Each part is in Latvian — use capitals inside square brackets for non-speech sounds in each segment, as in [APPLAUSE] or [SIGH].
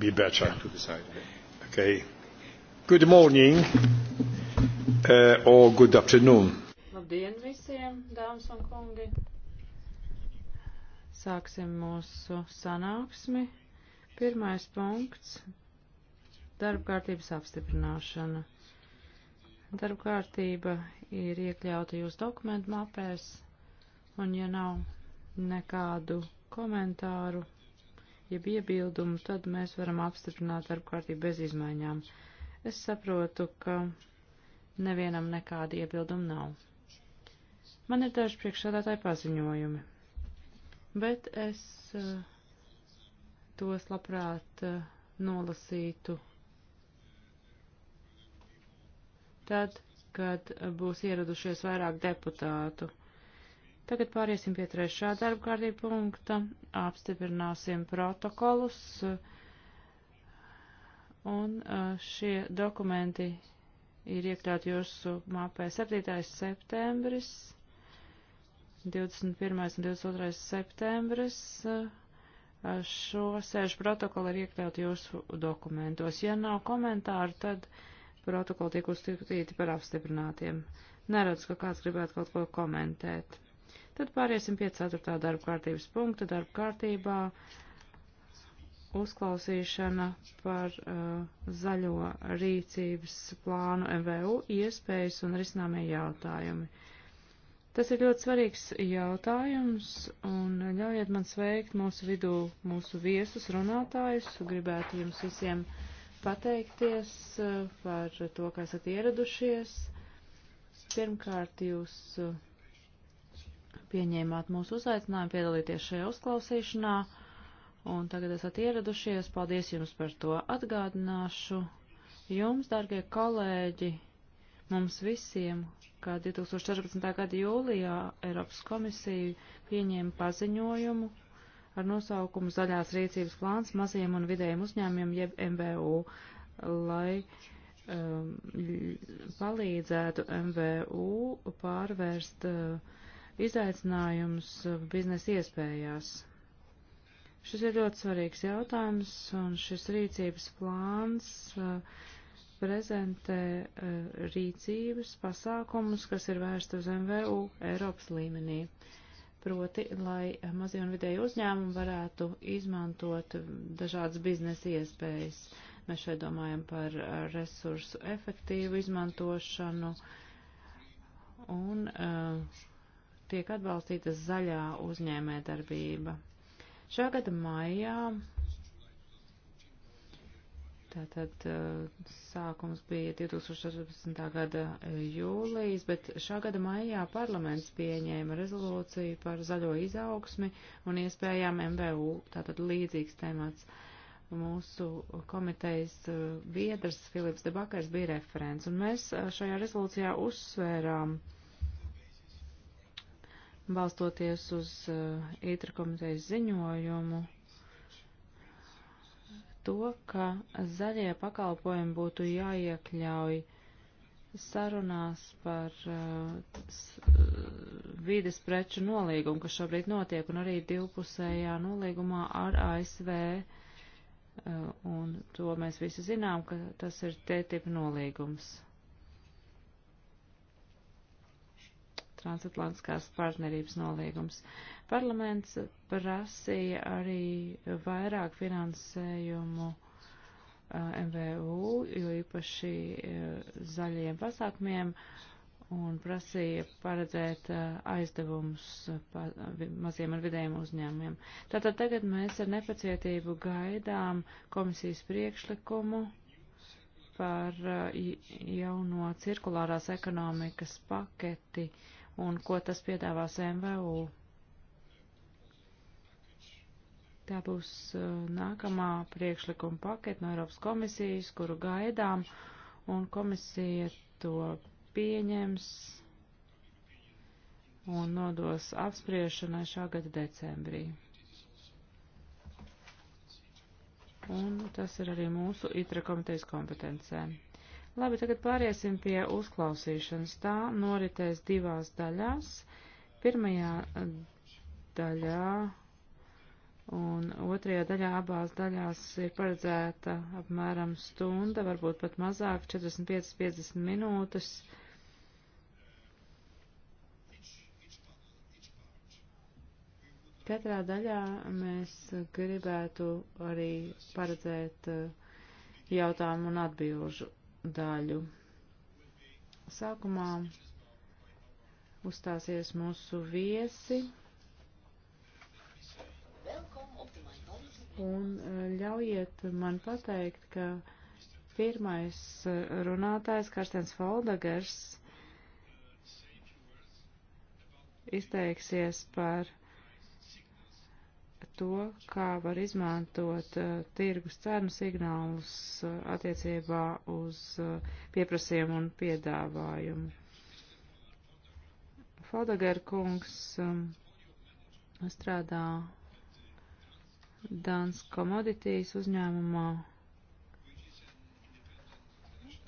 be better. Okay. Good morning uh, or good afternoon. Labdien visiem, dāmas un kungi. Sāksim mūsu sanāksmi. Pirmais punkts - darbkārtības apstiprināšana. Darbkārtība ir iekļauta jūsu dokumentu mapēs, un ja nav nekādu komentāru, jeb iebildumu, tad mēs varam apstiprināt darba kārtību bez izmaiņām. Es saprotu, ka nevienam nekāda iebilduma nav. Man ir daži priekšsādātāji paziņojumi, bet es uh, tos labprāt uh, nolasītu tad, kad eh, būs ieradušies vairāk deputātu. Tagad pāriesim pie trešā darba kārtība punkta, apstiprināsim protokolus, un šie dokumenti ir iekļauti jūsu mapē 7. septembris, 21. un 22. septembris. Šo sēžu protokolu ir iekļauti jūsu dokumentos. Ja nav komentāru, tad protokoli tiek uzskatīti par apstiprinātiem. Neredz, ka kāds gribētu kaut ko komentēt. Tad pāriesim pie 4. darba kārtības punkta darba kārtībā uzklausīšana par uh, zaļo rīcības plānu MVU iespējas un risināmie jautājumi. Tas ir ļoti svarīgs jautājums, un ļaujiet man sveikt mūsu vidū mūsu viesus runātājus. Gribētu jums visiem pateikties uh, par to, kā esat ieradušies. Pirmkārt, jūs uh, pieņēmāt mūsu uzaicinājumu piedalīties šajā uzklausīšanā. Un tagad esat ieradušies. Paldies jums par to atgādināšu. Jums, dargie kolēģi, mums visiem, kā 2014. gada jūlijā Eiropas komisija pieņēma paziņojumu ar nosaukumu Zaļās rīcības plāns maziem un vidējiem uzņēmiem jeb MVU, lai um, palīdzētu MVU pārvērst uh, izaicinājums biznesa iespējās. Šis ir ļoti svarīgs jautājums, un šis rīcības plāns uh, prezentē uh, rīcības pasākumus, kas ir vērsti uz MVU Eiropas līmenī. Proti, lai mazie un vidēji uzņēmumi varētu izmantot dažādas biznesa iespējas. Mēs šeit domājam par uh, resursu efektīvu izmantošanu un uh, tiek atbalstīta zaļā uzņēmē darbība. Šā gada maijā Tātad uh, sākums bija 2014. gada uh, jūlijas, bet šā gada maijā parlaments pieņēma rezolūciju par zaļo izaugsmi un iespējām MVU, tātad līdzīgs temats. Mūsu komitejas uh, biedrs Filips Debakars bija referents, un mēs šajā rezolūcijā uzsvērām uh, balstoties uz ītra eh, komitejas ziņojumu, to, ka zaļie pakalpojumi būtu jāiekļauj sarunās par uh, vīdes preču nolīgumu, kas šobrīd notiek, un arī divpusējā nolīgumā ar ASV. Uh, un to mēs visi zinām, ka tas ir TTIP nolīgums. transatlantiskās partnerības nolīgums. Parlaments prasīja arī vairāk finansējumu eh, MVU, jo īpaši eh, zaļiem pasākumiem, un prasīja paredzēt eh, aizdevumus maziem un vidējiem uzņēmumiem. Tātad tagad mēs ar nepacietību gaidām komisijas priekšlikumu par jauno cirkulārās ekonomikas paketi un ko tas piedāvās MVU. Tā būs uh, nākamā priekšlikuma paketa no Eiropas komisijas, kuru gaidām, un komisija to pieņems un nodos apspriešanai šā gada decembrī. Un tas ir arī mūsu ITRA komitejas kompetencē. Labi, tagad pāriesim pie uzklausīšanas. Tā noritēs divās daļās. Pirmajā daļā un otrajā daļā abās daļās ir paredzēta apmēram stunda, varbūt pat mazāk, 45-50 minūtes. Katrā daļā mēs gribētu arī paredzēt uh, jautājumu un atbilžu daļu. Sākumā uzstāsies mūsu viesi un eh, ļaujiet man pateikt, ka pirmais eh, runātājs Karstens Foldagers izteiksies par to, kā var izmantot uh, tirgus cenu signālus uh, attiecībā uz uh, pieprasījumu un piedāvājumu. Fodager kungs um, strādā Dans Commodities uzņēmumā.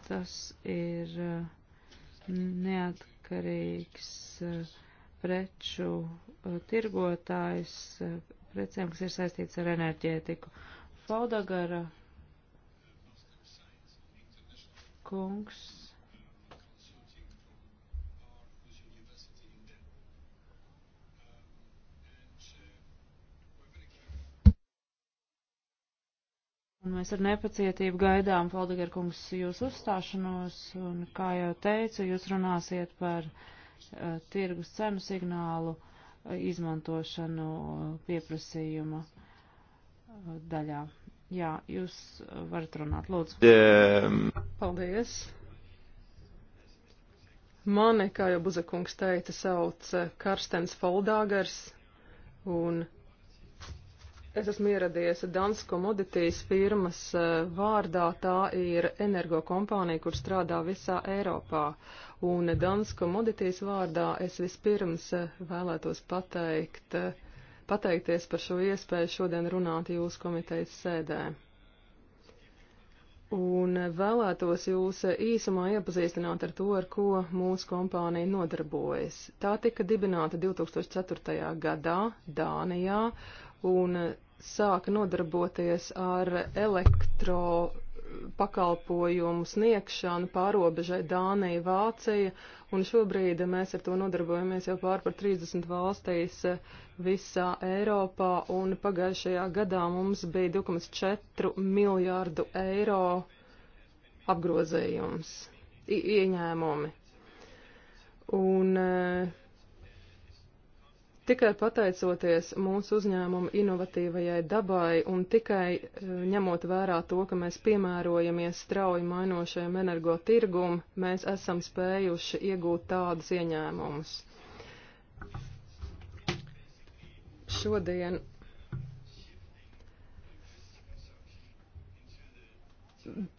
Tas ir uh, neatkarīgs uh, preču uh, tirgotājs uh, precēm, kas ir saistīts ar enerģētiku. Faudagara kungs. Un mēs ar nepacietību gaidām, Faldegar kungs, jūs uzstāšanos, un, kā jau teicu, jūs runāsiet par uh, tirgus cenu signālu uh, izmantošanu pieprasījuma uh, daļā. Jā, jūs varat runāt, lūdzu. Yeah. Paldies. Mani, kā jau Buzekungs teica, sauc uh, Karstens Foldāgers, un es esmu ieradies Dansko Moditīs firmas uh, vārdā. Tā ir energokompānija, kur strādā visā Eiropā, Un Dans Komoditīs vārdā es vispirms eh, vēlētos pateikt, eh, pateikties par šo iespēju šodien runāt jūsu komitejas sēdē. Un eh, vēlētos jūs īsumā iepazīstināt ar to, ar ko mūsu kompānija nodarbojas. Tā tika dibināta 2004. gadā Dānijā un sāka nodarboties ar elektro pakalpojumu sniegšanu pārobežai Dānija, Vācija, un šobrīd mēs ar to nodarbojamies jau pār par 30 valstīs eh, visā Eiropā, un pagājušajā gadā mums bija 2,4 miljārdu eiro apgrozējums, ieņēmumi. Un, uh, Tikai pateicoties mūsu uzņēmumu inovatīvajai dabai un tikai e, ņemot vērā to, ka mēs piemērojamies strauji mainošajam energotirgum, mēs esam spējuši iegūt tādus ieņēmumus. Šodien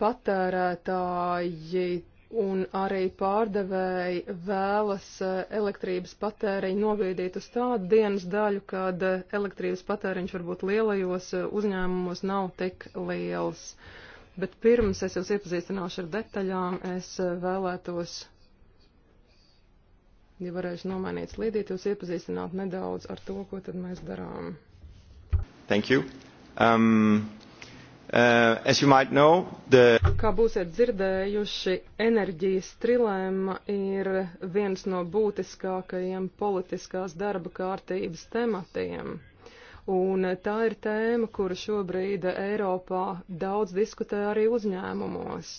patērētāji un arī pārdevēji vēlas eh, elektrības patēriņu novīdīt uz tādu dienas daļu, kad eh, elektrības patēriņš varbūt lielajos eh, uzņēmumos nav tik liels. Bet pirms es jūs iepazīstināšu ar detaļām, es vēlētos, ja varēšu nomainīt slīdīt, jūs iepazīstināt nedaudz ar to, ko tad mēs darām. Thank you. Um, Uh, know, the... Kā būsiet dzirdējuši, enerģijas trilēma ir viens no būtiskākajiem politiskās darba kārtības tematiem. Un tā ir tēma, kura šobrīd Eiropā daudz diskutē arī uzņēmumos.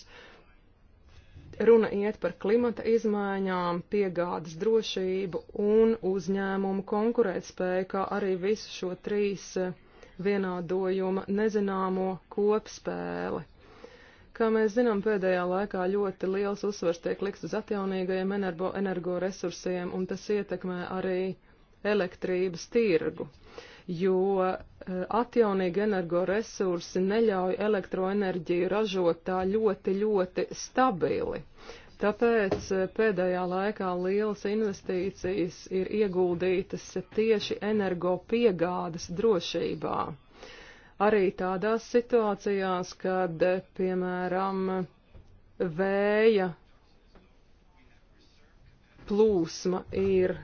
Runa iet par klimata izmaiņām, piegādes drošību un uzņēmumu konkurētspēju, kā arī visu šo trīs uh, vienādojuma nezināmo kopspēli. Kā mēs zinām, pēdējā laikā ļoti liels uzsvars tiek likts uz atjaunīgajiem energo, energoresursiem, un tas ietekmē arī elektrības tirgu, jo eh, atjaunīgi energoresursi neļauj elektroenerģiju ražot tā ļoti, ļoti stabili. Tāpēc eh, pēdējā laikā lielas investīcijas ir ieguldītas tieši energopiegādes drošībā. Arī tādās situācijās, kad, eh, piemēram, vēja plūsma ir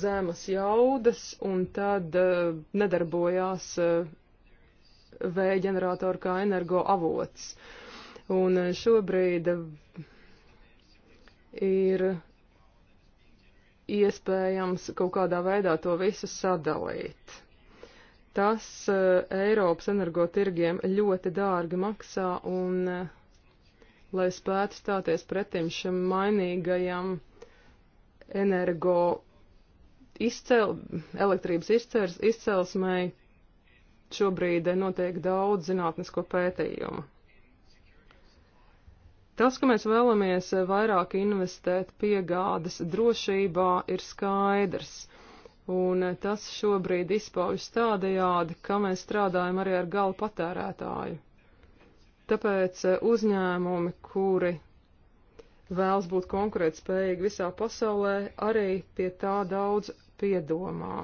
zemas jaudas un tad uh, nedarbojās uh, vēja ģeneratoru kā energoavots. Un šobrīd ir iespējams kaut kādā veidā to visu sadalīt. Tas uh, Eiropas energotirgiem ļoti dārgi maksā un, uh, lai spētu stāties pretim šim mainīgajam energo izcel, elektrības izcels, izcelsmai, šobrīd notiek daudz zinātnisko pētījumu. Tas, ka mēs vēlamies vairāk investēt piegādes drošībā, ir skaidrs. Un tas šobrīd izpaužas tādajādi, ka mēs strādājam arī ar galu patērētāju. Tāpēc eh, uzņēmumi, kuri vēlas būt konkurētspējīgi visā pasaulē, arī pie tā daudz piedomā.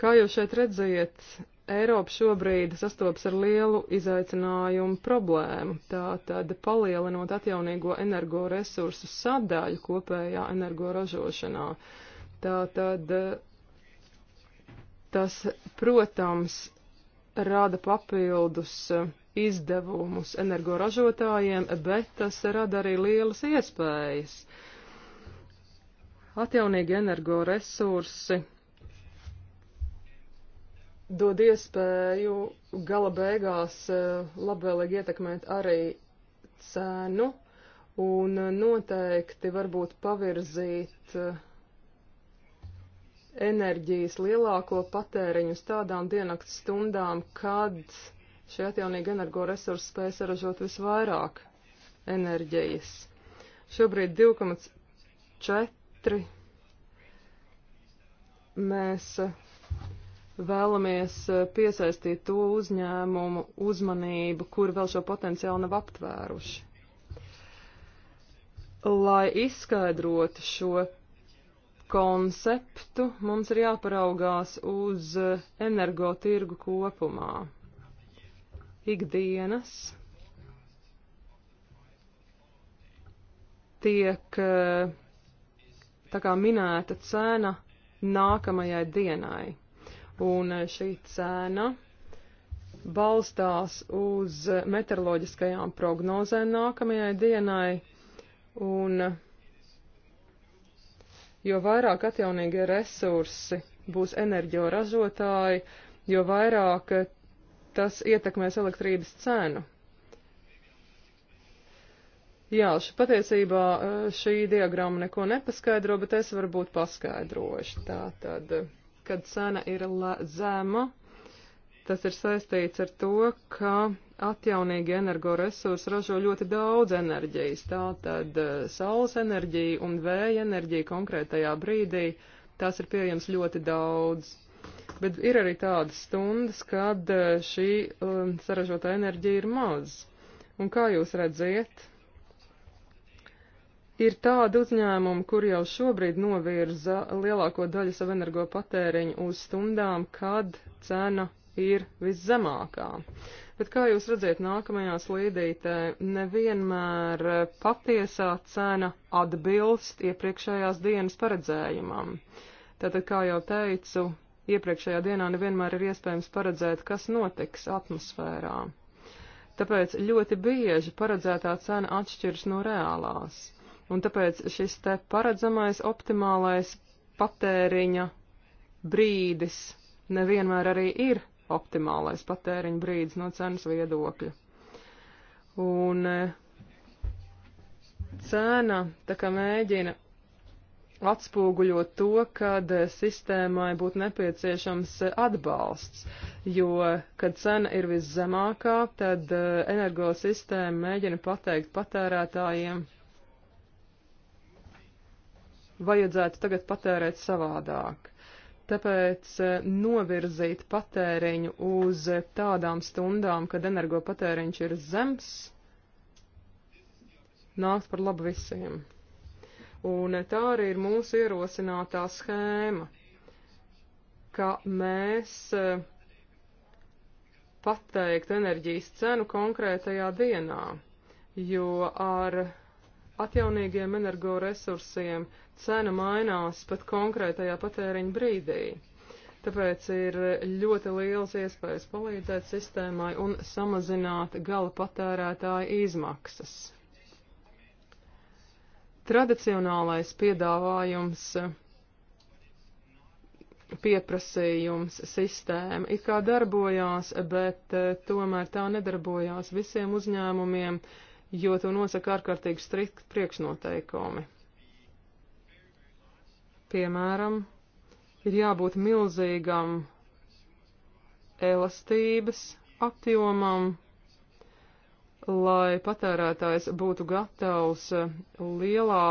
Kā jau šeit redziet, Eiropa šobrīd sastopas ar lielu izaicinājumu problēmu. Tā tad palielinot atjaunīgo energoresursu sadaļu kopējā energoražošanā. Tā tad tas, protams, rada papildus izdevumus energoražotājiem, bet tas rada arī lielas iespējas. Atjaunīgi energoresursi dod iespēju gala beigās eh, labvēlīgi ietekmēt arī cenu un eh, noteikti varbūt pavirzīt eh, enerģijas lielāko patēriņu uz tādām dienakts stundām, kad šie atjaunīgi energoresursi spēj saražot visvairāk enerģijas. Šobrīd 2,4 mēs vēlamies eh, piesaistīt to uzņēmumu uzmanību, kuri vēl šo potenciālu nav aptvēruši. Lai izskaidrotu šo konceptu, mums ir jāparaugās uz eh, energotirgu kopumā. Ikdienas tiek eh, tā kā minēta cena nākamajai dienai un eh, šī cena balstās uz meteoroloģiskajām prognozēm nākamajai dienai, un jo vairāk atjaunīgie resursi būs enerģioražotāji, jo vairāk eh, tas ietekmēs elektrības cenu. Jā, eh, šī patiesībā šī diagrama neko nepaskaidro, bet es varbūt paskaidrošu. Tā tad kad cena ir zema, tas ir saistīts ar to, ka atjaunīgi energoresursi ražo ļoti daudz enerģijas. Tātad eh, saules enerģija un vēja enerģija konkrētajā brīdī, tās ir pieejams ļoti daudz. Bet ir arī tādas stundas, kad eh, šī um, saražotā enerģija ir maz. Un kā jūs redziet, Ir tādi uzņēmumi, kur jau šobrīd novirza lielāko daļu savu energopatēriņu uz stundām, kad cena ir viszemākā. Bet kā jūs redzat, nākamajā slīdītē nevienmēr patiesā cena atbilst iepriekšējās dienas paredzējumam. Tātad, kā jau teicu, iepriekšējā dienā nevienmēr ir iespējams paredzēt, kas notiks atmosfērā. Tāpēc ļoti bieži paredzētā cena atšķiras no reālās. Un tāpēc šis te paredzamais optimālais patēriņa brīdis nevienmēr arī ir optimālais patēriņa brīdis no cenas viedokļa. Un eh, cena tā kā mēģina atspoguļot to, kad eh, sistēmai būtu nepieciešams eh, atbalsts, jo, kad cena ir viszemākā, tad energosistēma mēģina pateikt patērētājiem, vajadzētu tagad patērēt savādāk. Tāpēc eh, novirzīt patēriņu uz tādām stundām, kad energopatēriņš ir zems, nāks par labu visiem. Un eh, tā arī ir mūsu ierosinātā schēma, ka mēs eh, pateikt enerģijas cenu konkrētajā dienā, jo ar atjaunīgiem energoresursiem resursiem cena mainās pat konkrētajā patēriņa brīdī. Tāpēc ir ļoti liels iespējas palīdzēt sistēmai un samazināt gala patērētāja izmaksas. Tradicionālais piedāvājums pieprasījums sistēma it kā darbojās, bet eh, tomēr tā nedarbojās visiem uzņēmumiem, jo to nosaka ārkārtīgi strikti priekšnoteikumi. Piemēram, ir jābūt milzīgam elastības apjomam, lai patērētājs būtu gatavs lielā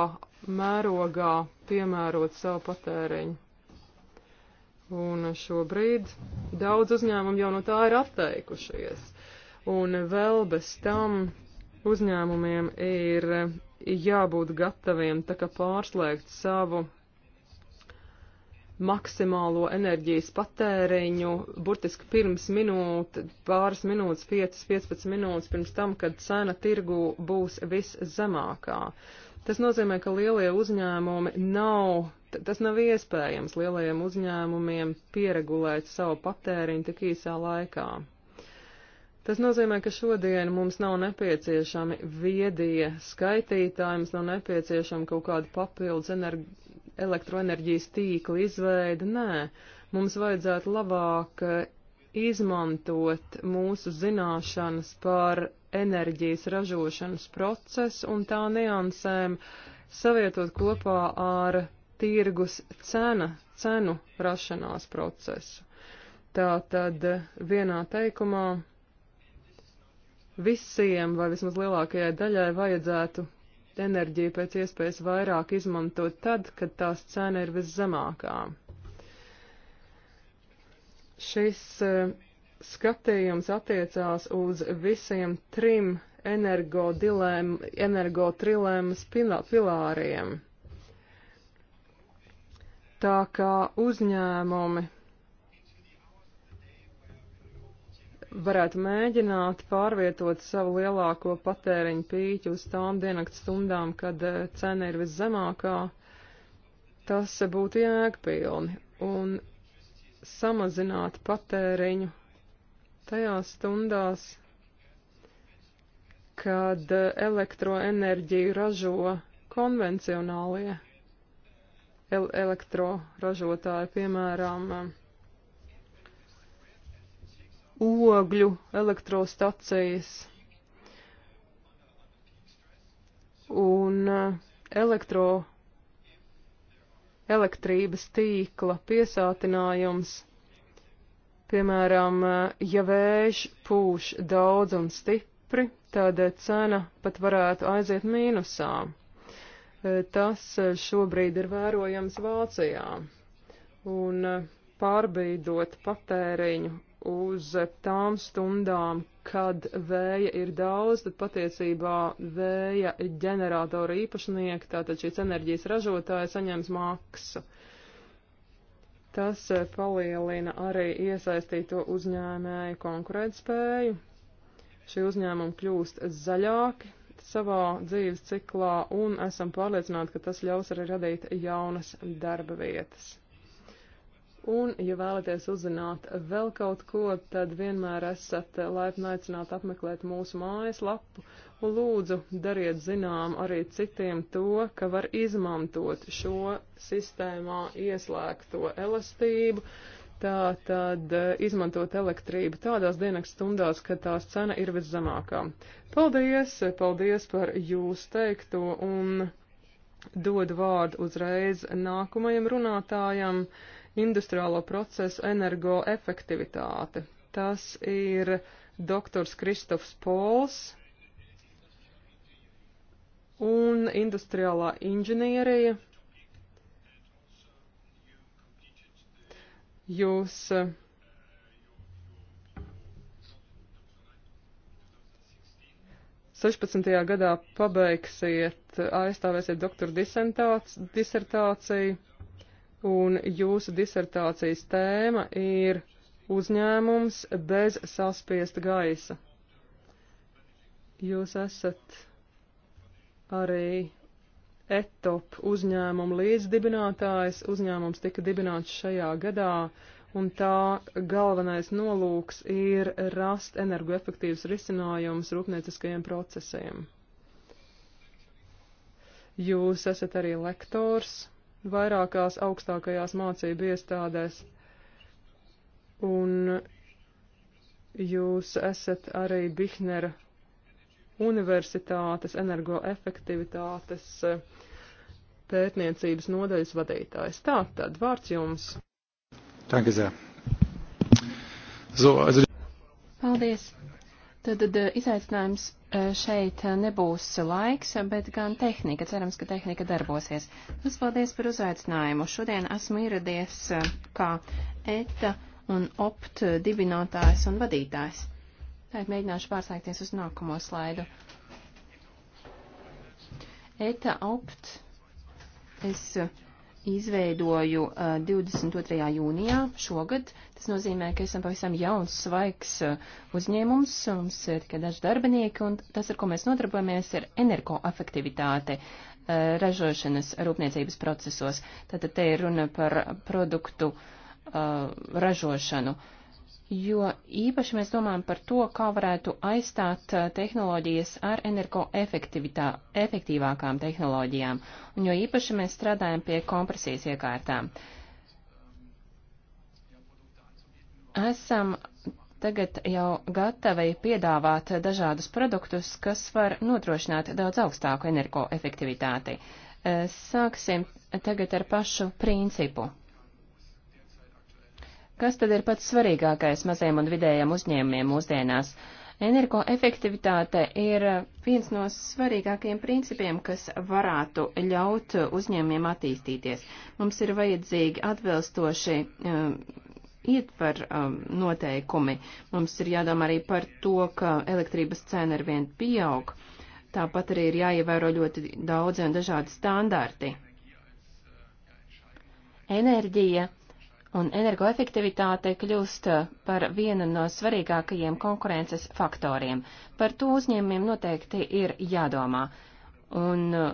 mērogā piemērot savu patēriņu. Un šobrīd daudz uzņēmumu jau no tā ir atteikušies. Un vēl bez tam uzņēmumiem ir jābūt gataviem tā kā pārslēgt savu maksimālo enerģijas patēriņu burtiski pirms minūte, pāris minūtes, 5-15 minūtes pirms tam, kad cena tirgu būs viszemākā. Tas nozīmē, ka lielie uzņēmumi nav, tas nav iespējams lielajiem uzņēmumiem pieregulēt savu patēriņu tik īsā laikā. Tas nozīmē, ka šodien mums nav nepieciešami viedie skaitītāji, mums nav nepieciešama kaut kāda papildus enerģija elektroenerģijas tīkla izveida, nē, mums vajadzētu labāk eh, izmantot mūsu zināšanas par enerģijas ražošanas procesu un tā niansēm savietot kopā ar tirgus cena, cenu rašanās procesu. Tā tad vienā teikumā visiem vai vismaz lielākajai daļai vajadzētu enerģiju pēc iespējas vairāk izmantot tad, kad tās cena ir viszemākā. Šis e, skatījums attiecās uz visiem trim energo, dilēm, energo trilēmas pilāriem. Tā kā uzņēmumi varētu mēģināt pārvietot savu lielāko patēriņu pīķu uz tām dienakts stundām, kad eh, cena ir viszemākā, tas būtu jēgpilni un samazināt patēriņu tajās stundās, kad eh, elektroenerģiju ražo konvencionālie elektroražotāji, piemēram, ogļu elektrostacijas. Un eh, elektro, elektrības tīkla piesātinājums, piemēram, eh, ja vējš pūš daudz un stipri, tad eh, cena pat varētu aiziet mīnusā. Tas šobrīd ir vērojams Vācijā. Un pārbīdot patēriņu uz tām stundām, kad vēja ir daudz, tad patiesībā vēja ģeneratora īpašnieki, tātad šīs enerģijas ražotāji saņems maksu. Tas eh, palielina arī iesaistīto uzņēmēju konkurētspēju. Šie uzņēmumi kļūst zaļāki savā dzīves ciklā un esam pārliecināti, ka tas ļaus arī radīt jaunas darba vietas. Un, ja vēlaties uzzināt vēl kaut ko, tad vienmēr esat laipni aicināti apmeklēt mūsu mājaslapu un lūdzu dariet zinām arī citiem to, ka var izmantot šo sistēmā ieslēgto elastību. Tā tad e, izmantot elektrību tādās dienas stundās, kad tās cena ir viszemākā. Paldies, paldies par jūs teikto un dod vārdu uzreiz nākamajam runātājam. Uh, industriālo procesu energoefektivitāti. Tas ir doktors Kristofs Pols un industriālā inženierija. Jūs eh, Sešpadsmitajā gadā pabeigsiet, aizstāvēsiet doktora disertāciju un jūsu disertācijas tēma ir uzņēmums bez saspiesta gaisa. Jūs esat arī ETOP uzņēmuma līdzdibinātājs. Uzņēmums tika dibināts šajā gadā, un tā galvenais nolūks ir rast energoefektīvs risinājums rūpnieciskajiem procesiem. Jūs esat arī lektors vairākās augstākajās mācību iestādēs. Un jūs esat arī Bihnera universitātes energoefektivitātes eh, pētniecības nodaļas vadītājs. Tā tad, vārds jums. Danke sehr. So, also... Paldies. Tad, tad eh, izaicinājums šeit nebūs laiks, bet gan tehnika. Cerams, ka tehnika darbosies. Jūs paldies par uzaicinājumu. Šodien esmu ieradies kā ETA un OPT dibinātājs un vadītājs. Tagad mēģināšu pārslēgties uz nākamo slaidu. ETA OPT. Es izveidoju 22. Eh, jūnijā šogad. Tas nozīmē, ka esam pavisam jauns, svaigs eh, uzņēmums, mums ir tikai daži darbinieki, un tas, ar ko mēs nodarbojamies, ir energoefektivitāte eh, ražošanas rūpniecības procesos. Tātad te ir runa par produktu uh, ražošanu. Uh, jo īpaši mēs domājam par to, kā varētu aizstāt eh, tehnoloģijas ar energoefektīvākām tehnoloģijām, un jo īpaši mēs strādājam pie kompresijas iekārtām. Esam tagad jau gatavi piedāvāt dažādus produktus, kas var nodrošināt daudz augstāku energoefektivitāti. Eh, sāksim tagad ar pašu principu. Kas tad ir pats svarīgākais mazajiem un vidējiem uzņēmumiem mūsdienās? Energoefektivitāte ir viens no svarīgākajiem principiem, kas varētu ļaut uzņēmumiem attīstīties. Mums ir vajadzīgi atbilstoši um, ietver um, noteikumi. Mums ir jādomā arī par to, ka elektrības cena ar vien pieaug. Tāpat arī ir jāievēro ļoti daudz un dažādi standarti. Enerģija un energoefektivitāte kļūst eh, par vienu no svarīgākajiem konkurences faktoriem. Par to uzņēmumiem noteikti ir jādomā. Un eh,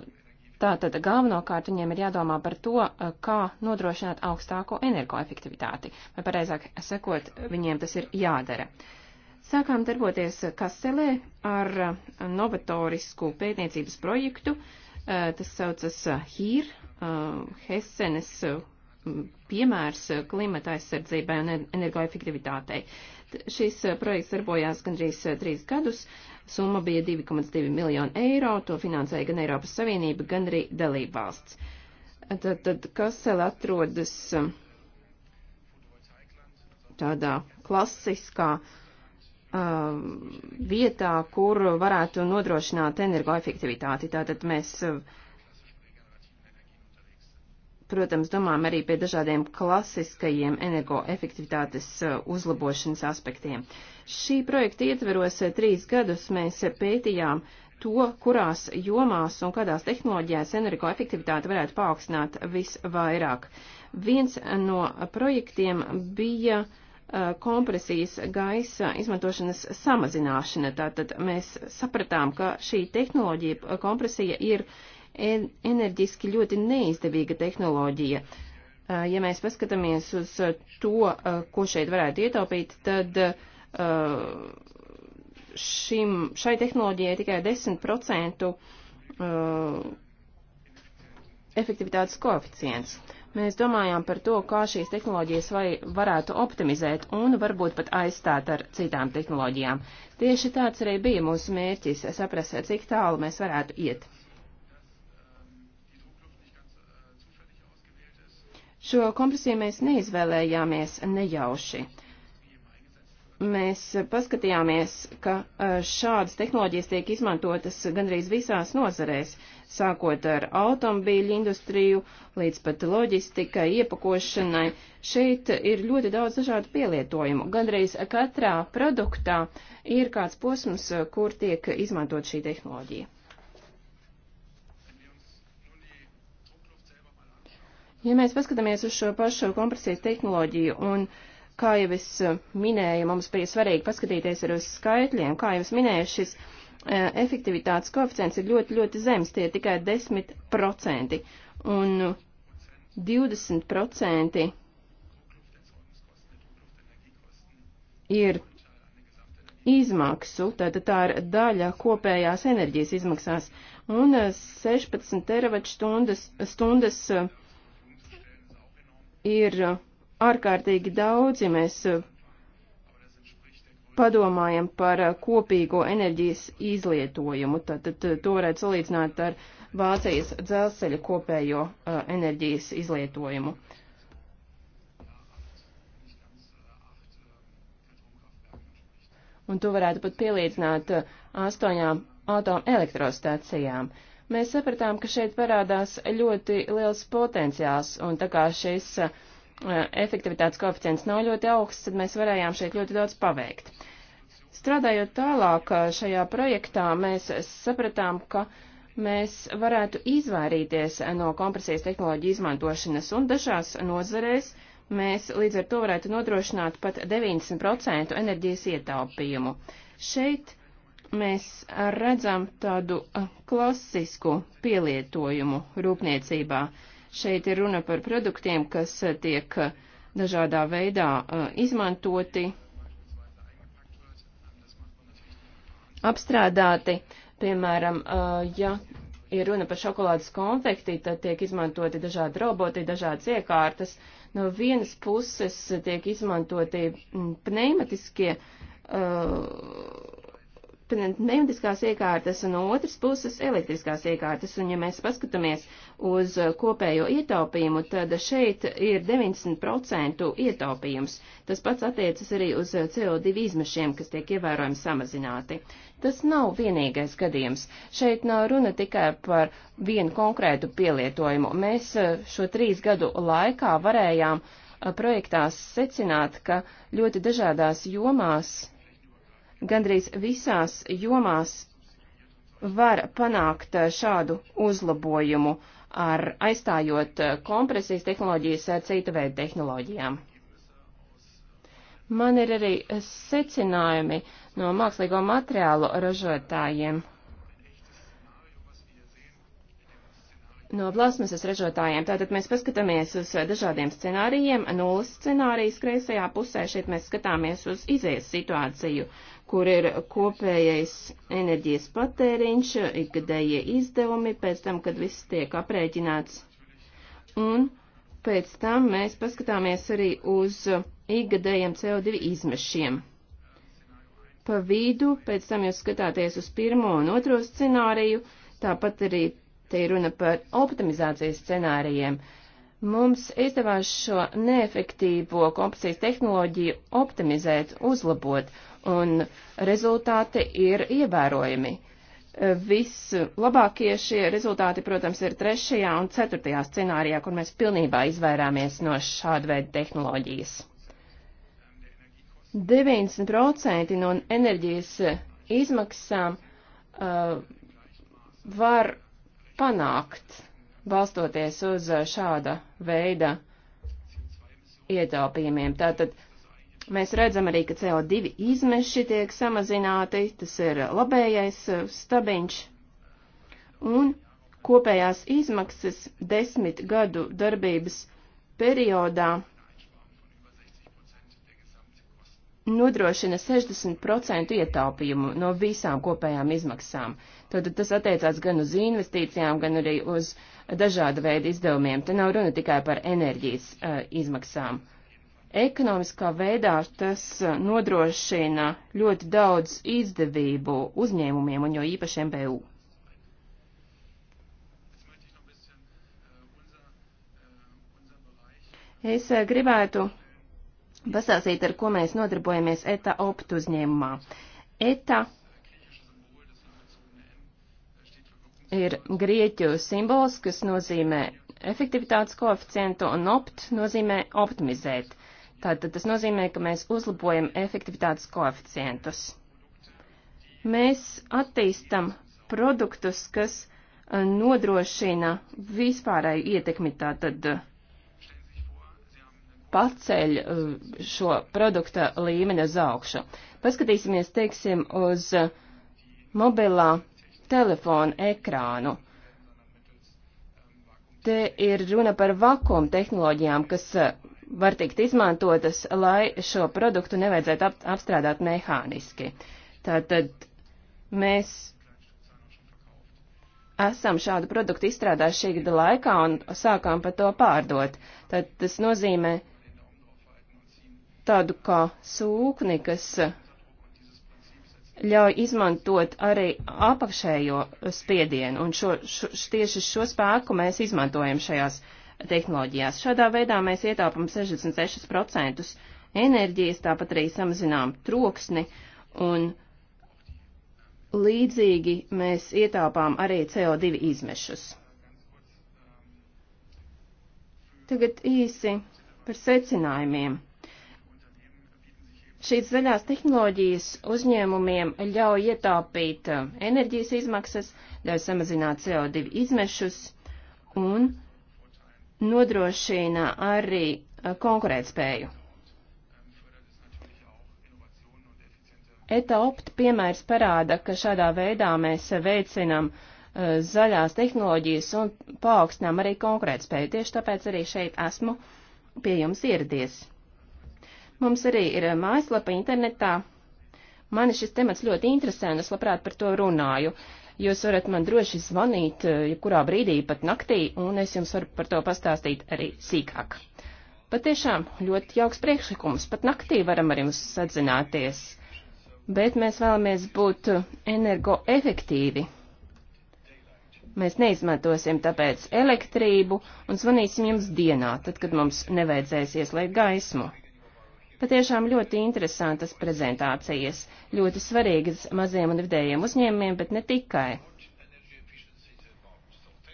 tātad galvenokārt viņiem ir jādomā par to, eh, kā nodrošināt augstāko energoefektivitāti, vai pareizāk sakot, viņiem tas ir jādara. Sākām darboties Kaselē ar novatorisku pētniecības projektu, tas saucas HIR, Hessenes piemērs klimata aizsardzībai un energoefektivitātei. Šis eh, projekts darbojās gandrīz eh, trīs gadus. Summa bija 2,2 miljonu eiro. To finansēja gan Eiropas Savienība, gan arī dalība valsts. Tad, tad Kasela atrodas eh, tādā klasiskā um, vietā, kur varētu nodrošināt energoefektivitāti. Tātad mēs uh, protams, domājam arī pie dažādiem klasiskajiem energoefektivitātes uh, uzlabošanas aspektiem. Šī projekta ietveros uh, trīs gadus mēs uh, pētījām to, kurās jomās un kādās tehnoloģijās energoefektivitāte varētu paaugstināt visvairāk. Viens no projektiem bija kompresijas gaisa izmantošanas samazināšana. Tātad mēs sapratām, ka šī tehnoloģija kompresija ir enerģiski ļoti neizdevīga tehnoloģija. Uh, ja mēs paskatāmies uz uh, to, uh, ko šeit varētu ietaupīt, tad šim, šai tehnoloģijai tikai 10% efektivitātes koeficients. Mēs domājām par to, kā šīs tehnoloģijas vai varētu optimizēt un varbūt pat aizstāt ar citām tehnoloģijām. Tieši tāds arī bija mūsu mērķis - saprast, cik tālu mēs varētu iet. Šo kompresiju mēs neizvēlējāmies nejauši. Mēs paskatījāmies, ka e, šādas tehnoloģijas tiek izmantotas gandrīz visās nozarēs, sākot ar automobīļu industriju līdz pat loģistikai, iepakošanai. Šeit ir ļoti daudz dažādu pielietojumu. Gandrīz katrā produktā ir kāds posms, kur tiek izmantot šī tehnoloģija. Ja mēs paskatāmies uz šo pašu kompresijas tehnoloģiju un, kā jau es eh, minēju, mums bija svarīgi paskatīties arī uz skaitļiem, kā jau es minēju, šis e, efektivitātes koeficients ir ļoti, ļoti zems, tie ir tikai 10%. Un 20% eh, ir izmaksu, tātad tā ir daļa kopējās enerģijas izmaksās, un 16 teravat stundas, stundas uh, ir ārkārtīgi daudz, ja mēs uh, padomājam par uh, kopīgo enerģijas izlietojumu. Tad, tad uh, to varētu salīdzināt ar Vācijas dzelzceļa kopējo uh, enerģijas izlietojumu. Un to varētu pat pielīdzināt astoņām atomelektrostacijām. Uh, Mēs sapratām, ka šeit parādās ļoti liels potenciāls, un tā kā šis uh, efektivitātes koeficients nav ļoti augsts, tad mēs varējām šeit ļoti daudz paveikt. Strādājot tālāk eh, šajā projektā, mēs sapratām, ka mēs varētu izvairīties eh, no kompresijas tehnoloģiju izmantošanas, un dažās nozarēs mēs līdz ar to varētu nodrošināt pat 90% enerģijas ietaupījumu. Šeit mēs redzam tādu klasisku pielietojumu rūpniecībā. Šeit ir runa par produktiem, kas tiek dažādā veidā izmantoti, apstrādāti. Piemēram, ja ir runa par šokolādes konfekti, tad tiek izmantoti dažādi roboti, dažādas iekārtas. No vienas puses tiek izmantoti pneimatiskie uh, pneumatiskās iekārtas un no otras puses elektriskās iekārtas. Un ja mēs paskatāmies uz kopējo ietaupījumu, tad šeit ir 90% ietaupījums. Tas pats attiecas arī uz CO2 izmešiem, kas tiek ievērojami samazināti. Tas nav vienīgais gadījums. Šeit nav runa tikai par vienu konkrētu pielietojumu. Mēs eh, šo trīs gadu laikā varējām eh, projektās secināt, ka ļoti dažādās jomās gandrīz visās jomās var panākt eh, šādu uzlabojumu ar aizstājot eh, kompresijas tehnoloģijas ar eh, citu veidu tehnoloģijām. Man ir arī secinājumi no mākslīgo materiālu ražotājiem. No plasmasas ražotājiem. Tātad mēs paskatāmies uz dažādiem scenārijiem. Nulles scenārijas kreisajā pusē šeit mēs skatāmies uz izējas situāciju kur ir kopējais enerģijas patēriņš, ikgadējie izdevumi, pēc tam, kad viss tiek aprēķināts. Un pēc tam mēs paskatāmies arī uz ikgadējiem CO2 izmešiem. Pa vidu, pēc tam jūs skatāties uz pirmo un otro scenāriju, tāpat arī te ir runa par optimizācijas scenārijiem. Mums izdevās šo neefektīvo kompresijas tehnoloģiju optimizēt, uzlabot, un rezultāti ir ievērojami. Vislabākie šie rezultāti, protams, ir trešajā un ceturtajā scenārijā, kur mēs pilnībā izvairāmies no šāda veida tehnoloģijas. 90% no enerģijas izmaksām uh, var panākt, balstoties uz šāda veida ietaupījumiem. Tātad Mēs redzam arī, ka CO2 izmeši tiek samazināti, tas ir labējais uh, stabiņš. Un kopējās izmaksas desmit gadu darbības periodā nodrošina 60% ietaupījumu no visām kopējām izmaksām. Tātad tas attiecās gan uz investīcijām, gan arī uz dažāda veida izdevumiem. Te nav runa tikai par enerģijas uh, izmaksām. Uh, Ekonomiskā veidā tas uh, nodrošina ļoti daudz izdevību uzņēmumiem un jo īpaši MBU. Es uh, gribētu pastāstīt, ar ko mēs nodarbojamies ETA opt uzņēmumā. ETA ir grieķu simbols, kas nozīmē efektivitātes koeficientu, un opt nozīmē optimizēt. Tātad tas nozīmē, ka mēs uzlabojam efektivitātes koeficientus. Mēs attīstam produktus, kas eh, nodrošina vispārēju ietekmi, tātad eh, paceļ eh, šo produkta līmeni uz augšu. Paskatīsimies, teiksim, uz mobilā telefona ekrānu. Te ir runa par vakuum tehnoloģijām, kas var tikt izmantotas, lai šo produktu nevajadzētu ap, apstrādāt mehāniski. Tātad mēs esam šādu produktu izstrādājuši šī gada laikā un sākām par to pārdot. Tad tas nozīmē tādu kā sūkni, kas ļauj izmantot arī apakšējo spiedienu, un šo, šo, tieši šo spēku mēs izmantojam šajās tehnoloģijās. Šādā veidā mēs ietaupam 66% enerģijas, tāpat arī samazinām troksni un līdzīgi mēs ietaupām arī CO2 izmešus. Tagad īsi par secinājumiem. Šīs zaļās tehnoloģijas uzņēmumiem ļauj ietaupīt uh, enerģijas izmaksas, ļauj samazināt CO2 izmešus un nodrošina arī eh, konkurētspēju. ETA opt piemērs parāda, ka šādā veidā mēs veicinam uh, zaļās tehnoloģijas un paaugstinām arī konkurētspēju. Tieši tāpēc arī šeit esmu pie jums ieradies. Mums arī ir eh, mājaslapa internetā. Mani šis temats ļoti interesē, un es labprāt par to runāju. Jūs varat man droši zvanīt, eh, jebkurā brīdī, pat naktī, un es jums varu par to pastāstīt arī sīkāk. Patiešām ļoti jauks priekšlikums, pat naktī varam ar jums sadzināties, bet mēs vēlamies būt eh, energoefektīvi. Mēs neizmantosim tāpēc elektrību un zvanīsim jums dienā, tad, kad mums nevajadzēs ieslēgt gaismu. Patiešām ļoti interesantas prezentācijas, ļoti svarīgas maziem un vidējiem uzņēmumiem, bet ne tikai.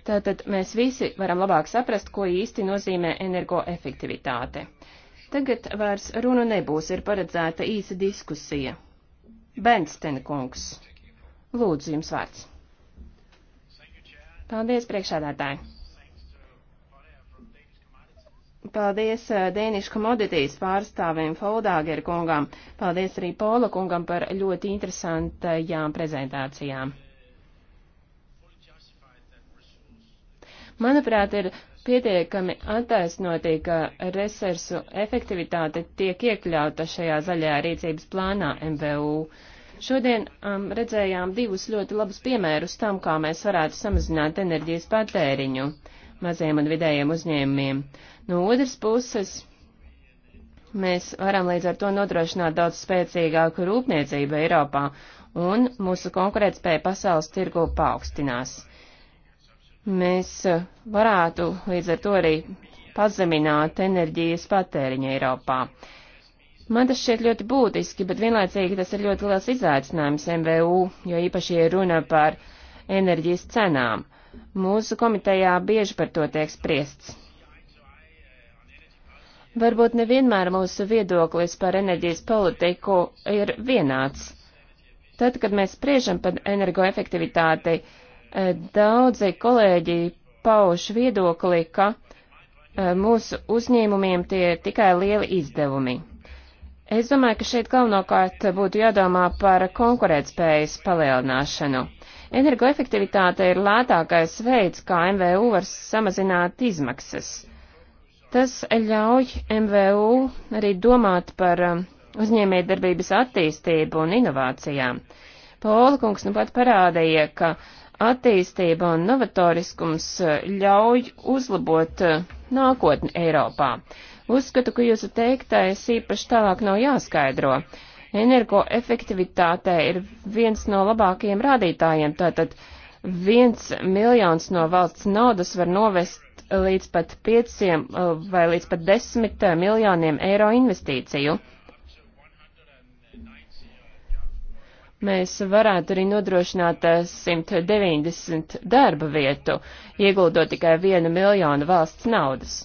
Tātad mēs visi varam labāk saprast, ko īsti nozīmē energoefektivitāte. Tagad vairs runa nebūs, ir paredzēta īsa diskusija. Bensten kungs, lūdzu jums vārds. Paldies, priekšādātāji! Paldies eh, Dēnišu komoditīs pārstāvim Foldāgeru kungam. Paldies arī Pola kungam par ļoti interesantajām prezentācijām. Manuprāt, ir pietiekami attaisnotī, ka resursu efektivitāte tiek iekļauta šajā zaļajā rīcības plānā MVU. Šodien um, redzējām divus ļoti labus piemērus tam, kā mēs varētu samazināt enerģijas patēriņu maziem un vidējiem uzņēmumiem. Uh, No otras puses, mēs varam līdz ar to nodrošināt daudz spēcīgāku rūpniecību Eiropā, un mūsu konkurētspēja pasaules tirgu paaugstinās. Mēs eh, varētu līdz ar to arī pazemināt enerģijas patēriņu Eiropā. Man tas šķiet ļoti būtiski, bet vienlaicīgi tas ir ļoti liels izaicinājums MVU, jo īpaši ir runa par enerģijas cenām. Mūsu komitejā bieži par to tiek spriests. Varbūt nevienmēr mūsu viedoklis par enerģijas politiku ir vienāds. Tad, kad mēs spriežam par energoefektivitāti, eh, daudzi kolēģi pauž viedokli, ka eh, mūsu uzņēmumiem tie ir tikai lieli izdevumi. Es domāju, ka šeit galvenokārt būtu jādomā par konkurētspējas palielināšanu. Energoefektivitāte ir lētākais veids, kā MVU var samazināt izmaksas. Tas ļauj MVU arī domāt par um, uzņēmējdarbības attīstību un inovācijām. Pola kungs nu pat parādīja, ka attīstība un novatoriskums uh, ļauj uzlabot uh, nākotni Eiropā. Uzskatu, ka jūsu teiktais īpaši tālāk nav jāskaidro. Energoefektivitāte ir viens no labākajiem rādītājiem, tātad viens miljons no valsts naudas var novest līdz pat 5 eh, vai līdz pat 10 eh, miljoniem eiro investīciju. Mēs varētu arī nodrošināt 190 eh, darba vietu, ieguldot tikai 1 miljonu valsts naudas.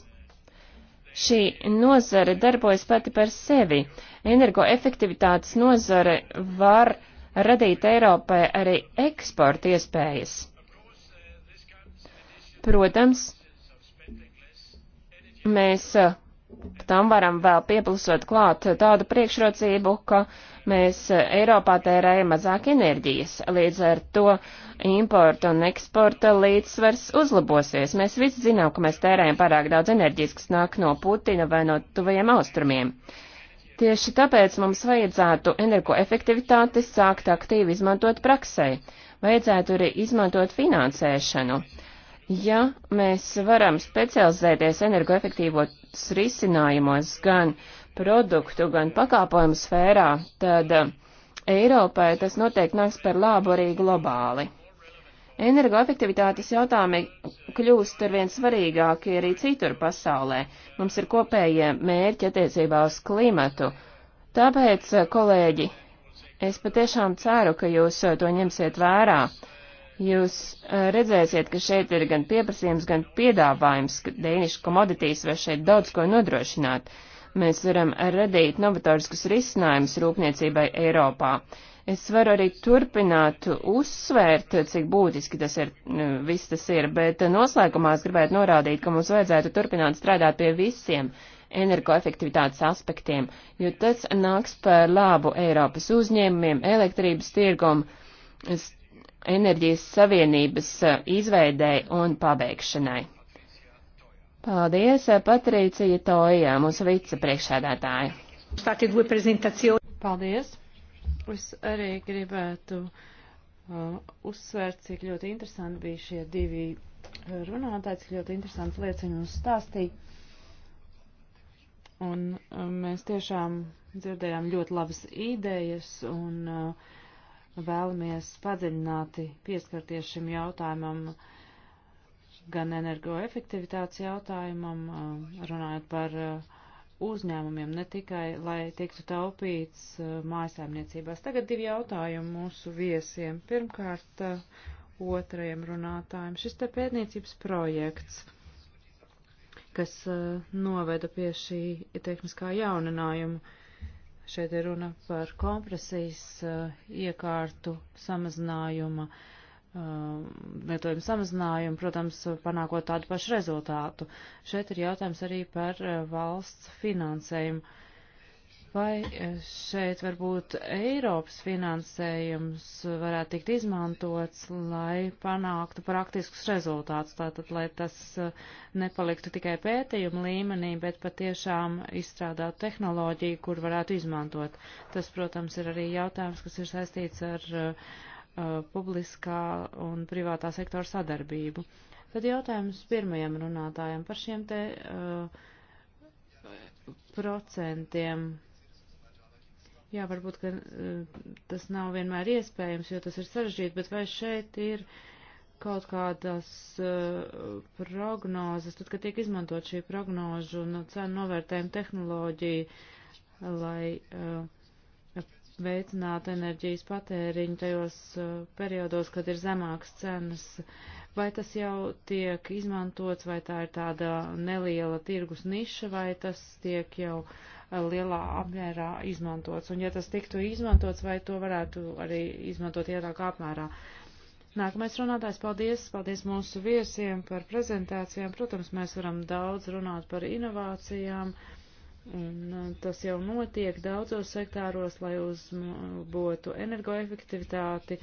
Šī nozare darbojas pati par sevi. Energoefektivitātes nozare var radīt Eiropai arī eksporta iespējas. Protams, mēs eh, tam varam vēl pieplusot klāt tādu priekšrocību, ka mēs eh, Eiropā tērējam mazāk enerģijas. Līdz ar to importa un eksporta līdzsvars uzlabosies. Mēs visi zinām, ka mēs tērējam pārāk daudz enerģijas, kas nāk no Putina vai no tuvajiem austrumiem. Tieši tāpēc mums vajadzētu energoefektivitāti sākt aktīvi izmantot praksē. Vajadzētu arī izmantot finansēšanu. Ja mēs varam specializēties energoefektīvos risinājumos gan produktu, gan pakāpojumu sfērā, tad uh, Eiropai tas noteikti nāks par labu arī globāli. Energoefektivitātes jautājumi kļūst ar vien svarīgākie arī citur pasaulē. Mums ir kopējie mērķi attiecībā uz klimatu. Tāpēc, kolēģi, es patiešām ceru, ka jūs to ņemsiet vērā Jūs redzēsiet, ka šeit ir gan pieprasījums, gan piedāvājums, ka dēnišu komoditīs var šeit daudz ko nodrošināt. Mēs varam radīt novatoriskus risinājumus rūpniecībai Eiropā. Es varu arī turpināt uzsvērt, cik būtiski tas ir, nu, viss tas ir, bet noslēgumā es gribētu norādīt, ka mums vajadzētu turpināt strādāt pie visiem energoefektivitātes aspektiem, jo tas nāks par labu Eiropas uzņēmumiem, elektrības tirgumu, enerģijas savienības eh, izveidēji un pabeigšanai. Paldies, eh, Patricija Tojā, mūsu vicepriekšādātāja. Paldies. Es arī gribētu uh, uzsvērt, cik ļoti interesanti bija šie divi runātāji, cik ļoti interesants lietas viņi mums stāstīja. Un uh, mēs tiešām dzirdējām ļoti labas idejas un uh, vēlamies padziļināti pieskarties šim jautājumam, gan energoefektivitātes jautājumam, runājot par uzņēmumiem, ne tikai, lai tiktu taupīts mājasēmniecībās. Tagad divi jautājumi mūsu viesiem. Pirmkārt, otrajam runātājiem. Šis te pētniecības projekts, kas noveda pie šī tehniskā jauninājuma, Šeit ir runa par kompresijas uh, iekārtu samazinājuma, uh, lietojuma samazinājumu, protams, panākot tādu pašu rezultātu. Šeit ir jautājums arī par uh, valsts finansējumu. Uh, Vai e, šeit varbūt Eiropas finansējums varētu tikt izmantots, lai panāktu praktiskus rezultātus, tātad, lai tas e, nepaliktu tikai pētījuma līmenī, bet patiešām izstrādātu tehnoloģiju, kur varētu izmantot. Tas, protams, ir arī jautājums, kas ir saistīts ar uh, publiskā un privātā sektora sadarbību. Tad jautājums pirmajam runātājam par šiem te uh, procentiem Jā, varbūt, ka eh, tas nav vienmēr iespējams, jo tas ir sarežģīti, bet vai šeit ir kaut kādas uh, prognozes, tad, kad tiek izmantot šī prognožu un cenu novērtējuma tehnoloģija, lai uh, veicinātu enerģijas patēriņu tajos uh, periodos, kad ir zemāks cenas, vai tas jau tiek izmantots, vai tā ir tāda neliela tirgus niša, vai tas tiek jau uh, lielā apmērā izmantots. Un ja tas tiktu izmantots, vai to varētu arī izmantot ielāk apmērā. Nākamais runātājs, paldies, paldies mūsu viesiem par prezentācijām. Protams, mēs varam daudz runāt par inovācijām. Un uh, tas jau notiek daudzos sektāros, lai uzbotu energoefektivitāti,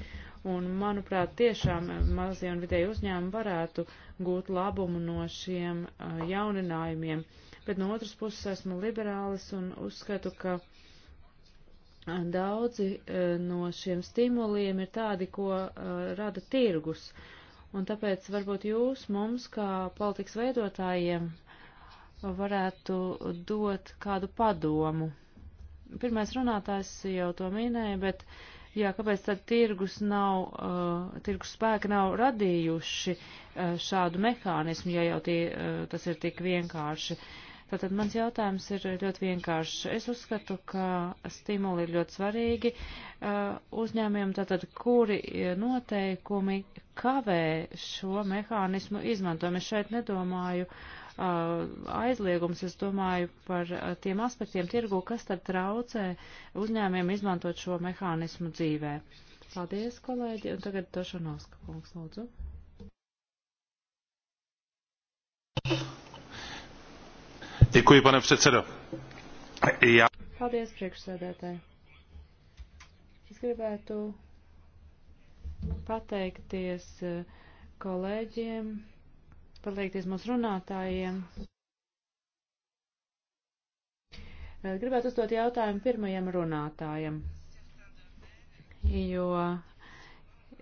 un, manuprāt, tiešām mazie un vidēji uzņēmumi varētu gūt labumu no šiem uh, jauninājumiem. Uh, bet no otras puses esmu liberālis un uzskatu, ka daudzi e, no šiem stimuliem ir tādi, ko rada tirgus. Un tāpēc varbūt jūs mums, kā politikas veidotājiem, varētu dot kādu padomu. Pirmais runātājs jau to minēja, bet uh, jā, kāpēc tad tirgus nav, uh, tirgus spēki nav radījuši uh, šādu mehānismu, ja jau tie, uh, tas ir tik vienkārši. Tātad mans jautājums ir ļoti vienkāršs. Es uzskatu, ka stimuli ir ļoti svarīgi uh, uzņēmiem, tātad kuri uh, noteikumi kavē šo mehānismu izmantojumu. Es šeit nedomāju uh, aizliegums, es domāju par tiem aspektiem tirgu, kas tad traucē uzņēmiem izmantot šo mehānismu dzīvē. Paldies, kolēģi, un tagad Tošanovska kungs, lūdzu. Děkuji, pane předsedo. Jā. Paldies, priekšsēdētāji. Es gribētu pateikties eh, kolēģiem, pateikties mūsu runātājiem. Eh, gribētu uzdot jautājumu pirmajam runātājam, jo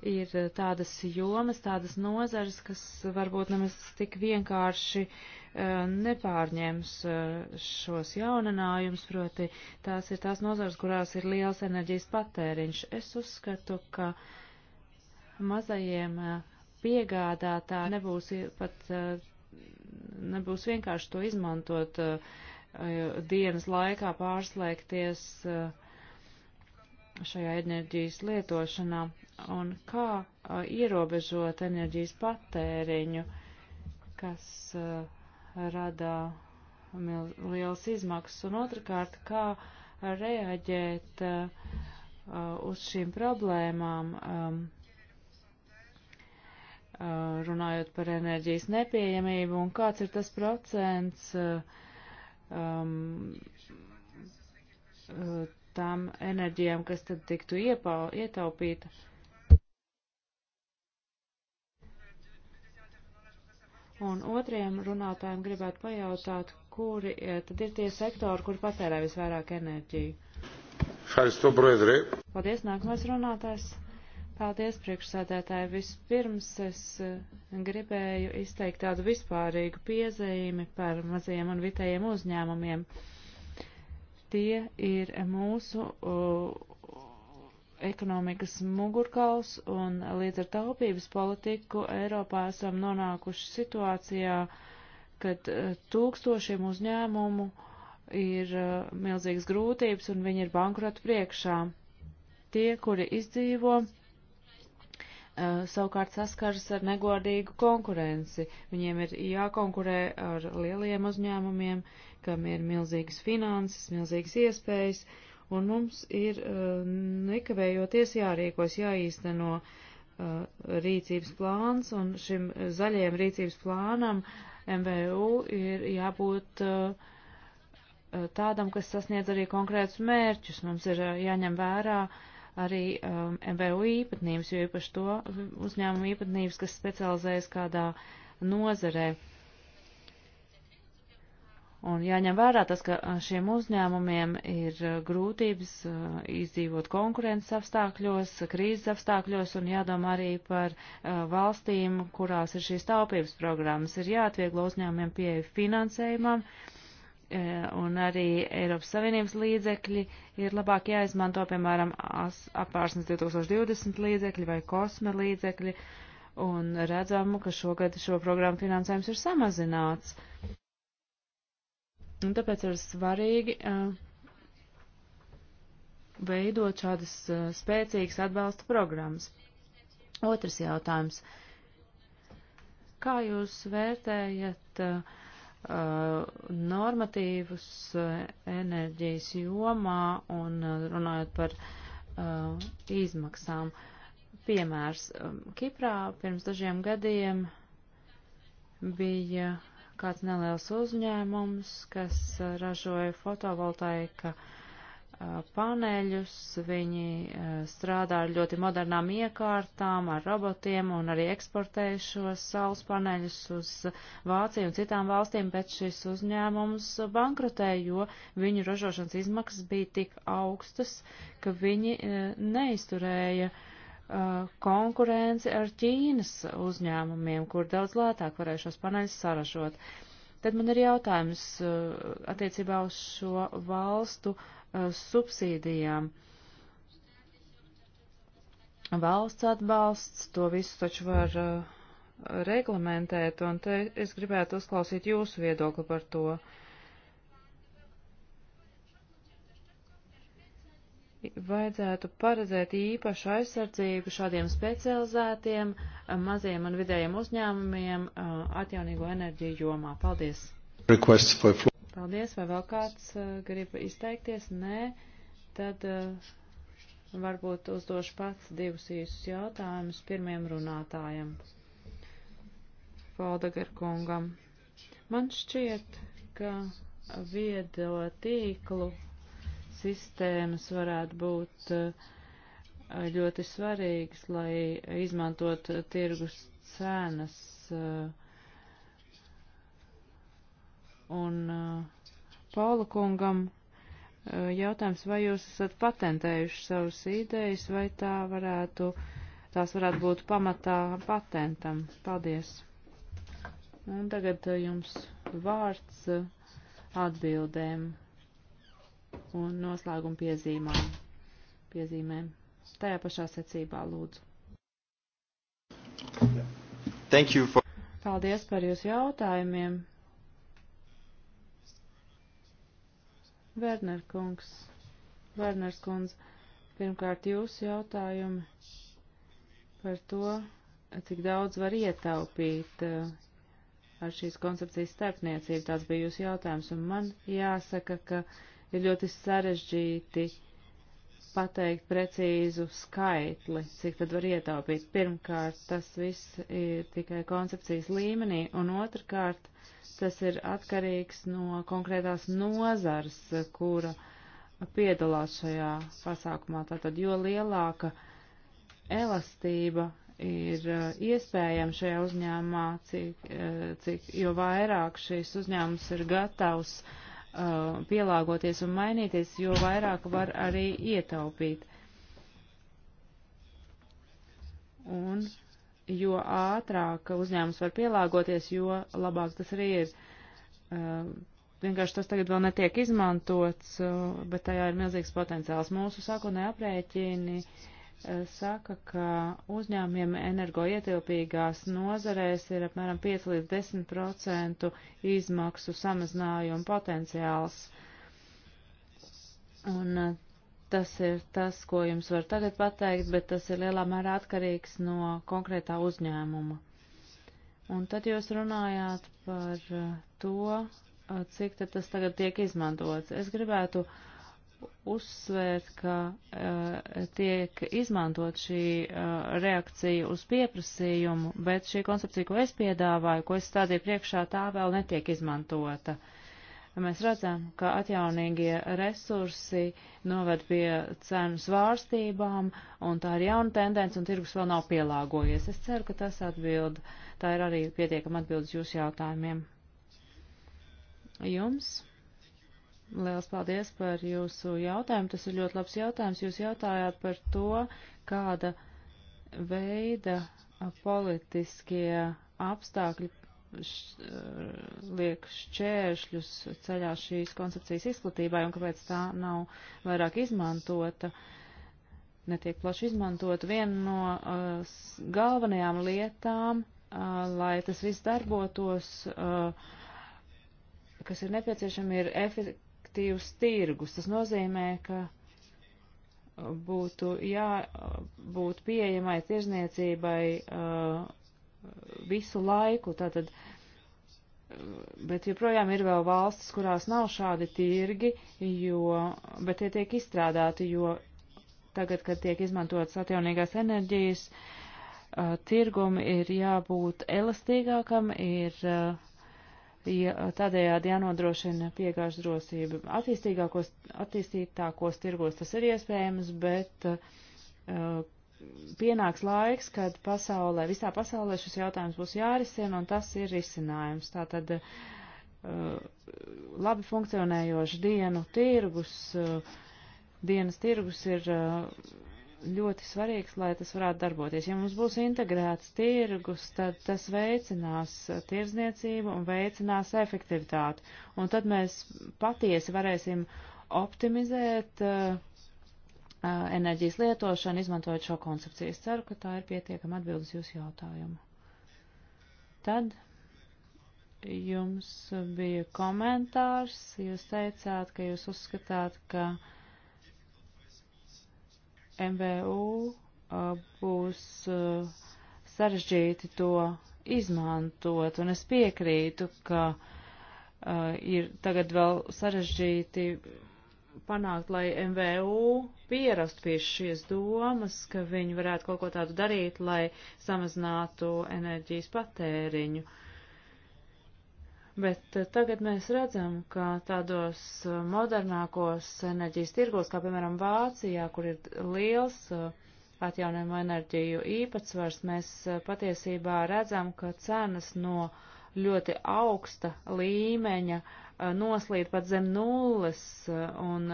ir eh, tādas jomas, tādas nozares, kas varbūt nemaz tik vienkārši uh, nepārņems uh, šos jauninājumus, proti tās ir tās nozares, kurās ir liels enerģijas patēriņš. Es uzskatu, ka mazajiem uh, piegādātā nebūs pat, nebūs vienkārši to izmantot dienas laikā pārslēgties šajā enerģijas lietošanā un kā uh, ierobežot enerģijas patēriņu, kas uh, rada liels izmaksas, un otrkārt, kā reaģēt uh, uz šīm problēmām, um, runājot par enerģijas nepieejamību, un kāds ir tas procents um, tām enerģijām, kas tad tiktu iepau, ietaupīta. Uh, Un otriem runātājiem gribētu pajautāt, kuri e, tad ir tie sektori, kur patērē visvairāk enerģiju. Šaisto, brodri. Paldies, nākamais runātājs. Paldies, priekšsādētāji. Vispirms es e, gribēju izteikt tādu vispārīgu piezīmi par mazajiem un vitējiem uzņēmumiem. Tie ir mūsu uh, ekonomikas mugurkauls un līdz ar taupības politiku Eiropā esam nonākuši situācijā, kad e, tūkstošiem uzņēmumu ir e, milzīgas grūtības un viņi ir bankrota priekšā. Tie, kuri izdzīvo, e, savukārt saskaras ar negodīgu konkurenci. Viņiem ir jākonkurē ar lieliem uzņēmumiem, kam ir milzīgas finanses, milzīgas iespējas, uh, un mums ir uh, nekavējoties jārīkos, jāīsteno uh, rīcības plāns, un šim zaļajam rīcības plānam MVU ir jābūt uh, tādam, kas sasniedz arī konkrētus mērķus. Mums ir jāņem vērā arī MVU um, īpatnības, jo īpaši to uzņēmumu īpatnības, kas specializējas kādā nozarē. Uh, Un jāņem vērā tas, ka šiem uzņēmumiem ir grūtības izdzīvot konkurences apstākļos, krīzes apstākļos un jādomā arī par valstīm, kurās ir šīs taupības programmas. Ir jāatvieglo uzņēmumiem pieeja finansējumam e, un arī Eiropas Savienības līdzekļi ir labāk jāizmanto, piemēram, apārsnes 2020 līdzekļi vai kosme līdzekļi. Un redzam, ka šogad šo programmu finansējums ir samazināts. Un tāpēc ir svarīgi uh, veidot šādas uh, spēcīgas atbalsta programmas. Otrs jautājums. Kā jūs vērtējat uh, normatīvus enerģijas jomā un runājot par izmaksām? Piemērs. Kiprā pirms dažiem gadiem bija uh, kāds neliels uzņēmums, kas uh, ražoja fotovoltaika uh, paneļus. Viņi uh, strādā ar ļoti modernām iekārtām, ar robotiem un arī eksportēja šos saules paneļus uz Vāciju un citām valstīm, bet šis uzņēmums bankrotēja, jo viņu ražošanas izmaksas bija tik augstas, ka viņi neizturēja uh, Uh, konkurenci ar Ķīnas uzņēmumiem, kur daudz lētāk varēšos paneļus saražot. Tad man ir jautājums uh, attiecībā uz šo valstu uh, subsīdijām. Valsts atbalsts, to visu taču var reglamentēt, un te es gribētu uzklausīt jūsu viedokli par to. Uh, vajadzētu paredzēt īpašu aizsardzību šādiem specializētiem maziem un vidējiem uzņēmumiem atjaunīgo enerģiju jomā. Paldies! Paldies, vai vēl kāds grib izteikties? Nē, tad varbūt uzdošu pats divus īsus jautājumus pirmiem runātājiem. Faldagar kungam. Man šķiet, ka viedo tīklu sistēmas varētu būt eh, ļoti svarīgas, lai izmantot tirgus cenas eh, un eh, Paula kungam jautājums, vai jūs esat patentējuši savas idejas, vai tā varētu, tās varētu būt pamatā patentam. Paldies. Un tagad jums vārds atbildēm un noslēguma piezīmām, piezīmēm. Tajā pašā secībā lūdzu. Thank you for... Paldies par jūsu jautājumiem. Werner kungs, Werners kundz, pirmkārt jūsu jautājumi par to, cik daudz var ietaupīt uh, ar šīs koncepcijas starpniecību. Tāds bija jūsu jautājums, un man jāsaka, ka ir ļoti sarežģīti pateikt precīzu skaitli, cik tad var ietaupīt. Pirmkārt, tas viss ir tikai koncepcijas līmenī, un otrkārt, tas ir atkarīgs no konkrētās nozars, kura piedalās šajā pasākumā. Tātad, jo lielāka elastība ir uh, iespējama šajā uzņēmumā, cik, uh, cik, jo vairāk šīs uzņēmums ir gatavs uh, uh, pielāgoties un mainīties, jo vairāk var arī ietaupīt. Un jo ātrāk uzņēmums var pielāgoties, jo labāk tas arī ir. Uh, vienkārši tas tagad vēl netiek izmantots, uh, bet tajā ir milzīgs potenciāls. Mūsu sākotnē aprēķini uh, saka, ka uzņēmumiem energoietilpīgās nozarēs ir apmēram 5 līdz 10 procentu izmaksu samazinājuma potenciāls. Un uh, tas ir tas, ko jums var tagad pateikt, bet tas ir lielā mērā atkarīgs no konkrētā uzņēmuma. Un tad jūs runājāt par uh, to, uh, cik tad tas tagad tiek izmantots. Es gribētu uh, uzsvērt, ka uh, tiek izmantot šī uh, reakcija uz pieprasījumu, bet šī koncepcija, ko es piedāvāju, ko es stādīju priekšā, tā vēl netiek izmantota. Mēs redzam, ka atjaunīgie resursi noved pie cenu svārstībām, un tā ir jauna tendence, un tirgus vēl nav pielāgojies. Es ceru, ka tas atbild, tā ir arī pietiekama atbildes jūsu jautājumiem. Jums? Liels paldies par jūsu jautājumu. Tas ir ļoti labs jautājums. Jūs jautājāt par to, kāda veida politiskie apstākļi š, eh, liek šķēršļus ceļā šīs koncepcijas izplatībai un kāpēc tā nav vairāk izmantota, netiek plaši izmantota. Viena no uh, galvenajām lietām, uh, lai tas viss darbotos, uh, kas ir nepieciešama, ir efektivitāte aktīvs tirgus. Tas nozīmē, ka būtu jābūt pieejamai tirzniecībai uh, visu laiku. Tātad, uh, bet joprojām ir vēl valstis, kurās nav šādi tirgi, jo, bet tie tiek izstrādāti, jo tagad, kad tiek izmantotas atjaunīgās enerģijas, uh, tirgum ir jābūt elastīgākam, ir uh, ja, tādējādi jānodrošina piegāžu drosība. Attīstīgākos, attīstītākos tirgos tas ir iespējams, bet uh, pienāks laiks, kad pasaulē, visā pasaulē šis jautājums būs jārisina, un tas ir risinājums. Tātad uh, labi funkcionējoši dienu tirgus, uh, dienas tirgus ir. Uh, ļoti svarīgs, lai tas varētu darboties. Ja mums būs integrēts tirgus, tad tas veicinās tirzniecību un veicinās efektivitāti. Un tad mēs patiesi varēsim optimizēt uh, uh, enerģijas lietošanu, izmantojot šo koncepciju. Es ceru, ka tā ir pietiekama atbildes jūsu jautājumu. Tad jums bija komentārs, jūs teicāt, ka jūs uzskatāt, ka uh, MVU uh, būs uh, sarežģīti to izmantot, un es piekrītu, ka uh, ir tagad vēl sarežģīti panākt, lai MVU pierast pie šīs domas, ka viņi varētu kaut ko tādu darīt, lai samazinātu enerģijas patēriņu. Uh, Bet eh, tagad mēs redzam, ka tādos eh, modernākos enerģijas tirgos, kā piemēram Vācijā, kur ir liels eh, atjaunojumu enerģiju īpatsvars, mēs patiesībā redzam, ka cenas no ļoti augsta līmeņa noslīd pat zem nulles, un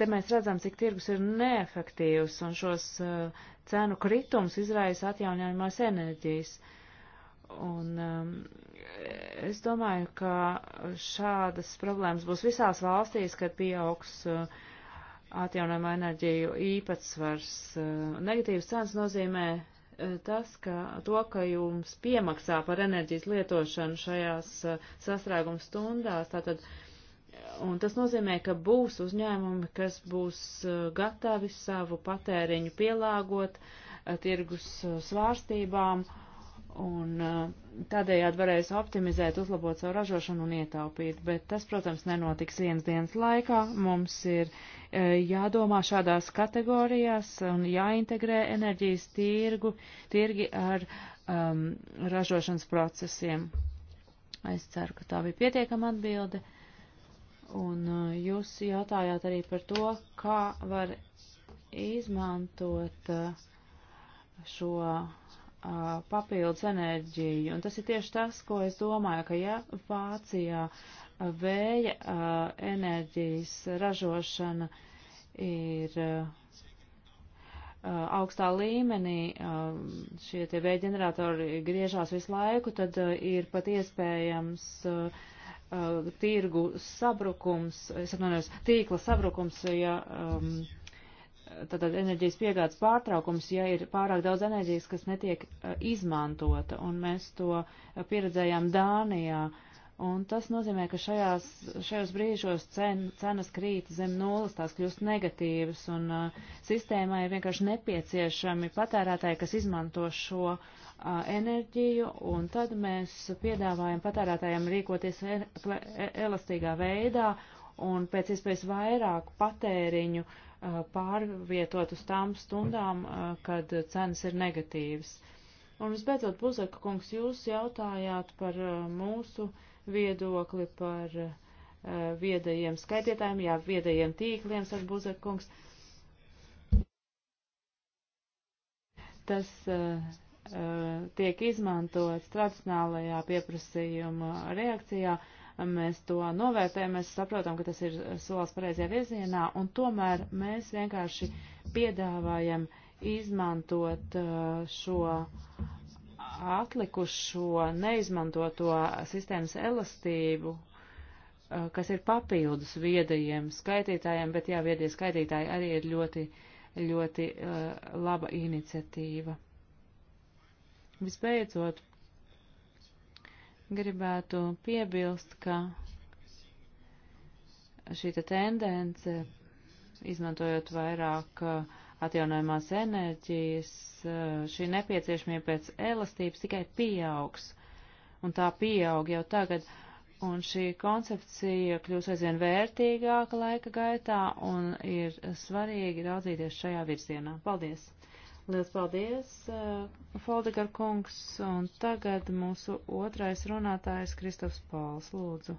te mēs redzam, cik tirgus ir neefektīvs, un šos cenu kritums izraisa atjaunojumās enerģijas. Uh, Un um, es domāju, ka šādas problēmas būs visās valstīs, kad pieaugs uh, atjaunojama enerģiju īpatsvars. Uh, negatīvas cenas nozīmē uh, tas, ka to, ka jums piemaksā par enerģijas lietošanu šajās uh, sastrēguma stundās, tātad, un tas nozīmē, ka būs uzņēmumi, kas būs uh, gatavi savu patēriņu pielāgot uh, tirgus uh, svārstībām. Uh, un uh, tādējādi varēs optimizēt, uzlabot savu ražošanu un ietaupīt. Bet tas, protams, nenotiks vienas dienas laikā. Mums ir uh, jādomā šādās kategorijās un jāintegrē enerģijas tirgu, tirgi ar um, ražošanas procesiem. Es ceru, ka tā bija pietiekama atbilde. Un uh, jūs jautājāt arī par to, kā var izmantot uh, šo papildus enerģiju. Un tas ir tieši tas, ko es domāju, ka ja Vācijā vēja enerģijas ražošana ir augstā līmenī, šie tie vēja ģeneratori griežās visu laiku, tad ir pat iespējams tirgu sabrukums, es atvainojos, tīkla sabrukums, ja tātad enerģijas piegādes pārtraukums, ja ir pārāk daudz enerģijas, kas netiek uh, izmantota, un mēs to eh, pieredzējām Dānijā. Un tas nozīmē, ka šajās, šajos brīžos cen, cenas krīt zem nulles, tās kļūst negatīvas, un uh, sistēmai ir vienkārši nepieciešami patērētāji, kas izmanto šo uh, enerģiju, un tad mēs piedāvājam patērētājiem rīkoties e, e, elastīgā veidā un pēc iespējas vairāk patēriņu uh, pārvietot uz tām stundām, kad cenas ir negatīvas. Un visbeidzot, Buzaka kungs, jūs jautājāt par mūsu viedokli par viedajiem skaitītājiem, jā, viedajiem tīkliem, saka Buzaka kungs. Tas uh, tiek izmantots tradicionālajā pieprasījuma reakcijā. Uh, mēs to novērtējam, mēs saprotam, ka tas ir solis pareizajā virzienā, un tomēr mēs vienkārši piedāvājam izmantot uh, šo atlikušo neizmantoto sistēmas elastību, uh, kas ir papildus viedajiem skaitītājiem, bet jā, viedie skaitītāji arī ir ļoti, ļoti uh, laba iniciatīva. Visbeidzot, Gribētu piebilst, ka šī tendence, izmantojot vairāk uh, atjaunojumās enerģijas, uh, šī nepieciešamība pēc elastības tikai pieaugs, un tā pieaug jau tagad, un šī koncepcija kļūs aizvien vērtīgāka laika gaitā, un ir svarīgi raudzīties šajā virzienā. Paldies! Liels paldies, eh, Foldegar kungs, un tagad mūsu otrais runātājs Kristofs Pāls, lūdzu.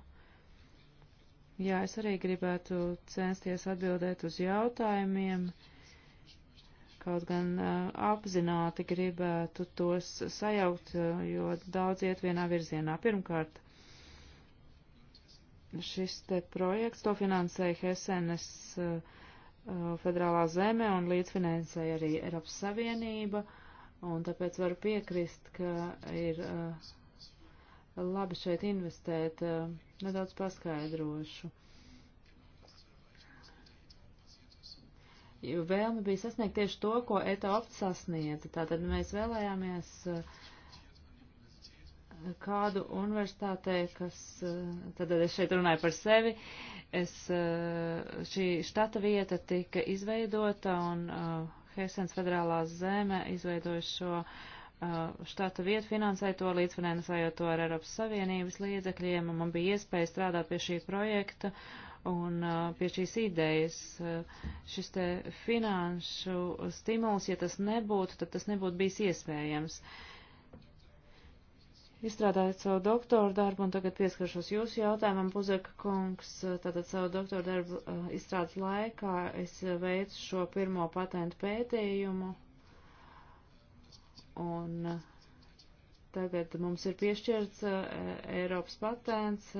Jā, es arī gribētu censties atbildēt uz jautājumiem kaut gan uh, apzināti gribētu tos sajaukt, eh, jo daudz iet vienā virzienā. Pirmkārt, šis te projekts to finansēja Hesenes uh, Uh, federālā zeme un līdzfinansēja arī Eiropas Savienība, un tāpēc varu piekrist, ka ir uh, labi šeit investēt, uh, nedaudz paskaidrošu. Jo vēlme bija sasniegt tieši to, ko ETA opts sasniedza. Tātad mēs vēlējāmies uh, kādu universitātē, kas, eh, tad es šeit runāju par sevi, es, eh, šī štata vieta tika izveidota un eh, Hesens federālā zeme izveidoja šo štata vietu, finansēja to, līdzfinansējot to ar Eiropas Savienības līdzekļiem, un man bija iespēja strādāt pie šī projekta un pie šīs idejas. Šis te finanšu stimuls, ja tas nebūtu, tad tas nebūtu bijis iespējams. Uh, izstrādājat savu doktoru darbu, un tagad pieskaršos jūsu jautājumam, Puzeka kungs, tātad savu doktoru darbu eh, izstrādes laikā es veicu šo pirmo patentu pētījumu, un eh, tagad mums ir piešķirts eh, Eiropas patents,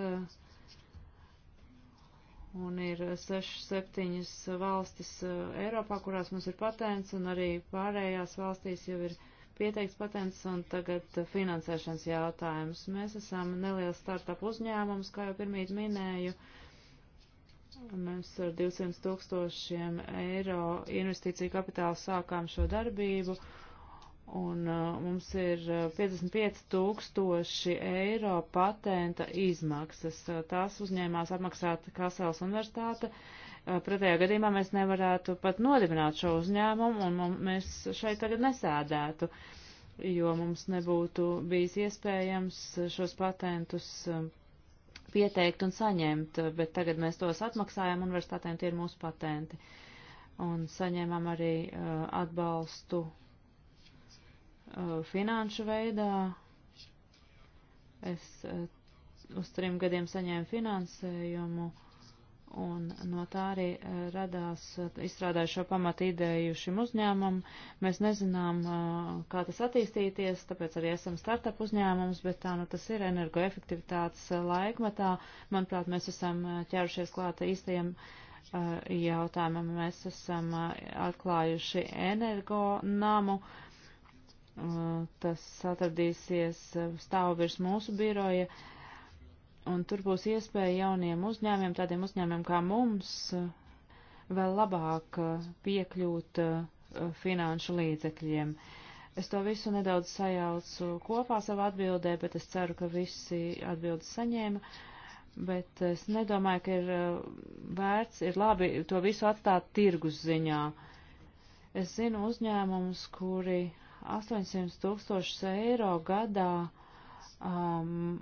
un ir 6-7 valstis Eiropā, kurās mums ir patents, un arī pārējās valstīs jau ir patents pieteikts patents un tagad eh, finansēšanas jautājums. Mēs esam neliels startup uzņēmums, kā jau pirmīt minēju. Mēs ar 200 tūkstošiem eiro investīciju kapitālu sākām šo darbību. Un uh, mums ir 55 eh, tūkstoši eiro patenta izmaksas. Tās uzņēmās apmaksāt Kasels universitāte. Uh, Eh, pretējā gadījumā mēs nevarētu pat nodibināt šo uzņēmumu, un mēs šeit tagad nesēdētu, jo mums nebūtu bijis iespējams šos patentus eh, pieteikt un saņemt, bet tagad mēs tos atmaksājam universitātēm, tie ir mūsu patenti. Un saņēmām arī eh, atbalstu finanšu veidā. Es uz trim gadiem saņēmu finansējumu. Uh, Un no tā arī eh, radās, eh, izstrādāju šo pamatu ideju šim uzņēmumam. Mēs nezinām, eh, kā tas attīstīties, tāpēc arī esam startup uzņēmums, bet tā nu tas ir energoefektivitātes laikmetā. Manuprāt, mēs esam ķērušies klāt īstajiem jautājumam. Mēs esam atklājuši energo namu. Tas atradīsies stāvu virs mūsu biroja. Ja Un tur būs iespēja jauniem uzņēmiem, tādiem uzņēmiem kā mums, vēl labāk eh, piekļūt eh, finanšu līdzekļiem. Es to visu nedaudz sajaucu kopā savā atbildē, bet es ceru, ka visi atbildes saņēma. Bet es nedomāju, ka ir eh, vērts, ir labi to visu atstāt tirgus ziņā. Es zinu uzņēmumus, kuri 800 tūkstošus eiro gadā um,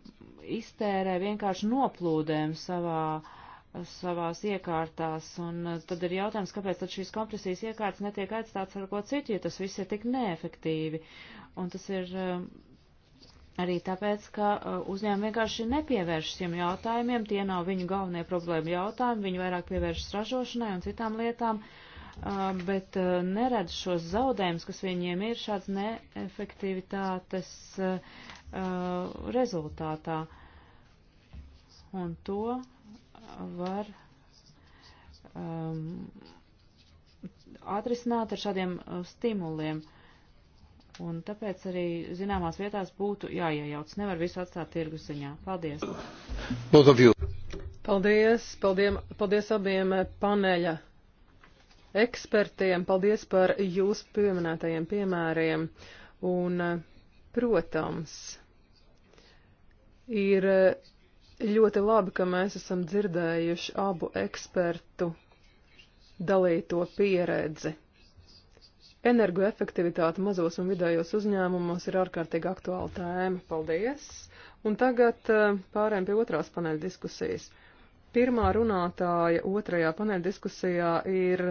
iztērē vienkārši noplūdēm savā, savās iekārtās, un uh, tad ir jautājums, kāpēc tad šīs kompresijas iekārtas netiek aizstāts ar ko citu, ja tas viss ir tik neefektīvi. Un tas ir um, arī tāpēc, ka uh, uzņēmumi vienkārši nepievērš šiem jautājumiem, tie nav viņu galvenie problēma jautājumi, viņi vairāk pievēršas ražošanai un citām lietām. Uh, bet uh, neredz šos zaudējumus, kas viņiem ir šāds neefektivitātes uh, Uh, rezultātā. Un to var um, atrisināt ar šādiem uh, stimuliem. Un tāpēc arī zināmās vietās būtu jāiejauc. Nevar visu atstāt tirgus ziņā. Paldies! Paldies! Paldiem, paldies abiem paneļa ekspertiem! Paldies par jūsu pieminētajiem piemēriem! Un uh, Protams, ir ļoti labi, ka mēs esam dzirdējuši abu ekspertu dalīto pieredzi. Energoefektivitāte mazos un vidējos uzņēmumos ir ārkārtīgi aktuāla tēma. Paldies! Un tagad eh, pārējām pie otrās paneļa diskusijas. Pirmā runātāja otrajā paneļa diskusijā ir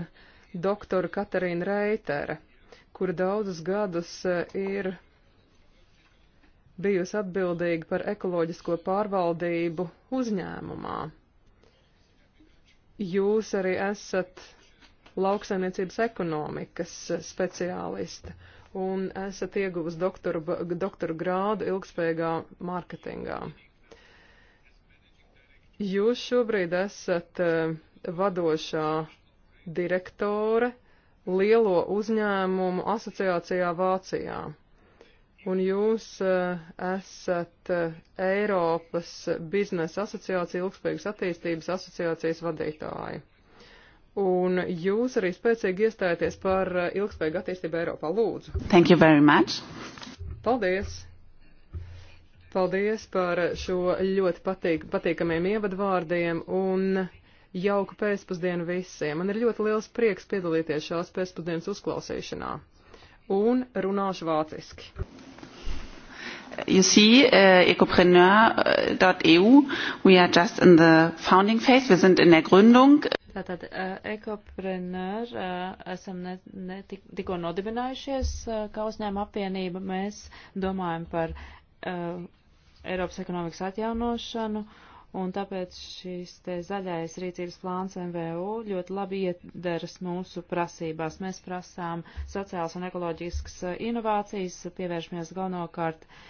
doktora Katarīna Reitere, kura daudzus gadus eh, ir bijusi atbildīga par ekoloģisko pārvaldību uzņēmumā. Jūs arī esat lauksainiecības ekonomikas speciāliste un esat ieguvis doktoru, doktoru grādu ilgspējīgā mārketingā. Jūs šobrīd esat eh, vadošā direktore lielo uzņēmumu asociācijā Vācijā un jūs eh, esat eh, Eiropas biznesa asociācija ilgspējīgas attīstības asociācijas vadītāji. Un jūs arī spēcīgi iestājaties par eh, ilgspējīgu attīstību Eiropā. Lūdzu. Thank you very much. Paldies. Paldies par šo ļoti patīk, patīkamiem ievadvārdiem un jauku pēcpusdienu visiem. Man ir ļoti liels prieks piedalīties šās pēcpusdienas uzklausīšanā. Un runāšu vāciski you see, uh, ecopreneur.eu, uh, we are just in the founding phase, wir sind in der Gründung. Tātad uh, ekopreneur uh, esam ne, ne tik, tikko nodibinājušies uh, kā uzņēma apvienība. Mēs domājam par uh, Eiropas ekonomikas atjaunošanu un tāpēc šis te zaļais rīcības plāns MVU ļoti labi iederas mūsu prasībās. Mēs prasām sociāls un ekoloģisks uh, inovācijas, pievēršamies galvenokārt uh,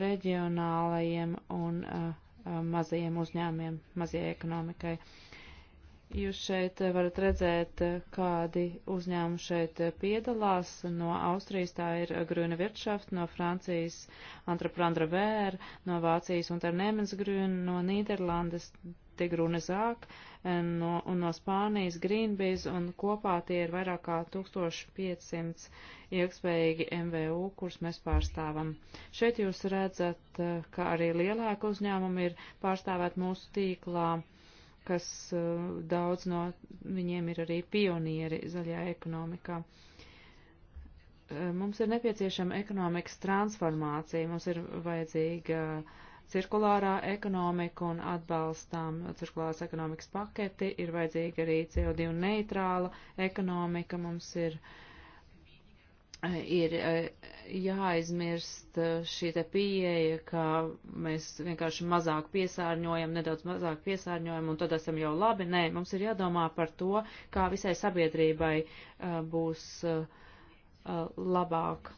reģionālajiem un uh, uh, mazajiem uzņēmiem, mazajai ekonomikai. Uh, Jūs šeit eh, varat redzēt, eh, kādi uzņēmumi šeit eh, piedalās. No Austrijas tā ir Grüne Wirtschaft, no Francijas Entreprendre Vēr, no Vācijas Unternehmens Grüne, no Nīderlandes De Grüne Zāk no, un no Spānijas Greenbiz, un kopā tie ir vairāk kā 1500 ilgspējīgi MVU, kurus mēs pārstāvam. Šeit jūs redzat, ka arī lielāka uzņēmuma ir pārstāvēt mūsu tīklā kas uh, daudz no viņiem ir arī pionieri zaļajā ekonomikā. Uh, mums ir nepieciešama ekonomikas transformācija, mums ir vajadzīga cirkulārā ekonomika un atbalstām cirkulārās ekonomikas paketi, ir vajadzīga arī CO2 neitrāla ekonomika, mums ir uh, ir eh, jāaizmirst eh, šī te pieeja, ka mēs vienkārši mazāk piesārņojam, nedaudz mazāk piesārņojam un tad esam jau labi. Nē, mums ir jādomā par to, kā visai sabiedrībai eh, būs labāk.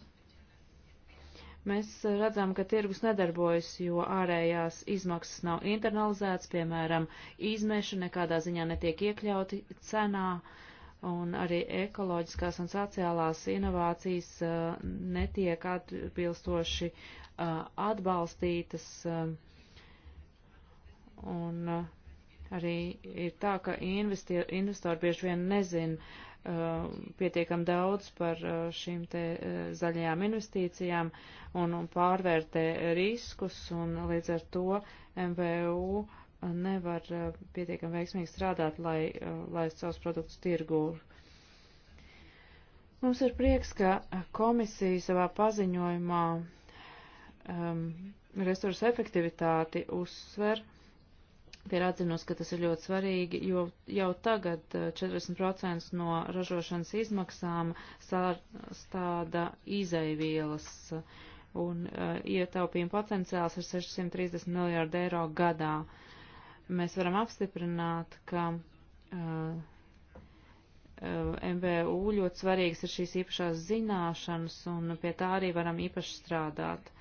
Mēs redzam, ka tirgus nedarbojas, jo ārējās izmaksas nav internalizētas, piemēram, izmeša nekādā ziņā netiek iekļauti cenā. Uh, un arī ekoloģiskās un sociālās inovācijas uh, netiek atbilstoši uh, atbalstītas. Uh, un arī ir tā, ka investi investori bieži vien nezina pietiekam daudz par šīm te zaļajām investīcijām un, un pārvērtē riskus, un līdz ar to MVU uh, nevar eh, pietiekami veiksmīgi strādāt, lai eh, laist savus produktus tirgū. Mums ir prieks, ka komisija savā paziņojumā um, resursu efektivitāti uzsver. Pierādzinos, ka tas ir ļoti svarīgi, jo jau tagad 40% eh, no ražošanas izmaksām stāda izaivielas un uh, ietaupījuma potenciāls ir 630 miljārdi eiro gadā. Uh, mēs varam apstiprināt, ka uh, eh, eh, MVU ļoti svarīgas ir šīs īpašās zināšanas, un pie tā arī varam īpaši strādāt.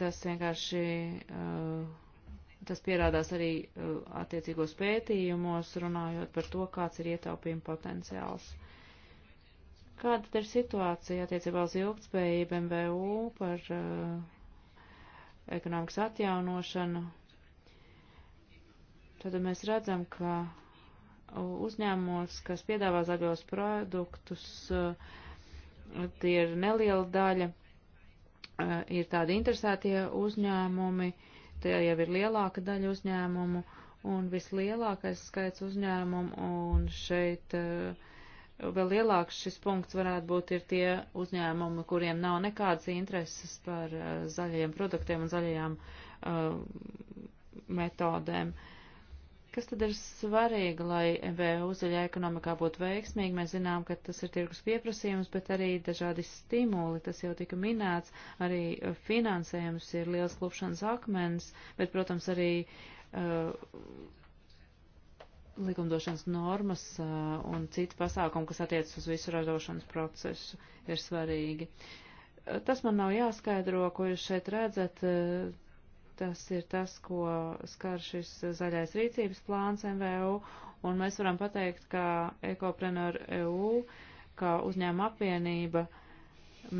Tas vienkārši, uh, tas pierādās arī uh, attiecīgos pētījumos, runājot par to, kāds ir ietaupījuma potenciāls. Kāda ir situācija attiecībā uz ilgtspējību MVU par uh, ekonomikas atjaunošanu? tad mēs redzam, ka uh, uzņēmumos, kas piedāvā zaļos produktus, uh, tie ir neliela daļa, uh, ir tādi interesētie uzņēmumi, tie jau ir lielāka daļa uzņēmumu, un vislielākais skaits uzņēmumu, un šeit vēl lielāks šis punkts varētu būt ir tie uzņēmumi, kuriem nav nekādas intereses par zaļajiem produktiem un zaļajām metodēm. Uh, Kas tad ir svarīgi, lai MVU zaļā ekonomikā būtu veiksmīgi? Mēs zinām, ka tas ir tirgus pieprasījums, bet arī dažādi stimuli, tas jau tika minēts, arī finansējums ir liels klupšanas akmens, bet, protams, arī uh, likumdošanas normas uh, un citi pasākumi, kas attiecas uz visu ražošanas procesu, ir svarīgi. Uh, tas man nav jāskaidro, ko jūs šeit redzat. Uh, Tas ir tas, ko skar šis zaļais rīcības plāns MVU, un mēs varam pateikt, ka Ekoprenor EU, kā uzņēma apvienība,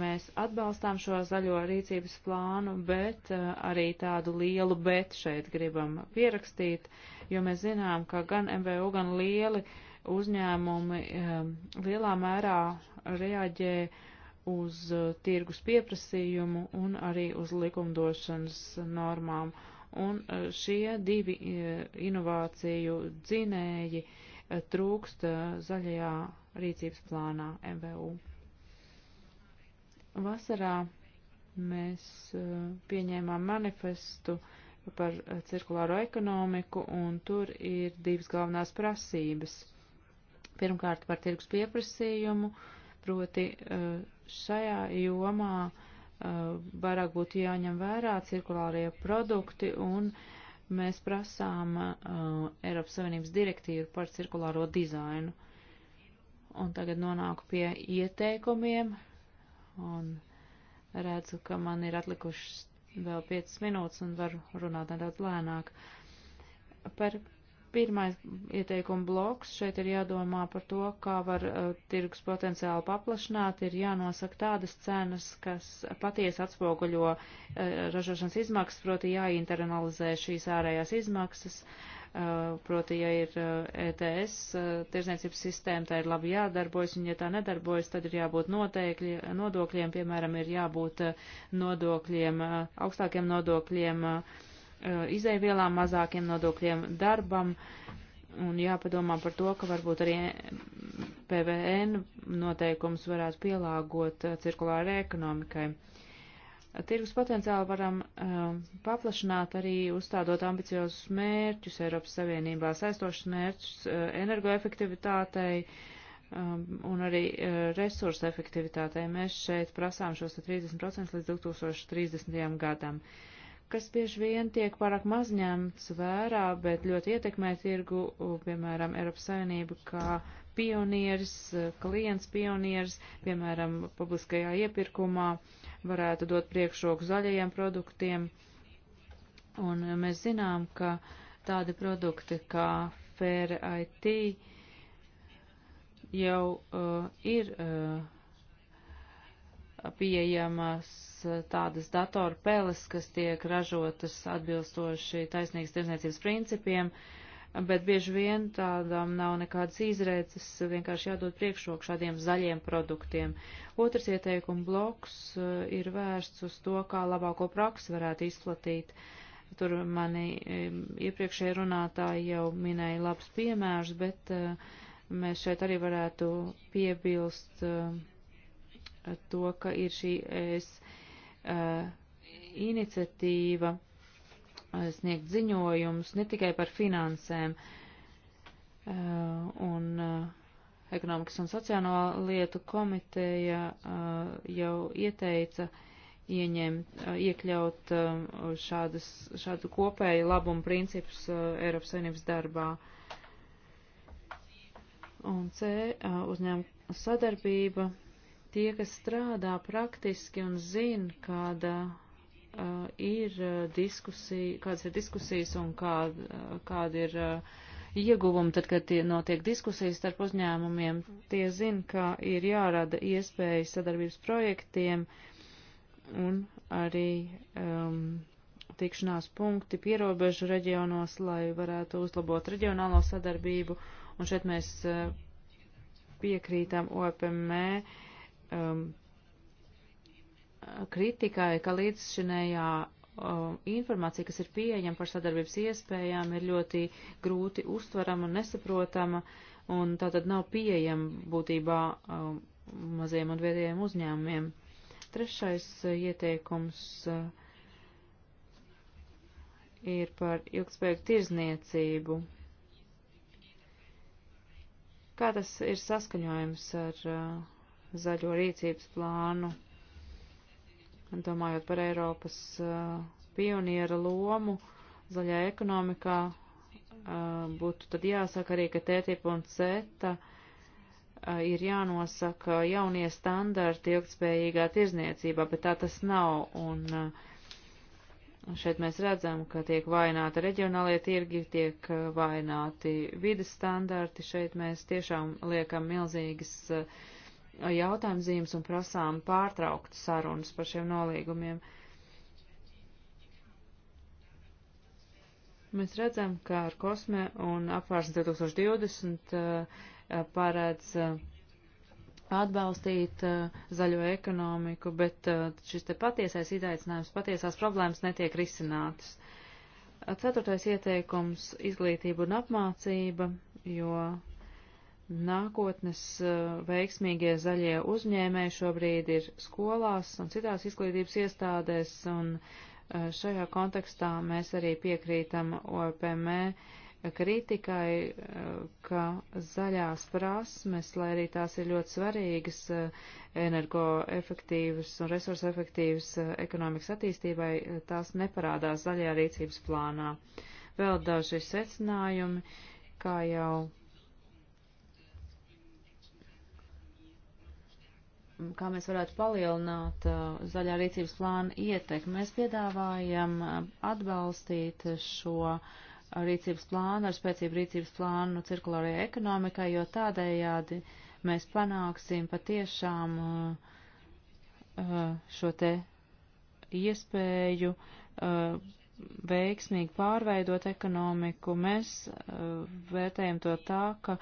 mēs atbalstām šo zaļo rīcības plānu, bet eh, arī tādu lielu bet šeit gribam pierakstīt, jo mēs zinām, ka gan MVU, gan lieli uzņēmumi eh, lielā mērā reaģē uz uh, tirgus pieprasījumu un arī uz likumdošanas normām. Un uh, šie divi uh, inovāciju dzinēji trūkst zaļajā rīcības plānā MVU. Vasarā mēs pieņēmām manifestu par cirkulāro ekonomiku, un tur ir divas galvenās prasības. Pirmkārt, par tirgus pieprasījumu, uh, Proti eh, šajā jomā eh, vairāk būtu jāņem vērā cirkulārie produkti un mēs prasām eh, Eiropas Savienības direktīvu par cirkulāro dizainu. Un tagad nonāku pie ieteikumiem un redzu, ka man ir atlikušas vēl 5 minūtes un varu runāt nedaudz lēnāk. Par Pirmais ieteikuma bloks šeit ir jādomā par to, kā var uh, tirgus potenciāli paplašināt, ir jānosaka tādas cenas, kas patiesi atspoguļo uh, ražošanas izmaksas, proti jāinternalizē šīs ārējās izmaksas, uh, proti, ja ir uh, ETS uh, tirzniecības sistēma, tā ir labi jādarbojas, un ja tā nedarbojas, tad ir jābūt noteikļi, nodokļiem, piemēram, ir jābūt uh, nodokļiem, uh, augstākiem nodokļiem. Uh, Eh, izēvielām, mazākiem nodokļiem darbam, un jāpadomā par to, ka varbūt arī PVN noteikums varētu pielāgot eh, cirkulārai ekonomikai. Tirgus potenciāli varam uh, paplašināt arī uzstādot ambiciozus mērķus Eiropas Savienībā, saistošus mērķus uh, energoefektivitātei um, un arī uh, resursu efektivitātei. Mēs šeit prasām šos 30% līdz 2030. gadam. Uh, kas bieži vien tiek pārāk maz ņemts vērā, bet ļoti ietekmē tirgu, piemēram, Eiropas Savienību kā pionieris, e, klients pionieris, piemēram, publiskajā iepirkumā varētu dot priekšroku zaļajiem produktiem. Un mēs zinām, ka tādi produkti kā Fair IT jau uh, ir. Uh, pieejamas eh, tādas datoru peles, kas tiek ražotas atbilstoši taisnīgas tirzniecības principiem, bet bieži vien tādām nav nekādas izredzes, vienkārši jādod priekšrok šādiem zaļiem produktiem. Otrs ieteikuma bloks eh, ir vērsts uz to, kā labāko praksi varētu izplatīt. Tur mani iepriekšēji runātāji jau minēja labs piemērs, bet eh, mēs šeit arī varētu piebilst uh, to, ka ir šī ES uh, iniciatīva sniegt ziņojumus ne tikai par finansēm uh, un uh, ekonomikas un sociālo lietu komiteja uh, jau ieteica ieņemt, uh, iekļaut uh, šādas, šādu kopēju labumu principus Eiropas Savienības darbā. Un C uzņēmuma sadarbība Tie, kas strādā praktiski un zina, kāda uh, ir diskusija, kādas ir diskusijas un kā, kāda ir uh, ieguvumi, tad, kad tie notiek diskusijas starp uzņēmumiem, tie zina, ka ir jārada iespējas sadarbības projektiem un arī um, tikšanās punkti pierobežu reģionos, lai varētu uzlabot reģionālo sadarbību. Un šeit mēs uh, piekrītam OPME um, kritikai, ka līdzšinējā um, informācija, kas ir pieejama par sadarbības iespējām, ir ļoti grūti uztverama un nesaprotama, un tā tad nav pieejama būtībā um, maziem un vietējiem uzņēmumiem. Trešais uh, ieteikums uh, ir par ilgspējīgu tirzniecību. Kā tas ir saskaņojums ar uh, zaļo rīcības plānu, domājot par Eiropas uh, pioniera lomu zaļā ekonomikā, uh, būtu tad jāsaka arī, ka TTIP un CETA uh, ir jānosaka jaunie standarti ilgtspējīgā tirzniecībā, bet tā tas nav. Un, uh, Šeit mēs redzam, ka tiek vaināti reģionālie tirgi, tiek uh, vaināti vides standarti. Šeit mēs tiešām liekam milzīgas uh, jautājumzīmes un prasām pārtraukt sarunas par šiem nolīgumiem. Mēs redzam, ka ar kosmē un apvārsnes 2020 eh, paredz eh, atbalstīt eh, zaļo ekonomiku, bet šis te patiesais izaicinājums, patiesās problēmas netiek risinātas. Ceturtais ieteikums - izglītība un apmācība, jo Nākotnes eh, veiksmīgie zaļie uzņēmēji šobrīd ir skolās un citās izglītības iestādēs, un eh, šajā kontekstā mēs arī piekrītam OPM kritikai, eh, ka zaļās prasmes, lai arī tās ir ļoti svarīgas energoefektīvas un resursu efektīvas ekonomikas attīstībai, tās neparādās zaļajā rīcības plānā. Vēl daži secinājumi, kā jau kā mēs varētu palielināt zaļā rīcības plāna ietekmi. Mēs piedāvājam atbalstīt šo rīcības plānu ar spēcību rīcības plānu cirkulārajai ekonomikai, jo tādējādi mēs panāksim patiešām šo te iespēju veiksmīgi pārveidot ekonomiku. Mēs vērtējam to tā, ka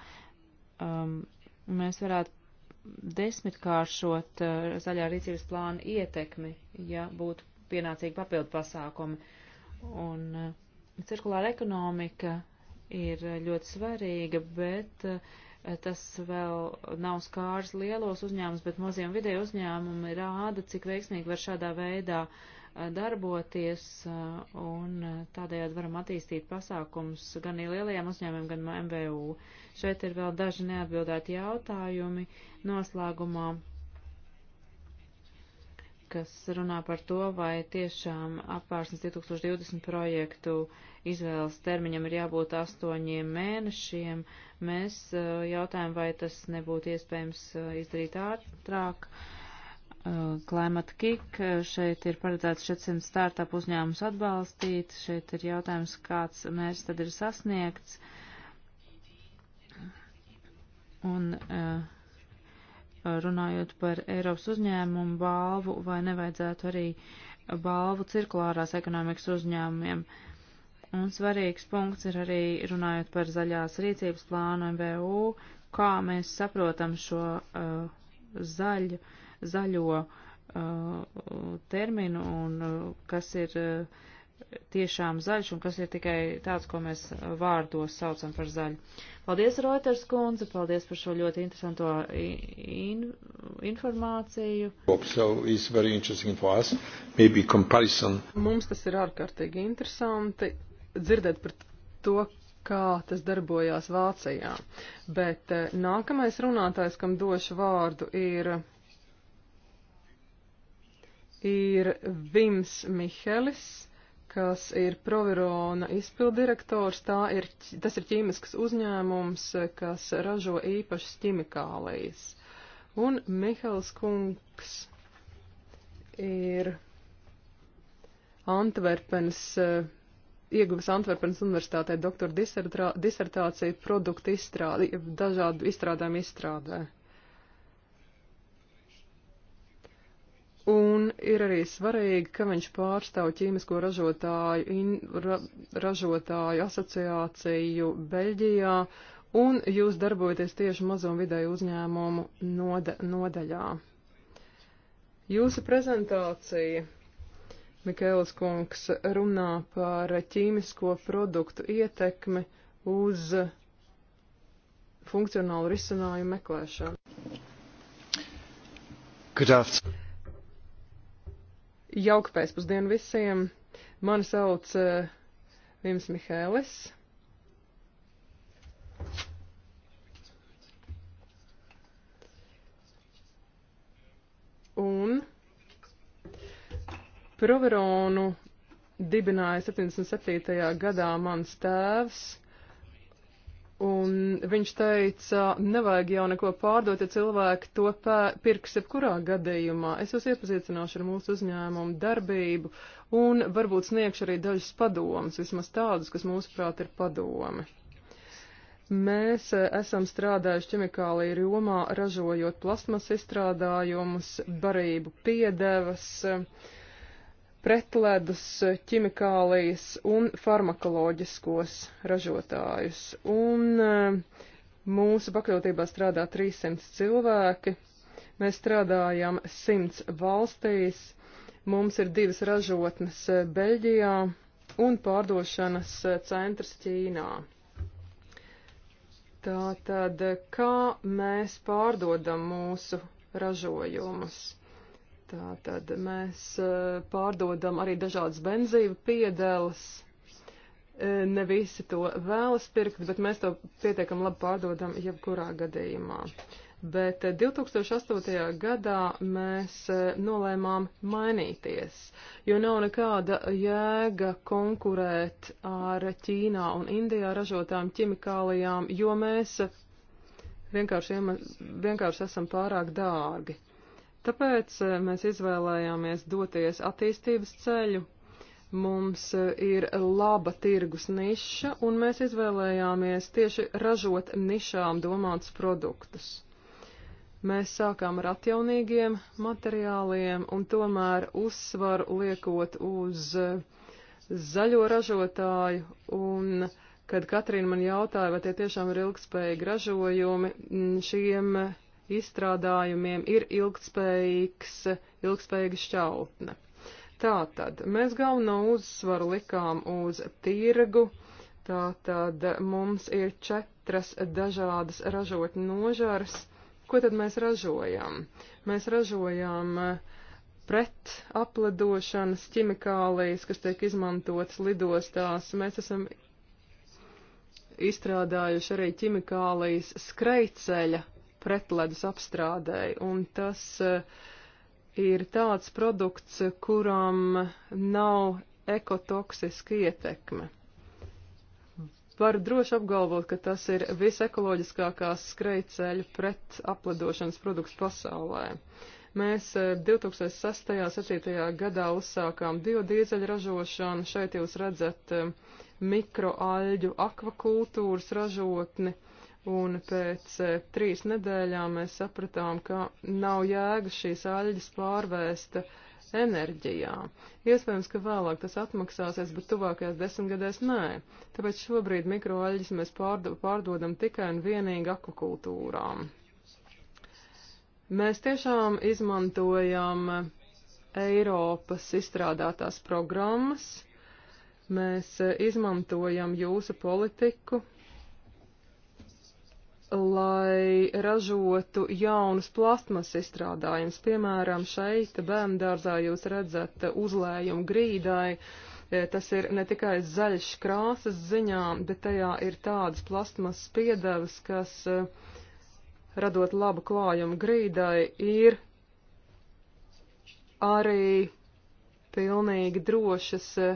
mēs varētu desmitkāršot eh, zaļā rīcības plāna ietekmi, ja būtu pienācīgi papildu pasākumi. Un eh, cirkulāra ekonomika ir eh, ļoti svarīga, bet tas vēl nav skārs lielos uzņēmumus, bet maziem vidēju uzņēmumi rāda, cik veiksmīgi var šādā veidā uh, darboties, eh, un eh, tādējādi varam attīstīt pasākums gan lielajiem uzņēmumiem, gan MVU. Šeit ir vēl daži neatbildēti jautājumi noslēgumā, kas runā par to, vai tiešām apvērsnes 2020 projektu izvēles termiņam ir jābūt astoņiem mēnešiem. Mēs eh, jautājam, vai tas nebūtu iespējams izdarīt ātrāk. Ār Uh, Climate Kick. Uh, šeit ir paredzēts 400 startup uzņēmums atbalstīt. Šeit ir jautājums, kāds mērķis tad ir sasniegts. Un uh, runājot par Eiropas uzņēmumu balvu, vai nevajadzētu arī balvu cirkulārās ekonomikas uzņēmumiem. Un svarīgs punkts ir arī runājot par zaļās rīcības plānu MBU, kā mēs saprotam šo uh, zaļu uh, zaļo uh, terminu un uh, kas ir uh, tiešām zaļš un kas ir tikai tāds, ko mēs vārdos saucam par zaļu. Paldies, Reuters kundze, paldies par šo ļoti interesanto in informāciju. So Mums tas ir ārkārtīgi interesanti dzirdēt par to, kā tas darbojās Vācijā. Bet eh, nākamais runātājs, kam došu vārdu, ir ir Vims Mihelis, kas ir Provirona izpildirektors. Ir, tas ir ķīmisks uzņēmums, kas ražo īpašas ķimikālijas. Un Mihels Kungs ir Antverpenes, ieguvis Antverpenes universitātē doktora disertāciju produktu izstrādi, dažādu izstrādājumu izstrādē. Un ir arī svarīgi, ka viņš pārstāv ķīmisko ražotāju, in, ra, ražotāju asociāciju Beļģijā, un jūs darbojaties tieši mazo un vidēju uzņēmumu noda, nodaļā. Jūsu prezentācija, Mikēlis Kungs, runā par ķīmisko produktu ietekmi uz funkcionālu risinājumu meklēšanu. Good afternoon. Jauka pēcpusdiena visiem. Mani sauc uh, Vims Mihēlis. Un Proveronu dibināja 77. gadā mans tēvs Un viņš teica, nevajag jau neko pārdot, ja cilvēki to pirks jebkurā gadījumā. Es jūs iepazīcināšu ar mūsu uzņēmumu darbību un varbūt sniegšu arī dažas padomas, vismaz tādus, kas mūsuprāt ir padomi. Mēs e, esam strādājuši ķemikālija jomā, ražojot plasmas izstrādājumus, barību piedevas. Uh, pretledus ķimikālijas un farmakoloģiskos ražotājus. Un eh, mūsu pakļautībā strādā 300 cilvēki, mēs strādājam 100 valstīs, mums ir divas ražotnes eh, Beļģijā un pārdošanas eh, centrs Ķīnā. Tātad, kā mēs pārdodam mūsu ražojumus? Tātad mēs eh, pārdodam arī dažādas benzīvu piedeles. E, ne visi to vēlas pirkt, bet mēs to pietiekam labi pārdodam jebkurā gadījumā. Bet 2008. E, gadā mēs e, nolēmām mainīties, jo nav nekāda jēga konkurēt ar Ķīnā un Indijā ražotām ķimikālijām, jo mēs vienkārši, vienkārši esam pārāk dārgi. Tāpēc eh, mēs izvēlējāmies doties attīstības ceļu. Mums eh, ir laba tirgus niša, un mēs izvēlējāmies tieši ražot nišām domāts produktus. Mēs sākām ar atjaunīgiem materiāliem, un tomēr uzsvaru liekot uz eh, zaļo ražotāju un kad Katrīna man jautāja, vai tie tiešām ir ilgspējīgi ražojumi, šiem izstrādājumiem ir ilgtspējīgs, ilgtspējīga šķautne. Tātad mēs galveno uzsvaru likām uz tirgu, tātad mums ir četras dažādas ražotņu nožars. Ko tad mēs ražojam? Mēs ražojam eh, pret apledošanas ķimikālijas, kas tiek izmantotas lidostās. Mēs esam izstrādājuši arī ķimikālijas skraiceļa pretledus apstrādēji, un tas eh, ir tāds produkts, kuram nav ekotoksiska ietekme. Varu droši apgalvot, ka tas ir visekoloģiskākās skrejceļu pret aplidošanas produkts pasaulē. Mēs 2006.-2007. Eh, gadā uzsākām biodīzeļu ražošanu, šeit jūs redzat eh, mikroaļģu akvakultūras ražotni, un pēc eh, trīs nedēļām mēs sapratām, ka nav jēga šīs aļģes pārvēsta enerģijā. Iespējams, ka vēlāk tas atmaksāsies, bet tuvākajās desmitgadēs nē. Tāpēc šobrīd mikroaļģes mēs pārdo pārdodam tikai un vienīgi akvakultūrām. Mēs tiešām izmantojam Eiropas izstrādātās programmas, mēs eh, izmantojam jūsu politiku, lai ražotu jaunus plasmas izstrādājumus. Piemēram, šeit bērnu dārzā jūs redzat uzlējumu grīdai. E, tas ir ne tikai zaļš krāsas ziņā, bet tajā ir tādas plasmas piedevas, kas, e, radot labu klājumu grīdai, ir arī pilnīgi drošas e,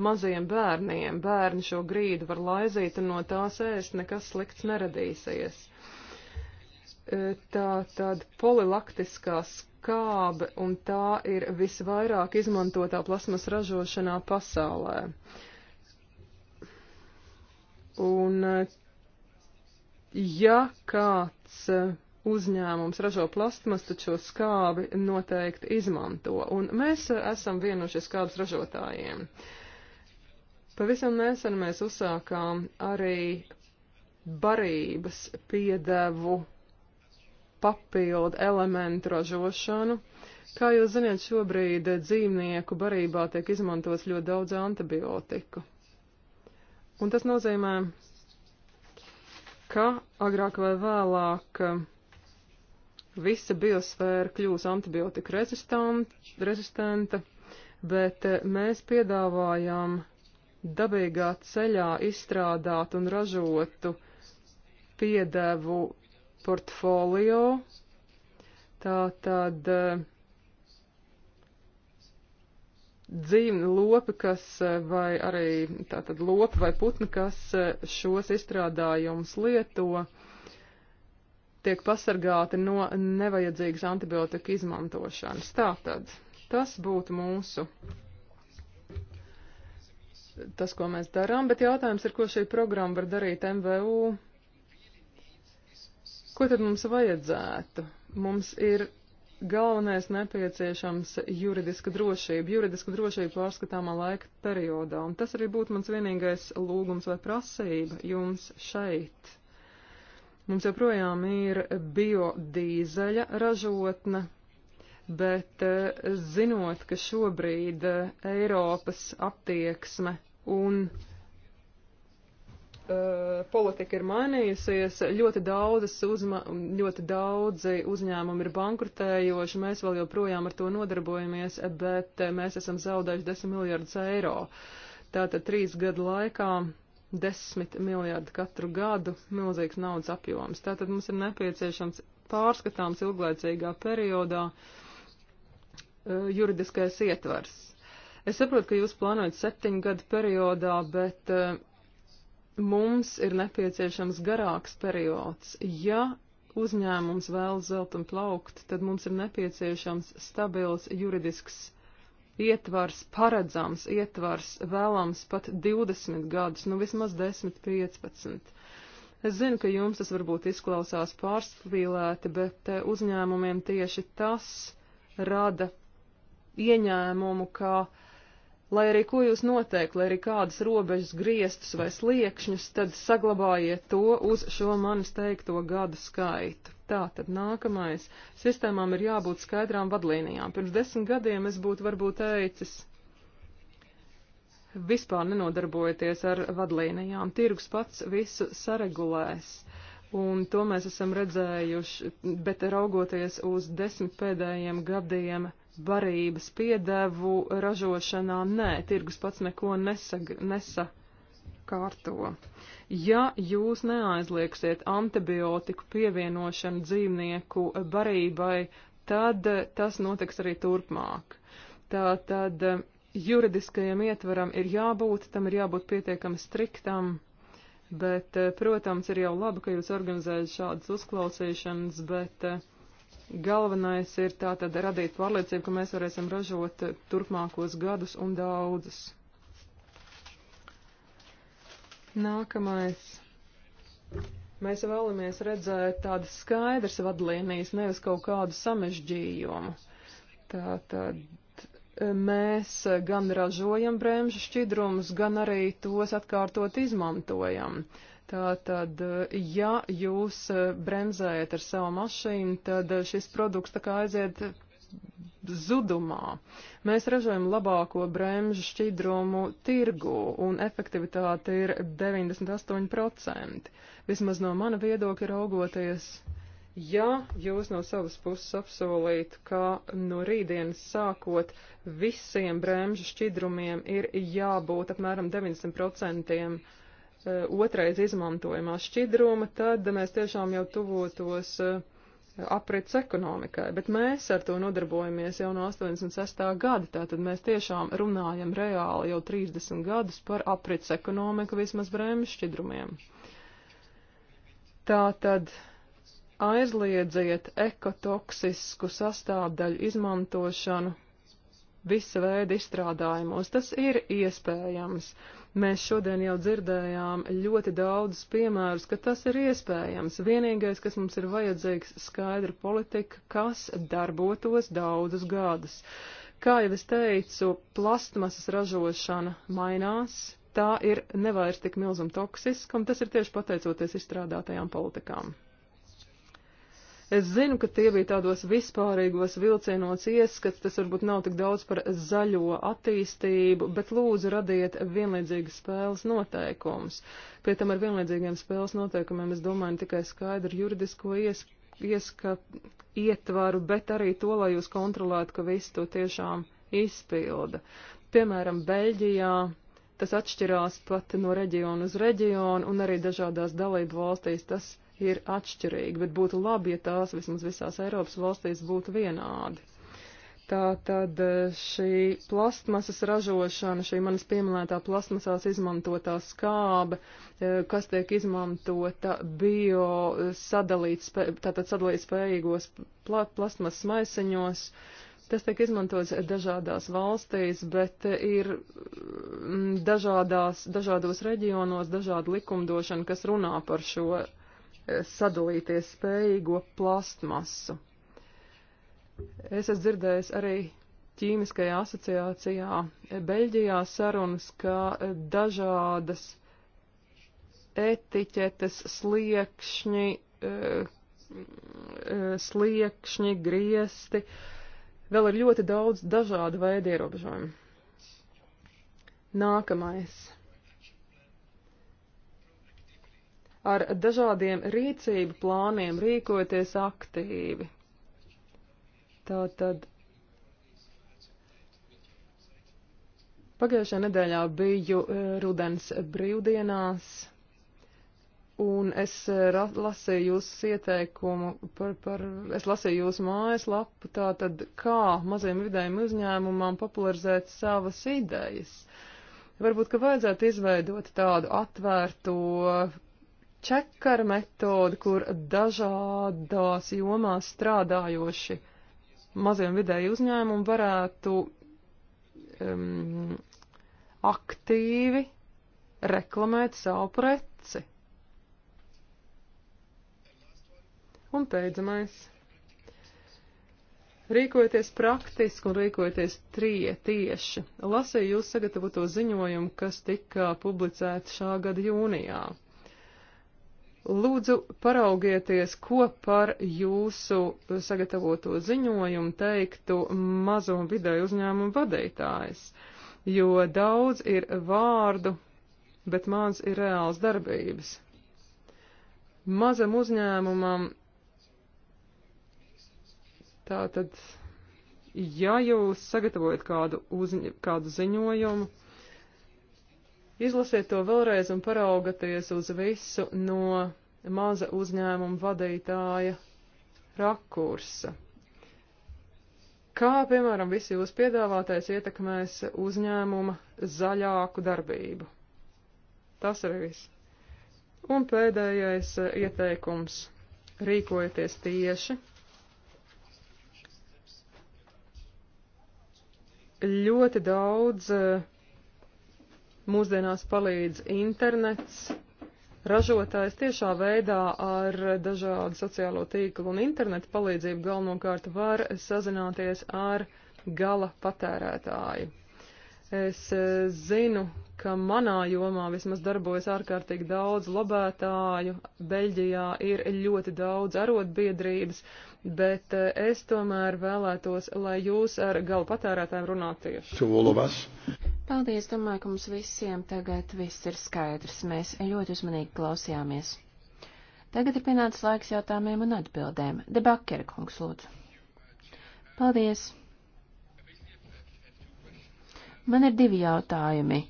maziem bērniem. Bērni šo grīdu var laizīt un no tās ēst nekas slikts neradīsies. E, tā tad polilaktiskā skābe un tā ir visvairāk izmantotā plasmas ražošanā pasaulē. Un e, ja kāds e, uzņēmums ražo plastmas, tad šo skābi noteikti izmanto. Un mēs esam vienojušies kādas ražotājiem. Uh, Pavisam nesen mēs uzsākām arī barības piedevu papildu elementu ražošanu. Kā jūs ziniet, šobrīd dzīvnieku barībā tiek izmantots ļoti daudz antibiotiku. Un tas nozīmē, ka agrāk vai vēlāk visa biosfēra kļūs antibiotika rezistenta, bet mēs piedāvājam dabīgā ceļā izstrādātu un ražotu piedevu portfolio. Tā tad eh, dzīvi lopi, kas eh, vai arī tātad lopi vai putni, kas eh, šos izstrādājumus lieto, tiek pasargāti no nevajadzīgas antibiotika izmantošanas. Tātad tas būtu mūsu tas, ko mēs darām, bet jautājums ir, ko šī programma var darīt MVU. Ko tad mums vajadzētu? Mums ir galvenais nepieciešams juridiska drošība, juridiska drošība pārskatāmā laika periodā, un tas arī būtu mans vienīgais lūgums vai prasība jums šeit. Mums joprojām ir biodīzeļa ražotne, bet eh, zinot, ka šobrīd eh, Eiropas attieksme un uh, politika ir mainījusies, ļoti, daudzas uzma, ļoti daudzi uzņēmumi ir bankrutējoši, mēs vēl joprojām ar to nodarbojamies, bet uh, mēs esam zaudējuši 10 miljardus eiro. Tātad trīs gadu laikā 10 miljardi katru gadu milzīgs naudas apjoms. Tātad mums ir nepieciešams pārskatāms ilglaicīgā periodā uh, juridiskais ietvars. Es saprotu, ka jūs plānojat septiņu gadu periodā, bet uh, mums ir nepieciešams garāks periods. Ja uzņēmums vēlas zelt un plaukt, tad mums ir nepieciešams stabils juridisks ietvars, paredzams ietvars, vēlams pat 20 gadus, nu vismaz 10-15. Es zinu, ka jums tas varbūt izklausās pārspīlēti, bet eh, uzņēmumiem tieši tas rada ieņēmumu, kā ka Lai arī ko jūs noteikti, lai arī kādas robežas griestus vai sliekšņus, tad saglabājiet to uz šo manis teikto gadu skaitu. Tā tad nākamais. Sistēmām ir jābūt skaidrām vadlīnijām. Pirms desmit gadiem es būtu varbūt teicis, vispār nenodarbojieties ar vadlīnijām. Tirgus pats visu saregulēs. Un to mēs esam redzējuši, bet raugoties uz desmit pēdējiem gadiem, barības piedevu ražošanā, nē, tirgus pats neko nesag, nesakārto. Ja jūs neaizlieksiet antibiotiku pievienošanu dzīvnieku barībai, tad tas notiks arī turpmāk. Tā tad eh, juridiskajam ietvaram ir jābūt, tam ir jābūt pietiekami striktam, bet, eh, protams, ir jau labi, ka jūs organizējat šādas uzklausīšanas, bet uh, Galvenais ir tātad radīt pārliecību, ka mēs varēsim ražot turpmākos gadus un daudzus. Nākamais. Mēs vēlamies redzēt tādas skaidras vadlīnijas, nevis kaut kādu samežģījumu. Tātad e, mēs gan ražojam bremžu šķidrumus, gan arī tos atkārtot izmantojam. Uh, Tātad, ja jūs eh, bremzējat ar savu mašīnu, tad eh, šis produkts tā kā aiziet zudumā. Mēs ražojam labāko bremžu šķidrumu tirgu, un efektivitāte ir 98%. Vismaz no mana viedokļa raugoties, ja jūs no savas puses apsolītu, ka no rītdienas sākot visiem bremžu šķidrumiem ir jābūt apmēram 90% Eh, otrais izmantojamā šķidruma, tad mēs tiešām jau tuvotos eh, aprits ekonomikai, bet mēs ar to nodarbojamies jau no 86. gada, tātad mēs tiešām runājam reāli jau 30 gadus par aprits ekonomiku vismaz brēmas šķidrumiem. Tātad aizliedziet ekotoksisku sastāvdaļu izmantošanu visa veida izstrādājumos. Tas ir iespējams. Uh, Mēs šodien jau dzirdējām ļoti daudz piemērus, ka tas ir iespējams. Vienīgais, kas mums ir vajadzīgs, skaidra politika, kas darbotos daudzus gadus. Kā jau es teicu, plastmasas ražošana mainās, tā ir nevairs tik milzum toksiska, un tas ir tieši pateicoties izstrādātajām politikām. Es zinu, ka tie bija tādos vispārīgos vilcienos ieskats, tas varbūt nav tik daudz par zaļo attīstību, bet lūdzu radiet vienlīdzīgas spēles noteikumus. Pie tam ar vienlīdzīgiem spēles noteikumiem es domāju ne tikai skaidru juridisko ies, ieska, ietvaru, bet arī to, lai jūs kontrolētu, ka viss to tiešām izpilda. Piemēram, Beļģijā tas atšķirās pat no reģiona uz reģionu, un arī dažādās dalību valstīs tas ir atšķirīgi, bet būtu labi, ja tās vismaz visās Eiropas valstīs būtu vienādi. Tā tad eh, šī plastmasas ražošana, šī manis pieminētā plastmasās izmantotā skābe, eh, kas tiek izmantota bio sadalīt, tātad sadalīt spējīgos plastmasas maisiņos, tas tiek izmantots dažādās valstīs, bet ir mm, dažādās, dažādos reģionos dažāda likumdošana, kas runā par šo Eh, sadalīties spējīgo plastmasu. Es esmu dzirdējis arī ķīmiskajā asociācijā eh, Beļģijā sarunas, ka eh, dažādas etiķetes sliekšņi, sliekšņi, griesti, vēl ir ļoti daudz dažādu veidu ierobežojumu. Nākamais. ar dažādiem rīcību plāniem rīkoties aktīvi. Tātad pagājušajā nedēļā biju e, rudens brīvdienās, un es e, lasīju jūsu ieteikumu par, par es lasīju jūsu mājaslapu, tātad kā maziem vidējiem uzņēmumam popularizēt savas idejas. Varbūt, ka vajadzētu izveidot tādu atvērto čekara metodi, kur dažādās jomās strādājoši maziem vidēji uzņēmumi varētu um, aktīvi reklamēt savu preci. Un pēdējais. Rīkojoties praktiski un rīkojoties trie tieši, lasīju jūs sagatavoto ziņojumu, kas tika publicēts šā gada jūnijā. Lūdzu, paraugieties, ko par jūsu sagatavoto ziņojumu teiktu mazo un vidēju uzņēmumu vadītājs, jo daudz ir vārdu, bet maz ir reāls darbības. Mazam uzņēmumam tātad, ja jūs sagatavojat kādu, uzņ, kādu ziņojumu, Izlasiet to vēlreiz un paraugaties uz visu no maza uzņēmuma vadītāja rakursa. Kā, piemēram, visi jūs piedāvātais ietekmēs uzņēmuma zaļāku darbību? Tas arī viss. Un pēdējais ieteikums - rīkojieties tieši. Ļoti daudz uh, Mūsdienās palīdz internets, ražotājs tiešā veidā ar dažādu sociālo tīklu un internetu palīdzību galvenokārt var sazināties ar gala patērētāju. Es e, zinu, ka manā jomā vismaz darbojas ārkārtīgi daudz lobētāju, Beļģijā ir ļoti daudz arotbiedrības, bet e, es tomēr vēlētos, lai jūs ar gala patērētājiem runātu tieši. Paldies, domāju, ka mums visiem tagad viss ir skaidrs. Mēs ļoti uzmanīgi klausījāmies. Tagad ir pienācis laiks jautājumiem un atbildēm. Debakera kungs, lūdzu. Paldies. Man ir divi jautājumi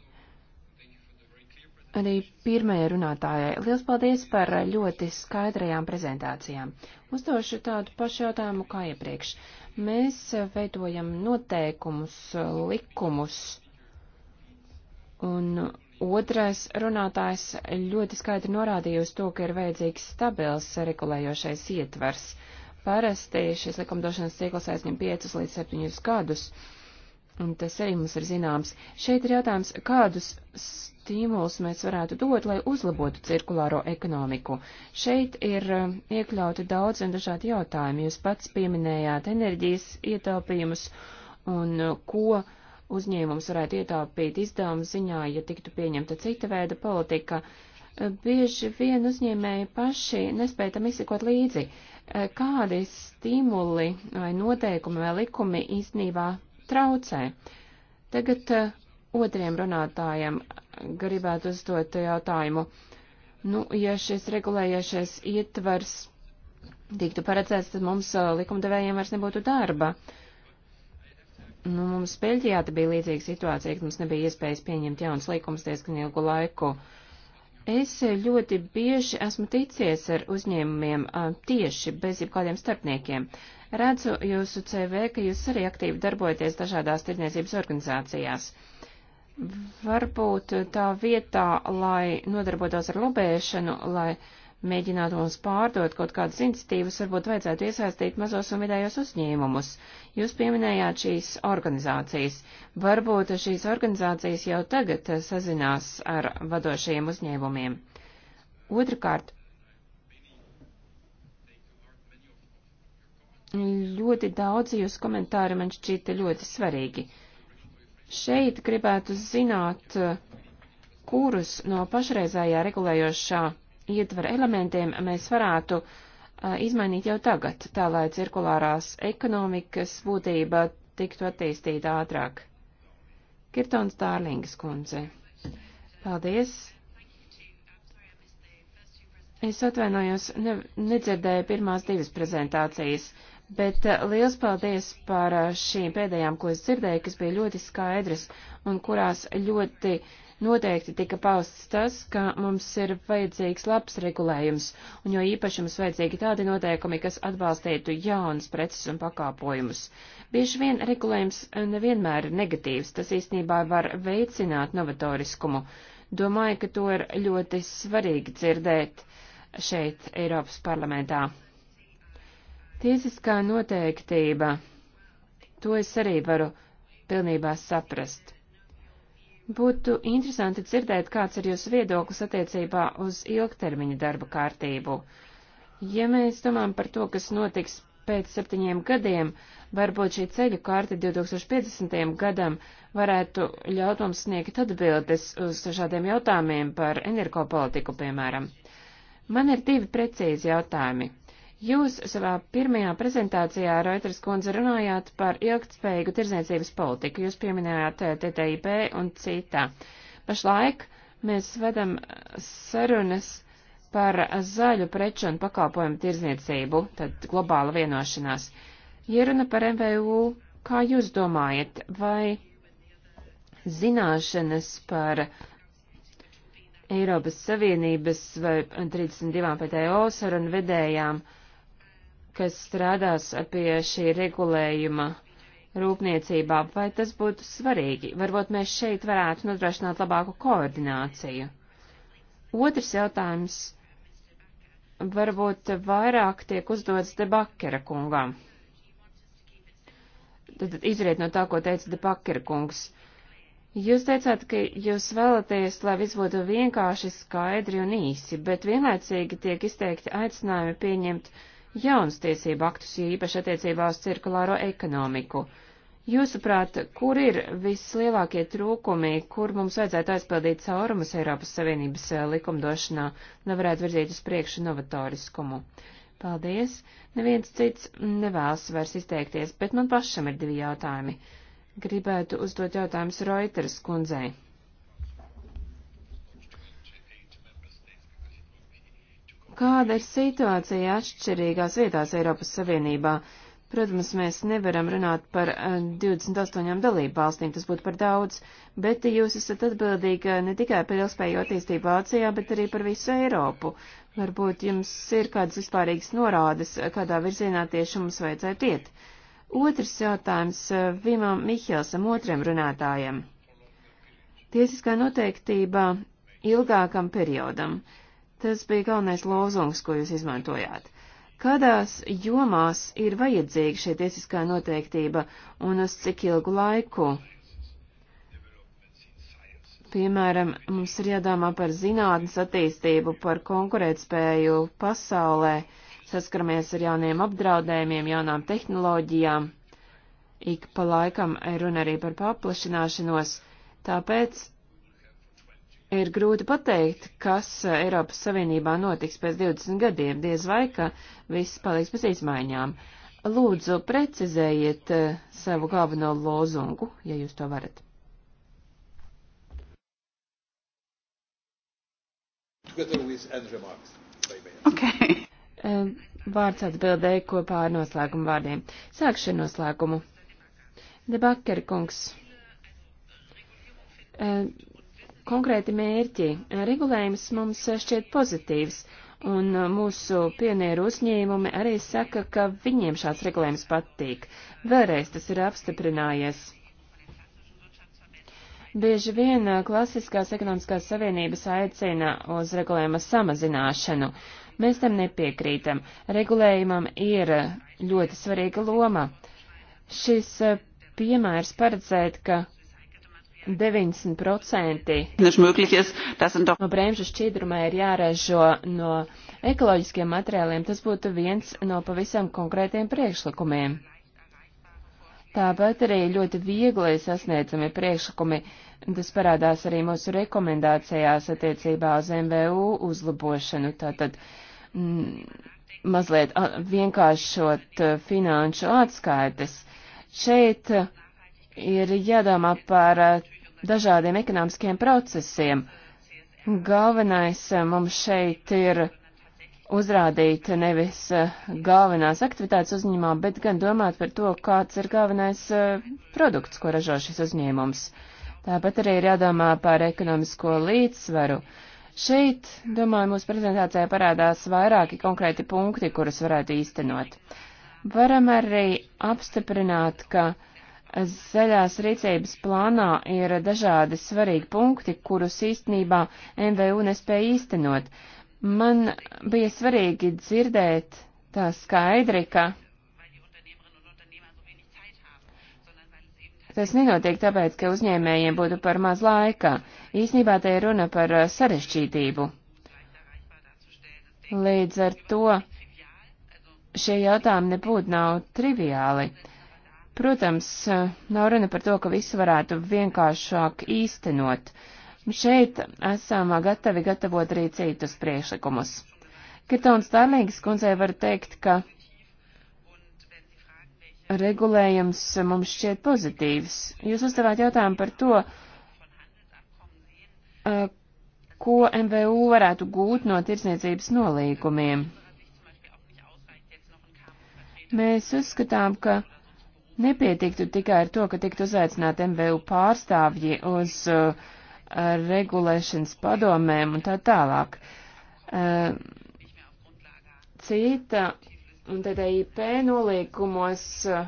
arī pirmajai runātājai. Liels paldies par ļoti skaidrajām prezentācijām. Uzdošu tādu pašu jautājumu kā iepriekš. Mēs veidojam noteikumus, likumus, Un otrais runātājs ļoti skaidri norādīja uz to, ka ir vajadzīgs stabils regulējošais ietvers. Parasti šis likumdošanas cikls aizņem 5 līdz 7 gadus, un tas arī mums ir zināms. Šeit ir jautājums, kādus stimulus mēs varētu dot, lai uzlabotu cirkulāro ekonomiku. Šeit ir um, iekļauti daudz un dažādi jautājumi. Jūs pats pieminējāt enerģijas ietaupījumus un uh, ko uzņēmums varētu ietaupīt izdevumu ziņā, ja tiktu pieņemta cita veida politika, eh, bieži vien uzņēmēji paši nespēja tam izsekot līdzi. Eh, kādi stimuli vai noteikumi vai likumi īstenībā traucē? Tagad eh, otriem runātājiem gribētu uzdot jautājumu. Nu, ja šis regulējušais ietvers tiktu paredzēts, tad mums likumdevējiem vairs nebūtu darba. Uh, Nu, mums Beļģijā te bija līdzīga situācija, ka mums nebija iespējas pieņemt jaunas likums diezgan ilgu laiku. Es ļoti bieži esmu ticies ar uzņēmumiem tieši bez jebkādiem starpniekiem. Redzu jūsu CV, ka jūs arī aktīvi darbojaties dažādās tirdzniecības organizācijās. Varbūt tā vietā, lai nodarbotos ar lobēšanu, lai uh, mēģināt mums pārdot kaut kādas iniciatīvas, varbūt vajadzētu iesaistīt mazos un vidējos uzņēmumus. Jūs pieminējāt šīs organizācijas. Varbūt šīs organizācijas jau tagad sazinās ar vadošajiem uzņēmumiem. Otrakārt, ļoti daudzi jūsu komentāri man šķita ļoti svarīgi. Šeit gribētu zināt, kurus no pašreizējā regulējošā ietvara elementiem mēs varētu uh, izmainīt jau tagad, tā lai cirkulārās ekonomikas būtība tiktu attīstīta ātrāk. Kirtons Dārlingas kundze. Paldies! Es atvainojos, ne, nedzirdēju pirmās divas prezentācijas, bet liels paldies par šīm pēdējām, ko es dzirdēju, kas bija ļoti skaidras un kurās ļoti uh, noteikti tika pausts tas, ka mums ir vajadzīgs labs regulējums, un jo īpaši mums vajadzīgi tādi noteikumi, kas atbalstītu jaunas preces un pakāpojumus. Bieži vien regulējums eh, nevienmēr ir negatīvs, tas īstenībā var veicināt novatoriskumu. Domāju, ka to ir ļoti svarīgi dzirdēt šeit Eiropas parlamentā. Tiesiskā noteiktība. To es arī varu pilnībā saprast. Būtu interesanti dzirdēt, kāds ir jūsu viedoklis attiecībā uz ilgtermiņa darba kārtību. Ja mēs domājam par to, kas notiks pēc septiņiem gadiem, varbūt šī ceļu kārta 2050. gadam varētu ļaut mums sniegt atbildes uz šādiem jautājumiem par energopolitiku, piemēram. Man ir divi precīzi jautājumi. Jūs savā pirmajā prezentācijā, Reuters kundze, runājāt par ilgtspējīgu tirdzniecības politiku. Jūs pieminējāt eh, TTIP un citā. Pašlaik mēs vedam sarunas par zaļu preču un pakalpojumu tirdzniecību, tad globāla vienošanās. Ja runa par MVU, kā jūs domājat, vai zināšanas par Eiropas Savienības vai 32 PTO sarunu vedējām uh, kas strādās pie šī regulējuma rūpniecībā, vai tas būtu svarīgi? Varbūt mēs šeit varētu nodrošināt labāku koordināciju. Otrs jautājums varbūt vairāk tiek uzdots debakera kungam. Tad izriet no tā, ko teica debakera kungs. Jūs teicāt, ka jūs vēlaties, lai viss būtu vienkārši, skaidri un īsi, bet vienlaicīgi tiek izteikti aicinājumi pieņemt uh, jaunus tiesību aktus, jo īpaši attiecībā uz cirkulāro ekonomiku. Jūsuprāt, kur ir vislielākie trūkumi, kur mums vajadzētu aizpildīt caurumus Eiropas Savienības eh, likumdošanā, lai varētu virzīt uz priekšu novatoriskumu? Paldies! Neviens cits nevēlas vairs izteikties, bet man pašam ir divi jautājumi. Gribētu uzdot jautājumus Reuters kundzei. Kāda ir situācija atšķirīgās vietās Eiropas Savienībā? Protams, mēs nevaram runāt par 28 eh, dalību valstīm, tas būtu par daudz, bet jūs esat atbildīga ne tikai par ilgspēju attīstību Vācijā, bet arī par visu Eiropu. Varbūt jums ir kādas vispārīgas norādes, eh, kādā virzienā tieši mums vajadzētu iet. Otrs jautājums eh, Vimam Mihelsam, otriem runātājiem. Tiesiskā noteiktība ilgākam periodam. Uh, Tas bija galvenais lozungs, ko jūs izmantojāt. Kādās jomās ir vajadzīga šī tiesiskā noteiktība un uz cik ilgu laiku? Piemēram, mums ir jādomā par zinātnes attīstību, par konkurētspēju pasaulē, saskaramies ar jauniem apdraudējumiem, jaunām tehnoloģijām. Ik pa laikam runa arī par paplašināšanos, tāpēc Ir grūti pateikt, kas eh, Eiropas Savienībā notiks pēc 20 gadiem, diez vai, ka viss paliks bez izmaiņām. Lūdzu, precizējiet eh, savu galveno lozungu, ja jūs to varat. Okay. [LAUGHS] Eh, vārds atbildēja kopā ar noslēgumu vārdiem. Sākšu ar noslēgumu. Debakeri kungs konkrēti mērķi. Regulējums mums šķiet pozitīvs, un mūsu pionieru uzņēmumi arī saka, ka viņiem šāds regulējums patīk. Vēlreiz tas ir apstiprinājies. Bieži vien klasiskās ekonomiskās savienības aicina uz regulējuma samazināšanu. Mēs tam nepiekrītam. Regulējumam ir ļoti svarīga loma. Šis piemērs paredzēt, ka 90% no bremžu šķīdrumā ir jāražo no ekoloģiskiem materiāliem. Tas būtu viens no pavisam konkrētiem priekšlikumiem. Tāpat arī ļoti viegli sasniedzami priekšlikumi. Tas parādās arī mūsu rekomendācijās attiecībā uz MVU uzlabošanu. Tātad m, mm, mazliet vienkāršot finanšu atskaites. Šeit uh, ir jādomā par eh, dažādiem ekonomiskiem procesiem. Galvenais eh, mums šeit ir uzrādīt nevis eh, galvenās aktivitātes uzņēmumā, bet gan domāt par to, kāds ir galvenais produkts, ko ražo šis uzņēmums. Tāpat arī ir jādomā par ekonomisko līdzsvaru. Šeit, domāju, mūsu prezentācijā parādās vairāki konkrēti punkti, kurus varētu īstenot. Varam arī apstiprināt, ka uh, Zaļās rīcības plānā ir dažādi svarīgi punkti, kurus īstenībā MVU nespēja īstenot. Man bija svarīgi dzirdēt tā skaidri, ka tas nenotiek tāpēc, ka uzņēmējiem būtu par maz laika. Īsnībā te ir runa par uh, sarešķītību. Līdz ar to šie jautājumi nebūtu nav triviāli. Uh, Protams, eh, nav runa par to, ka visu varētu vienkāršāk īstenot. Šeit esam gatavi gatavot arī citus priekšlikumus. Kitons Tārlīgas kundzei var teikt, ka regulējums mums šķiet pozitīvs. Jūs uzdevāt jautājumu par to, eh, ko MVU varētu gūt no tirsniecības nolīgumiem. Mēs uzskatām, ka nepietiktu tikai ar to, ka tiktu uzaicināt MVU pārstāvji uz uh, regulēšanas padomēm un tā tālāk. Uh, cita un TTIP nolīkumos uh,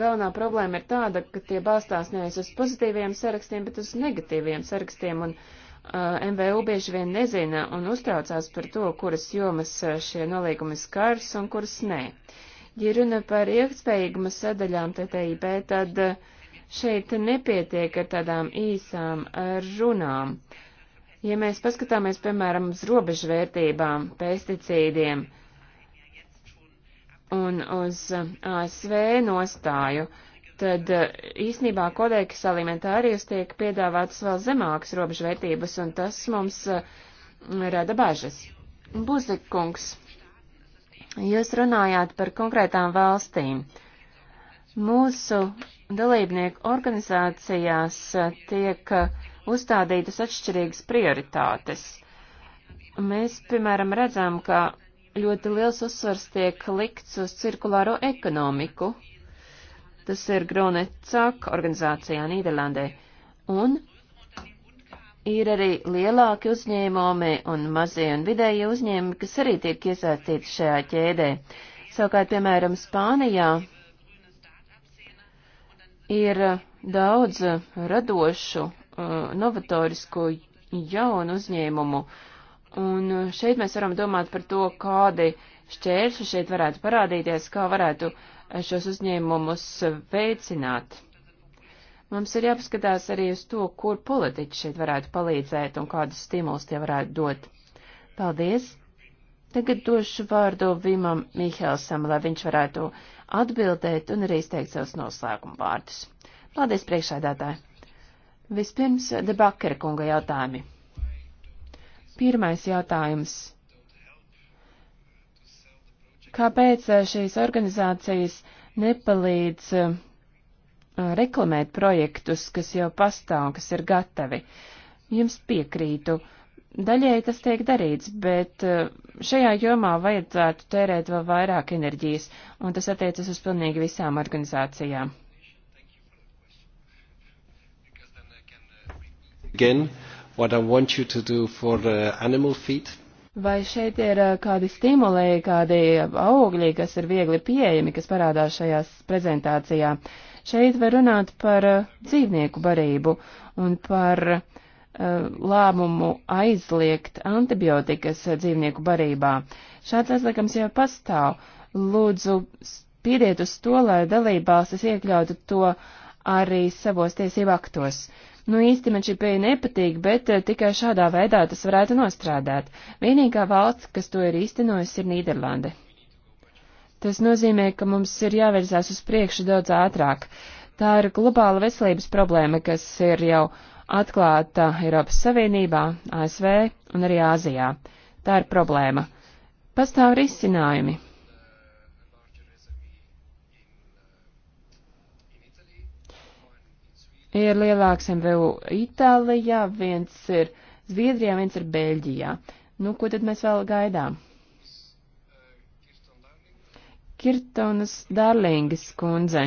galvenā problēma ir tāda, ka tie balstās nevis uz pozitīviem sarakstiem, bet uz negatīviem sarakstiem, un uh, MVU bieži vien nezina un uztraucās par to, kuras jomas uh, šie nolīgumi skars un kuras nē. Uh, Ja runa par ilgspējīguma sadaļām TTIP, tad eh, šeit nepietiek ar tādām īsām eh, runām. Ja mēs paskatāmies, piemēram, uz robežvērtībām, pesticīdiem un uz eh, ASV nostāju, tad īsnībā kodeks alimentārijus tiek piedāvātas vēl zemākas robežvērtības, un tas mums rada bažas. Buzekungs, Jūs runājāt par konkrētām valstīm. Mūsu dalībnieku organizācijās tiek uzstādītas atšķirīgas prioritātes. Mēs, piemēram, redzam, ka ļoti liels uzsvars tiek likts uz cirkulāro ekonomiku. Tas ir Grone Cak organizācijā Nīderlandē. Un Ir arī lielāki uzņēmumi un mazie un vidējie uzņēmumi, kas arī tiek iesaistīti šajā ķēdē. Savukārt, piemēram, Spānijā ir daudz radošu, uh, novatorisku jaunu uzņēmumu. Un šeit mēs varam domāt par to, kādi šķēršļi šeit varētu parādīties, kā varētu šos uzņēmumus veicināt. Mums ir jāpaskatās arī uz to, kur politiķi šeit varētu palīdzēt un kādus stimulus tie varētu dot. Paldies! Tagad došu vārdu Vimam Mihelsam, lai viņš varētu atbildēt un arī izteikt savus noslēguma vārdus. Paldies, priekšādātāji! Vispirms debakera kunga jautājumi. Pirmais jautājums. Kāpēc eh, šīs organizācijas nepalīdz eh, reklamēt projektus, kas jau pastāv, kas ir gatavi. Jums piekrītu. Daļēji tas tiek darīts, bet šajā jomā vajadzētu tērēt vēl vairāk enerģijas, un tas attiecas uz pilnīgi visām organizācijām. Again, what I want you to do for the animal feed, Vai šeit ir kādi stimulēji, kādi augļi, kas ir viegli pieejami, kas parādās šajās prezentācijā? Šeit var runāt par eh, dzīvnieku barību un par eh, lēmumu aizliegt antibiotikas eh, dzīvnieku barībā. Šāds aizliegums jau pastāv. Lūdzu, piediet uz to, lai dalībvalstis iekļautu to arī savos tiesību aktos. Nu, īsti man šī pieeja nepatīk, bet tikai šādā veidā tas varētu nostrādāt. Vienīgā valsts, kas to ir īstenojusi, ir Nīderlande. Tas nozīmē, ka mums ir jāvirzās uz priekšu daudz ātrāk. Tā ir globāla veselības problēma, kas ir jau atklāta Eiropas Savienībā, ASV un arī Āzijā. Tā ir problēma. Pastāv risinājumi. ir lielāks MVU Itālijā, viens ir Zviedrijā, viens ir Beļģijā. Nu, ko tad mēs vēl gaidām? Kirtonas Darlingas kundze.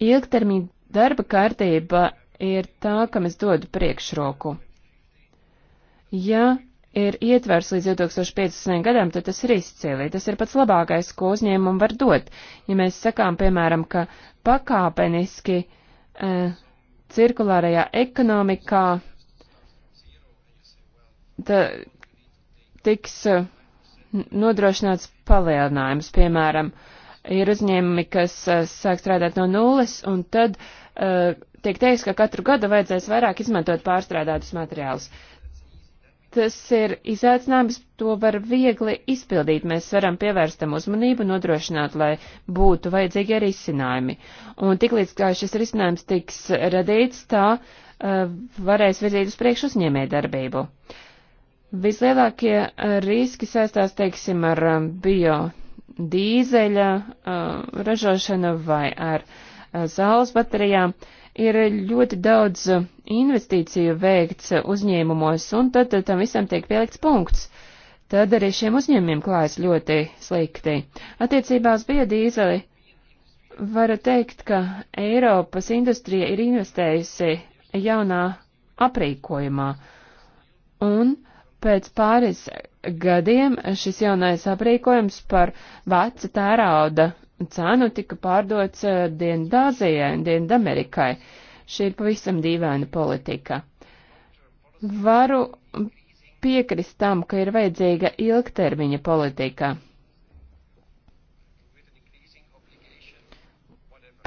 Ilgtermiņa darba kārtība ir tā, kam es dodu priekšroku. Ja ir ietvers līdz 2050. gadam, tad tas ir izcili. Tas ir pats labākais, ko uzņēmumu var dot. Ja mēs sakām, piemēram, ka pakāpeniski eh, cirkulārajā ekonomikā ta, tiks. Eh, nodrošināts palielinājums. Piemēram, ir uzņēmumi, kas eh, sāk strādāt no nulles, un tad uh, tiek teiks, ka katru gadu vajadzēs vairāk izmantot pārstrādātus materiālus. Tas ir izaicinājums, to var viegli izpildīt. Mēs varam pievērst tam uzmanību, nodrošināt, lai būtu vajadzīgi arī izcinājumi. Un tiklīdz kā šis risinājums tiks radīts, tā uh, varēs virzīt uz priekšu uzņēmē darbību. Uh, Vislielākie eh, riski saistās, teiksim, ar eh, bio dīzeļa eh, ražošanu vai ar saules baterijām. Ir ļoti daudz investīciju veikts uzņēmumos, un tad tam visam tiek pielikts punkts. Tad arī šiem uzņēmumiem klājas ļoti slikti. Attiecībā uz biodīzeli varu teikt, ka Eiropas industrija ir investējusi jaunā aprīkojumā, un uh, Pēc pāris gadiem šis jaunais aprīkojums par veca tērauda cenu tika pārdots eh, Dienvidāzijai un Dienvidamerikai. Šī ir pavisam dīvaina politika. Varu piekrist tam, ka ir vajadzīga ilgtermiņa politika.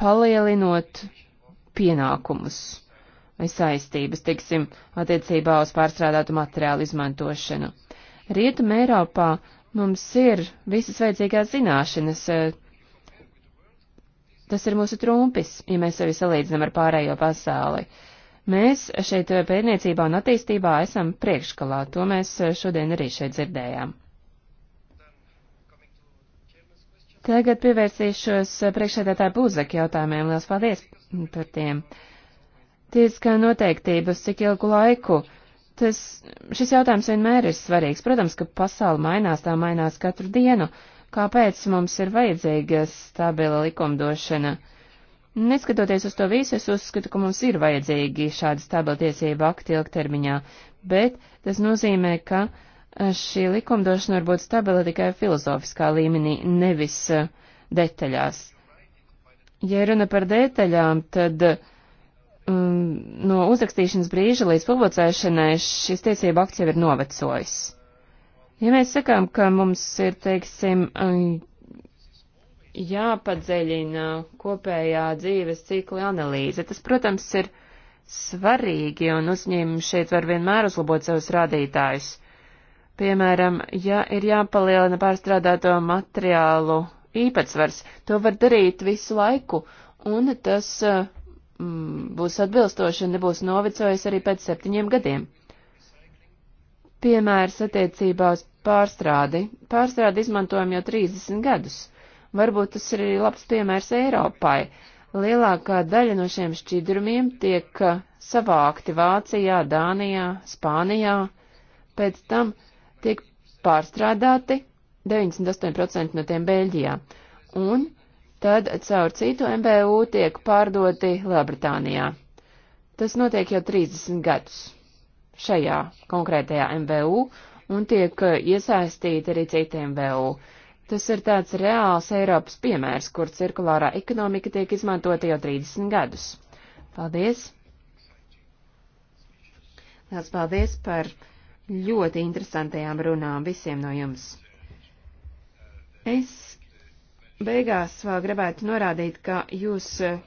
Palielinot pienākumus saistības, tiksim, attiecībā uz pārstrādātu materiālu izmantošanu. Rietum Eiropā mums ir visas vajadzīgās zināšanas. Tas ir mūsu trumpis, ja mēs sevi salīdzinām ar pārējo pasauli. Mēs šeit pētniecībā un attīstībā esam priekškalā, to mēs šodien arī šeit dzirdējām. Tagad pievērsīšos priekšsēdētāju būzaki jautājumiem. Lielas paldies par tiem! Uh, Tiesiskā noteiktības, cik ilgu laiku. Tas, šis jautājums vienmēr ir svarīgs. Protams, ka pasauli mainās, tā mainās katru dienu. Kāpēc mums ir vajadzīga stabila likumdošana? Neskatoties uz to visu, es uzskatu, ka mums ir vajadzīgi šādi stabili tiesību akti ilgtermiņā, bet tas nozīmē, ka eh, šī likumdošana var būt stabila tikai filozofiskā līmenī, nevis eh, detaļās. Ja runa par detaļām, tad uh, Um, no uzrakstīšanas brīža līdz publicēšanai šis tiesība akts jau ir novecojis. Ja mēs sakām, ka mums ir, teiksim, um, jāpadziļina kopējā dzīves cikla analīze, tas, protams, ir svarīgi, un uzņēmumi šeit var vienmēr uzlabot savus rādītājus. Piemēram, ja ir jāpalielina pārstrādāto materiālu īpatsvars, to var darīt visu laiku, un tas uh, mm, būs atbilstoši un nebūs novecojis arī pēc septiņiem gadiem. Piemērs attiecībā uz pārstrādi. Pārstrādi izmantojam jau 30 gadus. Varbūt tas ir arī labs piemērs Eiropai. Lielākā daļa no šiem šķidrumiem tiek uh, savākti Vācijā, Dānijā, Spānijā, pēc tam tiek pārstrādāti 98% no tiem Beļģijā. Un tad caur citu MBU tiek pārdoti Lielbritānijā. Tas notiek jau 30 gadus šajā konkrētajā MBU un tiek uh, iesaistīti arī citi MBU. Tas ir tāds reāls Eiropas piemērs, kur cirkulārā ekonomika tiek izmantota jau 30 gadus. Paldies! Lielas paldies par ļoti interesantajām runām visiem no jums. Es beigās vēl gribētu norādīt, ka jūs eh,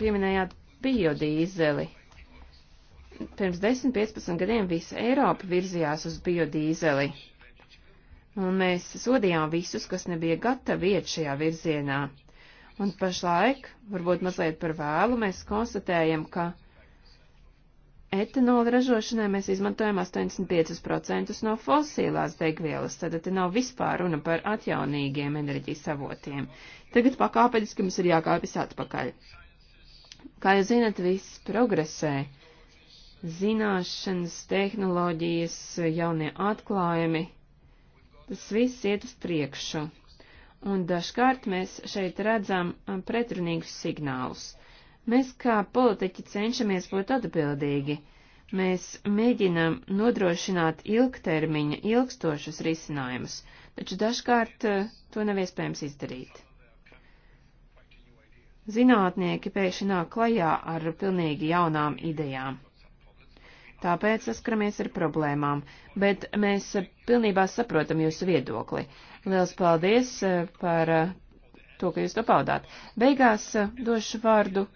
pieminējāt biodīzeli. Pirms 10-15 gadiem visa Eiropa virzījās uz biodīzeli. Un mēs sodījām visus, kas nebija gatavi iet šajā virzienā. Un pašlaik, varbūt mazliet par vēlu, mēs konstatējam, ka Etanola ražošanai mēs izmantojam 85% no fosilās degvielas, tad te nav vispār runa par atjaunīgiem enerģijas avotiem. Tagad pakāpeniski mums ir jākāpjas atpakaļ. Kā jūs zinat, viss progresē. Zināšanas, tehnoloģijas, jaunie atklājumi, tas viss iet uz priekšu. Un dažkārt mēs šeit redzam um, pretrunīgus signālus. Mēs kā politiķi cenšamies būt atbildīgi. Mēs mēģinam nodrošināt ilgtermiņa, ilgstošus risinājumus, taču dažkārt eh, to nav iespējams izdarīt. Zinātnieki pēkšņi nāk klajā ar pilnīgi jaunām idejām. Tāpēc saskaramies ar problēmām, bet mēs eh, pilnībā saprotam jūsu viedokli. Liels paldies eh, par to, ka jūs to paudāt. Beigās došu vārdu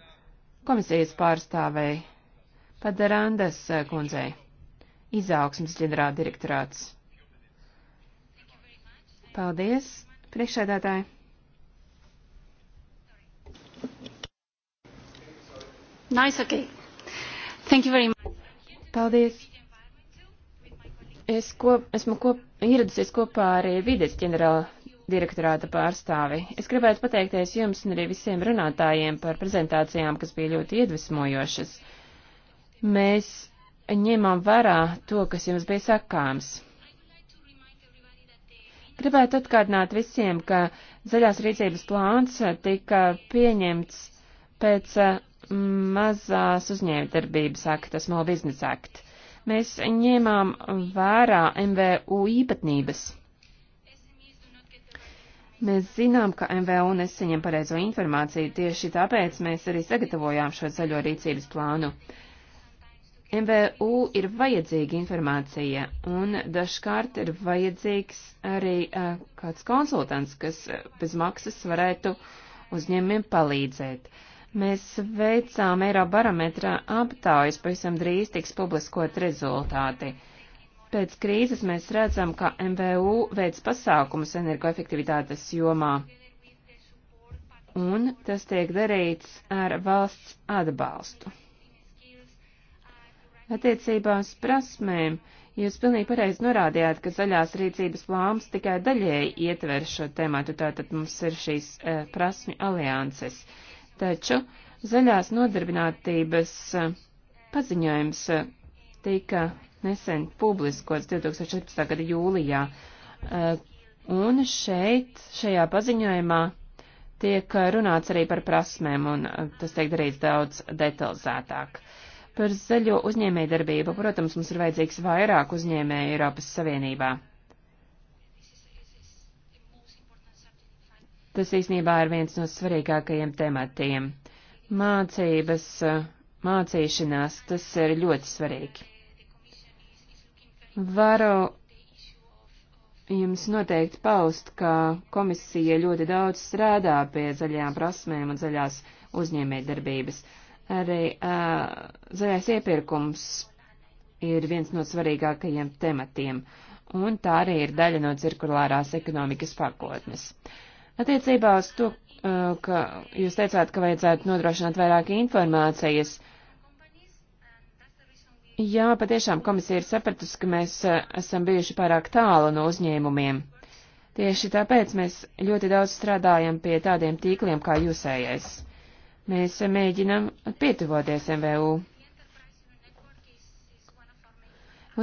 komisijas pārstāvei Padarandas eh, kundzei, izaugsmas ģenerāla direktorāts. Paldies, priekšsēdētāji! Nice, okay. Thank you very much. Paldies. Es ko, esmu ko, ieradusies kopā ar eh, vides ģenerāla direktorāta pārstāvi. Es gribētu pateikties jums un arī visiem runātājiem par prezentācijām, kas bija ļoti iedvesmojošas. Mēs ņemam vērā to, kas jums bija sakāms. Gribētu atkārtināt visiem, ka zaļās rīcības plāns tika pieņemts pēc eh, mazās uzņēmdarbības akta, Small Business Act. Mēs ņēmām vērā MVU īpatnības. Mēs zinām, ka MVU nesaņem pareizo informāciju, tieši tāpēc mēs arī sagatavojām šo zaļo rīcības plānu. MVU ir vajadzīga informācija, un dažkārt ir vajadzīgs arī uh, kāds konsultants, kas uh, bez maksas varētu uzņēmumiem palīdzēt. Mēs veicām Eirobarometra aptaujas, pavisam drīz tiks publiskot rezultāti. Uh, Pēc krīzes mēs redzam, ka MVU veids pasākumus energoefektivitātes jomā, un tas tiek darīts ar valsts atbalstu. Attiecībā uz prasmēm jūs pilnīgi pareizi norādījāt, ka zaļās rīcības plāns tikai daļēji ietver šo tēmātu, tātad mums ir šīs e, prasmi alianses. Taču zaļās nodarbinātības e, paziņojums e, tika nesen publiskots 2014. gada jūlijā. Eh, un šeit, šajā paziņojumā, tiek eh, runāts arī par prasmēm, un eh, tas tiek darīts daudz detalizētāk. Par zaļo uzņēmējdarbību, protams, mums ir vajadzīgs vairāk uzņēmēju Eiropas Savienībā. Tas īsnībā ir viens no svarīgākajiem tematiem. Mācības, mācīšanās, tas ir ļoti svarīgi. Varu jums noteikti paust, ka komisija ļoti daudz strādā pie zaļajām prasmēm un zaļās uzņēmējdarbības. Arī uh, zaļais iepirkums ir viens no svarīgākajiem tematiem, un tā arī ir daļa no cirkulārās ekonomikas pakotnes. Attiecībā uz to, uh, ka jūs teicāt, ka vajadzētu nodrošināt vairāk informācijas, uh, Jā, patiešām komisija ir sapratusi, ka mēs eh, esam bijuši pārāk tālu no uzņēmumiem. Tieši tāpēc mēs ļoti daudz strādājam pie tādiem tīkliem kā jūsējais. Mēs mēģinam pietuvoties MVU.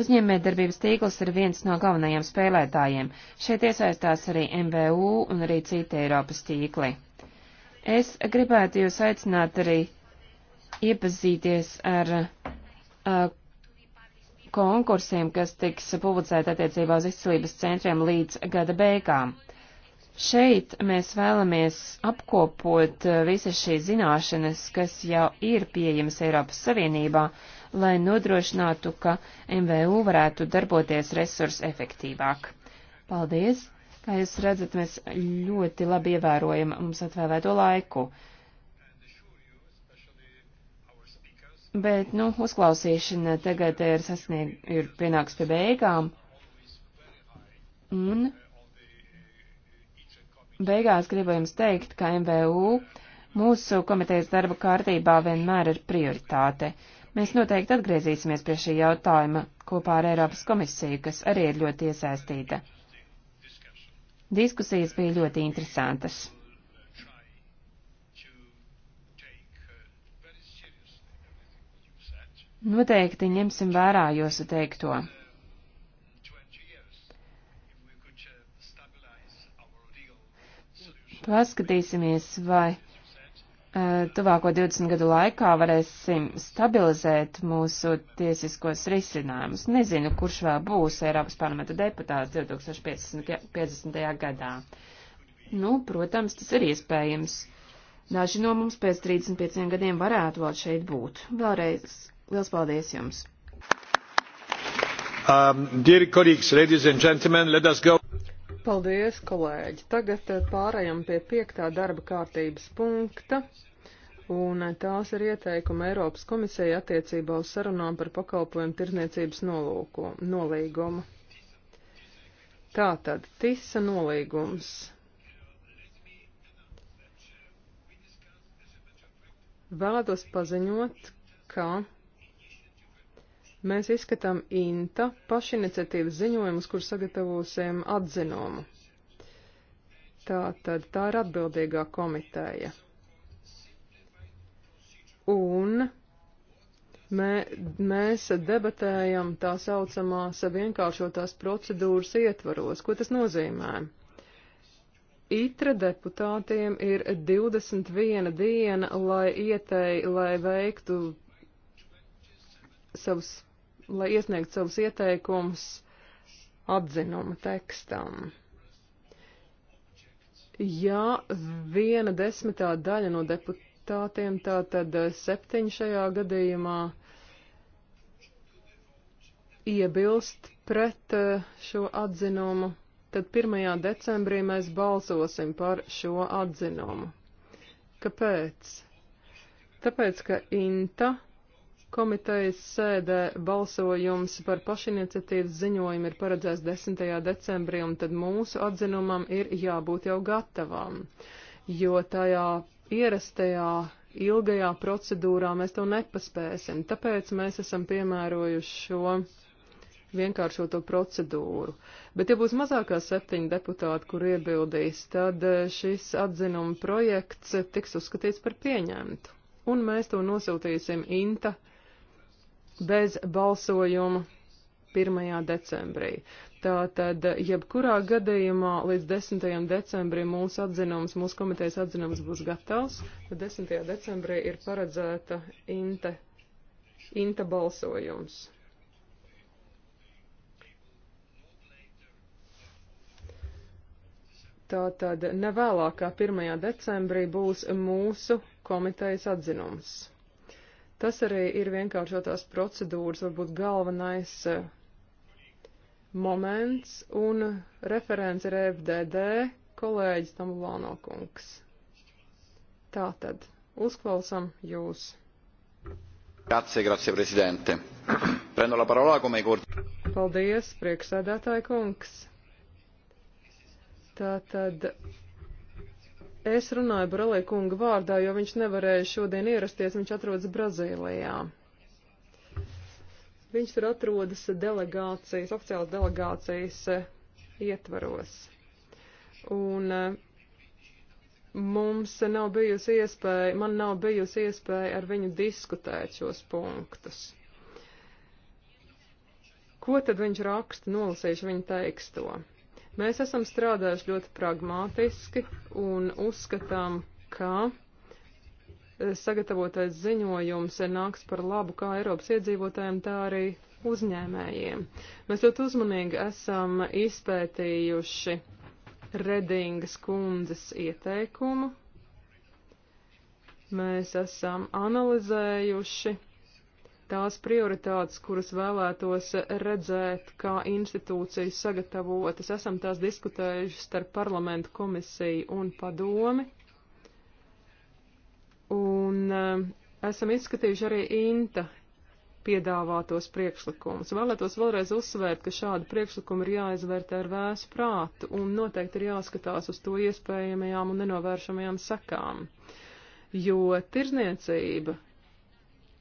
Uzņēmējdarbības tīkls ir viens no galvenajiem spēlētājiem. Šeit iesaistās arī MVU un arī citi Eiropas tīkli. Es gribētu jūs aicināt arī iepazīties ar uh, konkursiem, kas tiks publicēti attiecībā uz izcilības centriem līdz gada beigām. Šeit mēs vēlamies apkopot eh, visas šīs zināšanas, kas jau ir pieejamas Eiropas Savienībā, lai nodrošinātu, ka MVU varētu darboties resursu efektīvāk. Paldies! Kā jūs redzat, mēs ļoti labi ievērojam mums atvēlēto laiku. Bet, nu, uzklausīšana tagad ir sasnieg, ir pienāks pie beigām. Un beigās gribu jums teikt, ka MVU mūsu komitejas darba kārtībā vienmēr ir prioritāte. Mēs noteikti atgriezīsimies pie šī jautājuma kopā ar Eiropas komisiju, kas arī ir ļoti iesaistīta. Diskusijas bija ļoti interesantas. Noteikti ņemsim vērā jūsu teikto. Paskatīsimies, vai uh, tuvāko 20 gadu laikā varēsim stabilizēt mūsu tiesiskos risinājumus. Nezinu, kurš vēl būs Eiropas parlamenta deputāts 2050. gadā. Nu, protams, tas ir iespējams. Daži no mums pēc 35 gadiem varētu vēl šeit būt. Vēlreiz Liels paldies jums! Um, dear colleagues, ladies and gentlemen, let us go. Paldies, kolēģi! Tagad eh, pārējām pie piektā darba kārtības punkta, un eh, tās ir ieteikuma Eiropas komisija attiecībā uz sarunām par pakalpojumu tirzniecības nolūku, nolīgumu. Tātad, tisa nolīgums. Vēlos paziņot, ka Mēs izskatām INTA pašiniciatīvas ziņojumus, kur sagatavosim atzinumu. Tā tad tā ir atbildīgā komiteja. Un mē, mēs debatējam tā saucamās vienkāršotās procedūras ietvaros. Ko tas nozīmē? ITRA deputātiem ir 21 diena, lai ietei, lai veiktu savus lai iesniegtu savus ieteikumus atzinuma tekstam. Ja viena desmitā daļa no deputātiem, tātad septiņi šajā gadījumā, iebilst pret eh, šo atzinumu, tad 1. decembrī mēs balsosim par šo atzinumu. Kāpēc? Tāpēc, ka INTA Komitejas sēdē balsojums par pašiniciatīvas ziņojumu ir paredzēts 10. decembrī, un tad mūsu atzinumam ir jābūt jau gatavam, jo tajā ierastajā ilgajā procedūrā mēs to nepaspēsim. Tāpēc mēs esam piemērojuši šo vienkāršo to procedūru. Bet, ja būs mazākā septiņa deputāta, kur iebildīs, tad eh, šis atzinuma projekts tiks uzskatīts par pieņemtu. Un mēs to nosūtīsim INTA bez balsojuma 1. decembrī. Tātad, jebkurā gadījumā līdz 10. decembrim mūsu atzinums, mūsu komitejas atzinums būs gatavs, tad 10. decembrī ir paredzēta inte, inte balsojums. Tātad, nevēlākā 1. decembrī būs mūsu komitejas atzinums. Tas arī ir vienkāršotās procedūras, varbūt galvenais eh, moments, un referents ir e FDD kolēģis Tamulāno kungs. Tātad, uzklausam jūs. Grazie, grazie, prezidente. [CLEARS THROAT] Prendo la parola come i corti. Paldies, priekšsēdētāji kungs. Tātad Es runāju Bralē kunga vārdā, jo viņš nevarēja šodien ierasties, viņš atrodas Brazīlijā. Viņš tur atrodas delegācijas, oficiālas delegācijas eh, ietvaros. Un eh, mums nav bijusi iespēja, man nav bijusi iespēja ar viņu diskutēt šos punktus. Ko tad viņš raksta, nolasīšu viņa tekstu? Mēs esam strādājuši ļoti pragmātiski un uzskatām, ka e, sagatavotais ziņojums e, nāks par labu kā Eiropas iedzīvotājiem, tā arī uzņēmējiem. Mēs ļoti uzmanīgi esam izpētījuši Redingas kundzes ieteikumu. Mēs esam analizējuši tās prioritātes, kuras vēlētos redzēt, kā institūcijas sagatavotas. Esam tās diskutējuši starp parlamentu komisiju un padomi. Un uh, esam izskatījuši arī INTA piedāvātos priekšlikumus. Vēlētos vēlreiz uzsvērt, ka šādi priekšlikumi ir jāizvērtē ar vēsu prātu un noteikti ir jāskatās uz to iespējamajām un nenovēršamajām sakām. Jo tirzniecība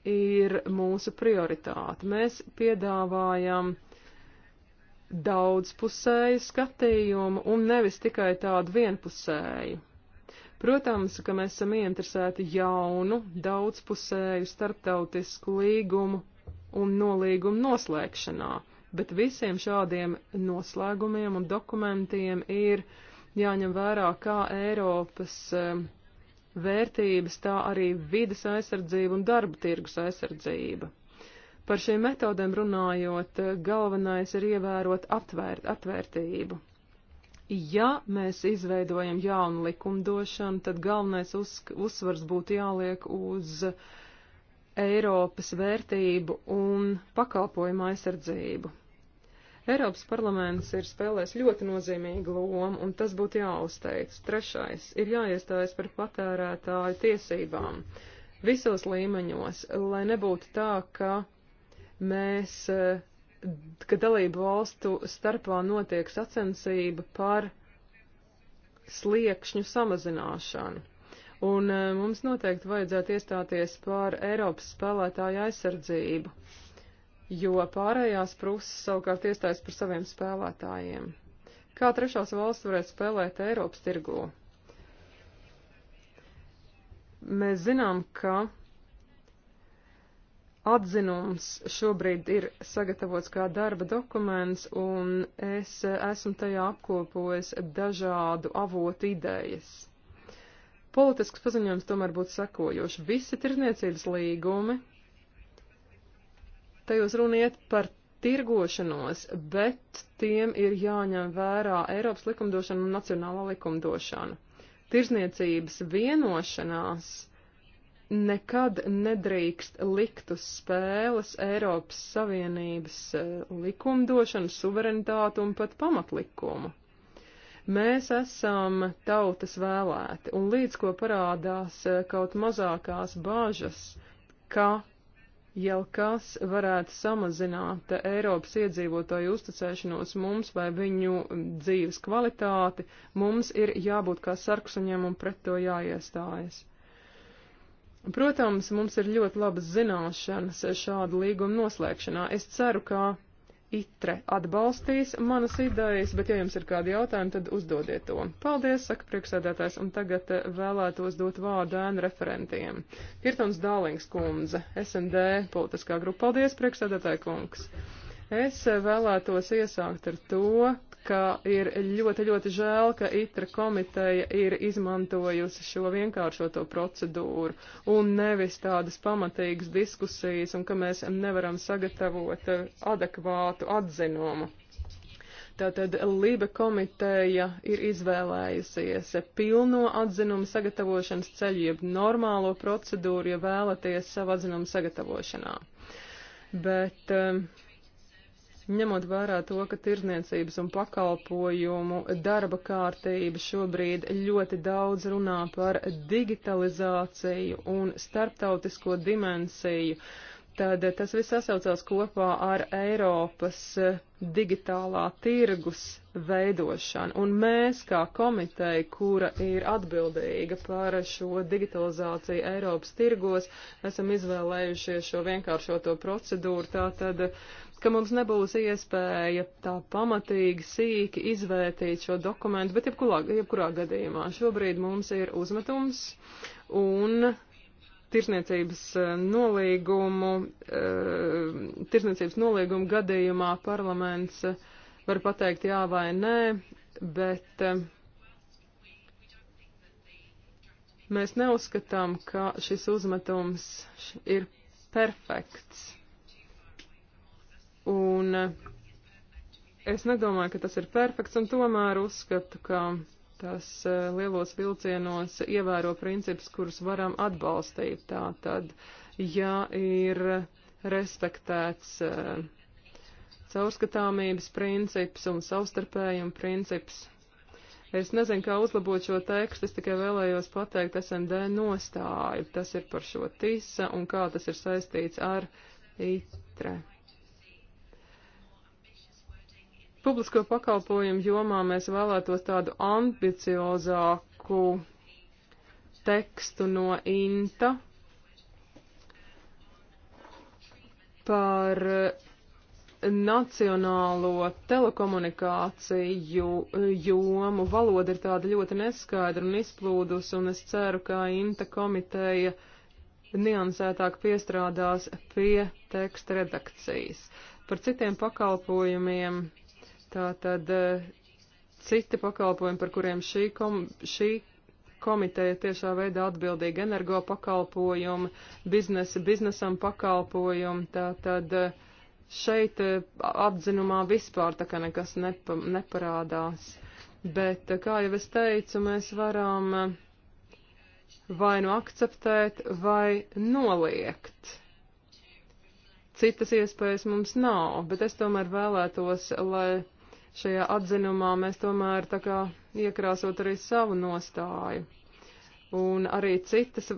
ir mūsu prioritāte. Mēs piedāvājam daudzpusēju skatījumu un nevis tikai tādu vienpusēju. Protams, ka mēs esam ieinteresēti jaunu, daudzpusēju starptautisku līgumu un nolīgumu noslēgšanā, bet visiem šādiem noslēgumiem un dokumentiem ir jāņem vērā, kā Eiropas uh, vērtības, tā arī vidas aizsardzība un darba tirgus aizsardzība. Par šīm metodēm runājot, galvenais ir ievērot atvērt, atvērtību. Ja mēs izveidojam jaunu likumdošanu, tad galvenais uz, uzsvars būtu jāliek uz Eiropas vērtību un pakalpojumu aizsardzību. Eiropas parlaments ir spēlējis ļoti nozīmīgu lomu, un tas būtu jāuzteic. Trešais ir jāiestājas par patērētāju tiesībām visos līmeņos, lai nebūtu tā, ka mēs, eh, ka dalību valstu starpā notiek sacensība par sliekšņu samazināšanu. Un eh, mums noteikti vajadzētu iestāties par Eiropas spēlētāju aizsardzību jo pārējās prūsas savukārt iestājas par saviem spēlētājiem. Kā trešās valsts varētu spēlēt Eiropas tirgū? Mēs zinām, ka atzinums šobrīd ir sagatavots kā darba dokuments, un es esmu tajā apkopojis dažādu avotu idejas. Politisks paziņojums tomēr būtu sekojoši. Visi tirniecības līgumi, Tajos runiet par tirgošanos, bet tiem ir jāņem vērā Eiropas likumdošana un nacionālā likumdošana. Tirzniecības vienošanās nekad nedrīkst likt uz spēles Eiropas Savienības eh, likumdošanu, suverenitātu un pat pamatlikumu. Mēs esam tautas vēlēti, un līdz ko parādās eh, kaut mazākās bāžas, ka jau kas varētu samazināt Eiropas iedzīvotāju uzticēšanos mums vai viņu dzīves kvalitāti, mums ir jābūt kā sarksuņiem un pret to jāiestājas. Protams, mums ir ļoti labas zināšanas šādu līgumu noslēgšanā. Es ceru, ka itre atbalstīs manas idejas, bet ja jums ir kādi jautājumi, tad uzdodiet to. Paldies, saka priekšsēdētājs, un tagad eh, vēlētos dot vārdu ēnu referentiem. Kirtons Dālings kundze, SND politiskā grupa. Paldies, priekšsēdētāja kungs. Es eh, vēlētos iesākt ar to, ka ir ļoti, ļoti žēl, ka ITRA komiteja ir izmantojusi šo vienkāršoto procedūru un nevis tādas pamatīgas diskusijas un ka mēs nevaram sagatavot eh, adekvātu atzinumu. Tātad Lība komiteja ir izvēlējusies pilno atzinumu sagatavošanas ceļu, jeb normālo procedūru, ja vēlaties savu atzinumu sagatavošanā. Bet um, uh, ņemot vērā to, ka tirzniecības un pakalpojumu darba kārtība šobrīd ļoti daudz runā par digitalizāciju un starptautisko dimensiju, tad tas viss sasaucās kopā ar Eiropas digitālā tirgus veidošanu. Un mēs, kā komiteja, kura ir atbildīga par šo digitalizāciju Eiropas tirgos, esam izvēlējušies šo vienkāršoto procedūru. Tātad ka mums nebūs iespēja tā pamatīgi, sīki izvērtīt šo dokumentu, bet jebkurā, jebkurā gadījumā šobrīd mums ir uzmetums un tirsniecības eh, nolīgumu, eh, tirsniecības nolīgumu gadījumā parlaments var pateikt jā vai nē, bet eh, mēs neuzskatām, ka šis uzmetums ir perfekts. Un eh, es nedomāju, ka tas ir perfekts, un tomēr uzskatu, ka tas eh, lielos vilcienos ievēro principus, kurus varam atbalstīt. Tā tad, ja ir respektēts eh, caurskatāmības princips un savstarpējuma princips, Es nezinu, kā uzlabot šo tekstu, es tikai vēlējos pateikt SMD nostāju. Tas ir par šo tisa un kā tas ir saistīts ar itre. Publisko pakalpojumu jomā mēs vēlētos tādu ambiciozāku tekstu no INTA par nacionālo telekomunikāciju jomu. Valoda ir tāda ļoti neskaidra un izplūdus, un es ceru, ka INTA komiteja niansētāk piestrādās pie teksta redakcijas. Par citiem pakalpojumiem Tātad eh, citi pakalpojumi, par kuriem šī, kom, šī komiteja tiešā veidā atbildīga energo pakalpojumi, biznesa, biznesam pakalpojumi, tātad eh, šeit eh, apzinumā vispār tā kā nekas nepa, neparādās. Bet, kā jau es teicu, mēs varam vai nu akceptēt, vai noliegt. Citas iespējas mums nav, bet es tomēr vēlētos, lai šajā atzinumā mēs tomēr tā kā iekrāsot arī savu nostāju. Un arī citas,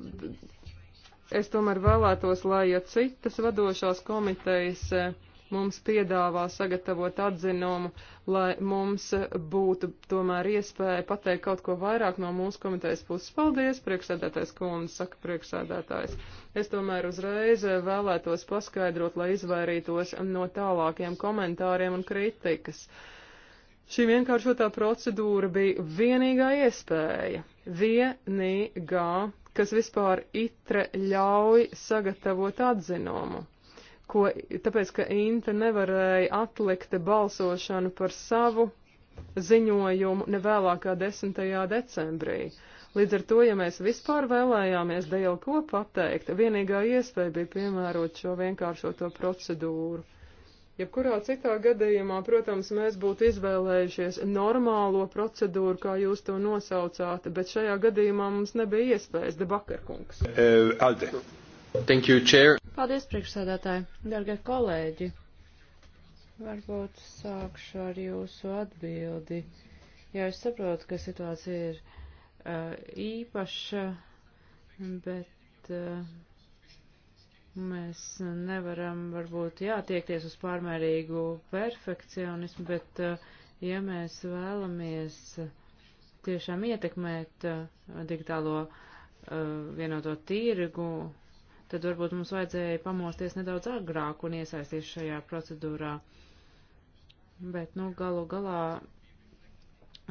es tomēr vēlētos, lai ja citas vadošās komitejas eh, mums piedāvā sagatavot atzinumu, lai mums būtu tomēr iespēja pateikt kaut ko vairāk no mūsu komitejas puses. Paldies, priekšsēdētājs kundze, saka priekšsēdētājs. Es tomēr uzreiz vēlētos paskaidrot, lai izvairītos no tālākiem komentāriem un kritikas. Uh, Šī vienkāršotā procedūra bija vienīgā iespēja, vienīgā, kas vispār itre ļauj sagatavot atzinumu. Ko, tāpēc, ka Inta nevarēja atlikt balsošanu par savu ziņojumu nevēlākā 10. decembrī. Līdz ar to, ja mēs vispār vēlējāmies Dievu ko pateikt, vienīgā iespēja bija piemērot šo vienkāršoto procedūru. Jebkurā citā gadījumā, protams, mēs būtu izvēlējušies normālo procedūru, kā jūs to nosaucāt, bet šajā gadījumā mums nebija iespējas, debakarkungs. Uh, eh, Alde. Thank you, Chair. Paldies, priekšsēdētāji. Dargie kolēģi, varbūt sākšu ar jūsu atbildi. Jā, es saprotu, ka situācija ir uh, īpaša, bet uh, Mēs nevaram varbūt jātiekties uz pārmērīgu perfekcionismu, bet eh, ja mēs vēlamies eh, tiešām ietekmēt eh, digitālo vienoto tirgu, tad varbūt mums vajadzēja pamosties nedaudz agrāk un iesaistīties šajā procedūrā. Bet, nu, galu galā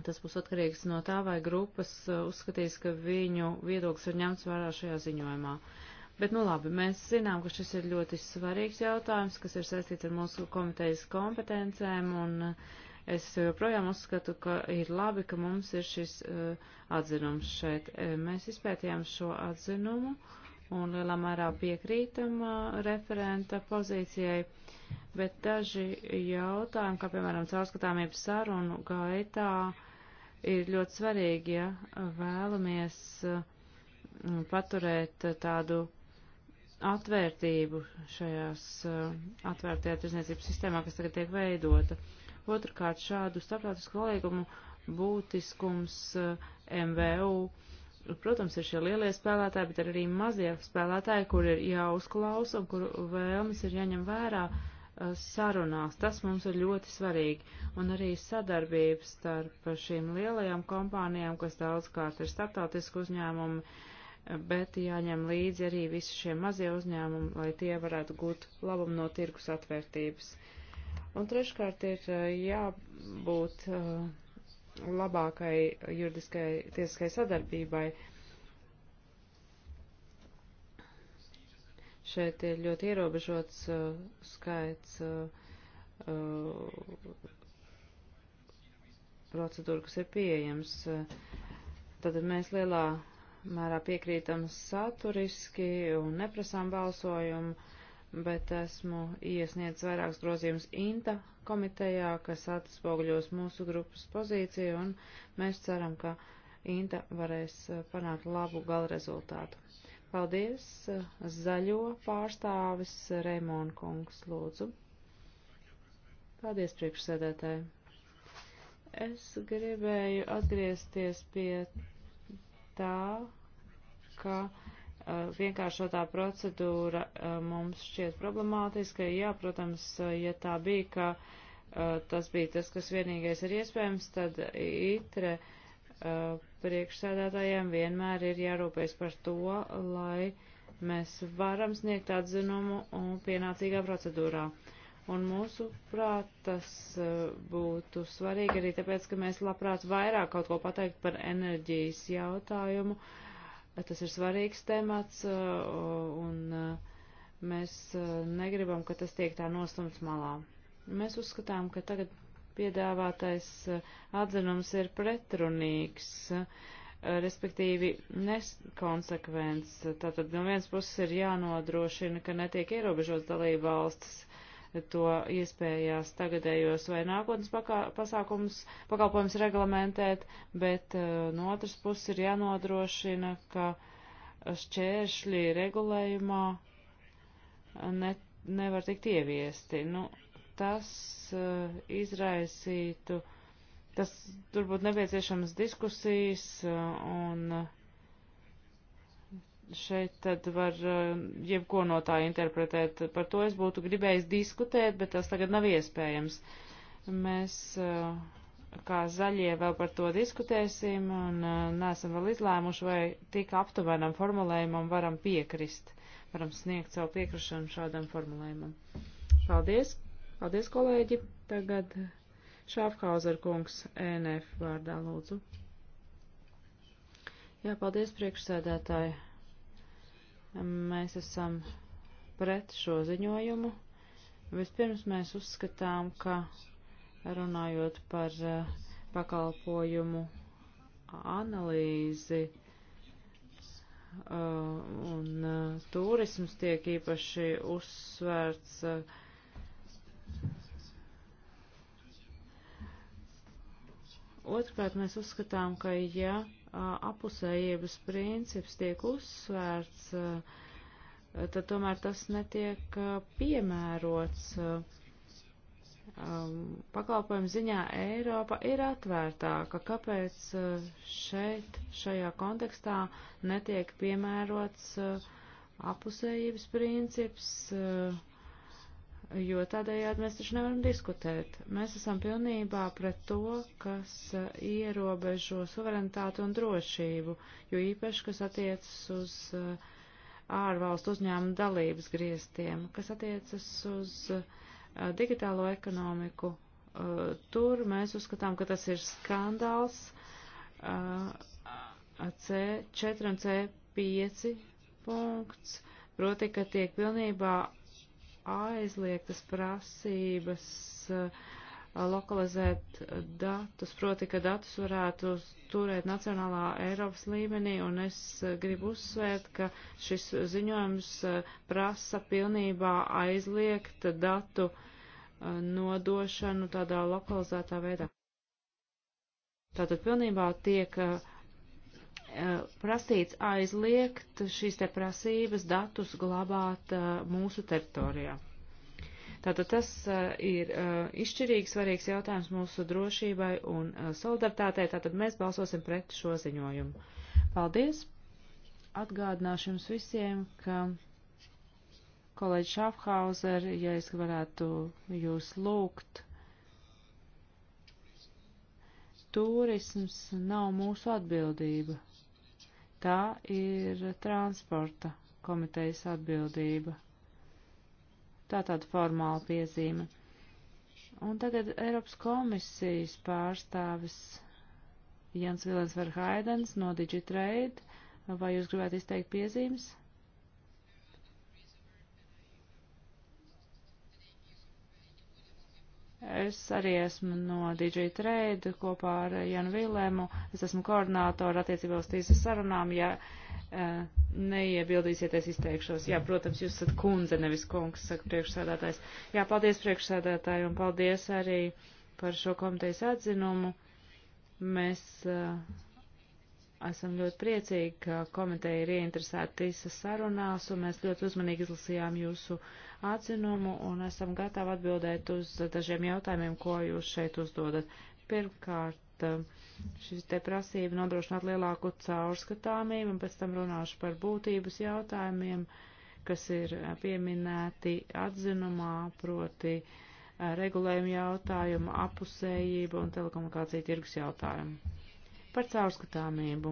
tas būs atkarīgs no tā, vai grupas uzskatīs, ka viņu viedoklis ir ņemts vērā šajā ziņojumā. Uh, Bet, nu labi, mēs zinām, ka šis ir ļoti svarīgs jautājums, kas ir saistīts ar mūsu komitejas kompetencēm, un eh, es joprojām uzskatu, ka ir labi, ka mums ir šis uh, atzinums šeit. Eh, mēs izpētījām šo atzinumu un lielā mērā piekrītam uh, referenta pozīcijai, bet daži jautājumi, kā piemēram caurskatāmības sarunu gaitā, ir ļoti svarīgi, ja vēlamies uh, paturēt tādu atvērtību šajās uh, atvērtajā tirzniecības sistēmā, kas tagad tiek veidota. Otrakārt, šādu starptautisku kolēgumu būtiskums uh, eh, MVU. Protams, ir šie lielie spēlētāji, bet ir arī mazie spēlētāji, kur ir jāuzklausa un kur vēlmes ir jāņem vērā uh, sarunās. Tas mums ir ļoti svarīgi. Un arī sadarbības starp šīm lielajām kompānijām, kas daudzkārt ir starptautisku uzņēmumu, uh, bet jāņem līdzi arī visi šie mazie uzņēmumi, lai tie varētu gūt labumu no tirgus atvērtības. Un treškārt ir eh, jābūt eh, labākai juridiskai tiesiskai sadarbībai. Šeit ir ļoti ierobežots uh, skaits uh, procedūru, kas ir pieejams. Tad mēs lielā mērā piekrītam saturiski un neprasām balsojumu, bet esmu iesniedzis vairākus grozījumus INTA komitejā, kas atspoguļos mūsu grupas pozīciju, un mēs ceram, ka INTA varēs panākt labu gala rezultātu. Paldies! Zaļo pārstāvis Reimon Kungs, lūdzu. Paldies, priekšsēdētāji! Es gribēju atgriezties pie tā, ka uh, vienkāršotā procedūra uh, mums šķiet problemātiska. Jā, protams, ja tā bija, ka uh, tas bija tas, kas vienīgais ir iespējams, tad itre priekšsēdētājiem vienmēr ir jārūpējas par to, lai mēs varam sniegt atzinumu un pienācīgā procedūrā. Uh, Un mūsu prāt tas e, būtu svarīgi arī tāpēc, ka mēs labprāt vairāk kaut ko pateikt par enerģijas jautājumu. Tas ir svarīgs temats e, un e, mēs negribam, ka tas tiek tā nostumts malā. Mēs uzskatām, ka tagad piedāvātais atzinums ir pretrunīgs, respektīvi neskonsekvents. Tātad no vienas puses ir jānodrošina, ka netiek ierobežots dalība valsts to iespējās tagadējos vai nākotnes pasākums, pakalpojums reglamentēt, bet eh, no otras puses ir jānodrošina, ka šķēršļi regulējumā eh, ne, nevar tikt ieviesti. Nu, tas uh, izraisītu, tas turbūt nepieciešams diskusijas uh, un uh, šeit tad var eh, jebko no tā interpretēt. Par to es būtu gribējis diskutēt, bet tas tagad nav iespējams. Mēs eh, kā zaļie vēl par to diskutēsim un eh, neesam vēl izlēmuši, vai tik aptuvenam formulējumam varam piekrist, varam sniegt savu piekrišanu šādam formulējumam. Paldies! Paldies, kolēģi! Tagad Šāfhauser kungs ENF vārdā lūdzu. Jā, paldies priekšsēdētāji. Mēs esam pret šo ziņojumu. Vispirms mēs uzskatām, ka runājot par eh, pakalpojumu analīzi eh, un eh, turisms tiek īpaši uzsvērts. Otrkārt, mēs uzskatām, ka ja apusējības princips tiek uzsvērts, tad tomēr tas netiek piemērots. Pakalpojumu ziņā Eiropa ir atvērtāka. Kāpēc šeit, šajā kontekstā, netiek piemērots apusējības princips? jo tādējādi mēs taču nevaram diskutēt. Mēs esam pilnībā pret to, kas eh, ierobežo suverenitāti un drošību, jo īpaši, kas attiecas uz eh, ārvalstu uzņēmumu dalības grieztiem, kas attiecas uz eh, digitālo ekonomiku. Tur mēs uzskatām, ka tas ir skandāls C4 un C5 punkts, proti, ka tiek pilnībā aizliegtas prasības eh, lokalizēt datus, proti, ka datus varētu turēt nacionālā Eiropas līmenī, un es eh, gribu uzsvērt, ka šis ziņojums eh, prasa pilnībā aizliegt datu nodošanu tādā lokalizētā veidā. Tātad pilnībā tiek uh, Eh, prasīts aizliegt šīs te prasības datus glabāt eh, mūsu teritorijā. Tātad tas eh, ir izšķirīgi svarīgs jautājums mūsu drošībai un solidaritātei, tātad mēs balsosim pret šo ziņojumu. Paldies! Atgādināšu jums visiem, ka kolēģi Šafhauser, ja es varētu jūs lūgt turisms nav mūsu atbildība. Tā ir transporta komitejas atbildība. Tā tāda formāla piezīme. Un tagad Eiropas komisijas pārstāvis Jans Vilens Verhaidens no Digitrade. Vai jūs gribētu izteikt piezīmes? Es arī esmu no DJ Trade kopā ar Janu Vilēmu. Es esmu koordinātora attiecībā uz tīsas sarunām. Ja eh, neiebildīsieties, izteikšos. Jā, protams, jūs esat kundze, nevis kungs, saka priekšsēdētājs. Jā, paldies priekšsēdētāji un paldies arī par šo komitejas atzinumu. Mēs uh, Esam ļoti priecīgi, ka komiteja ir ieinteresēta tīsas sarunās, un mēs ļoti uzmanīgi izlasījām jūsu atzinumu, un esam gatavi atbildēt uz dažiem jautājumiem, ko jūs šeit uzdodat. Pirmkārt, šis te prasība nodrošināt lielāku caurskatāmību, un pēc tam runāšu par būtības jautājumiem, kas ir pieminēti atzinumā, proti eh, regulējuma jautājumu, apusējību un telekomunikāciju tirgus jautājumu Par caurskatāmību.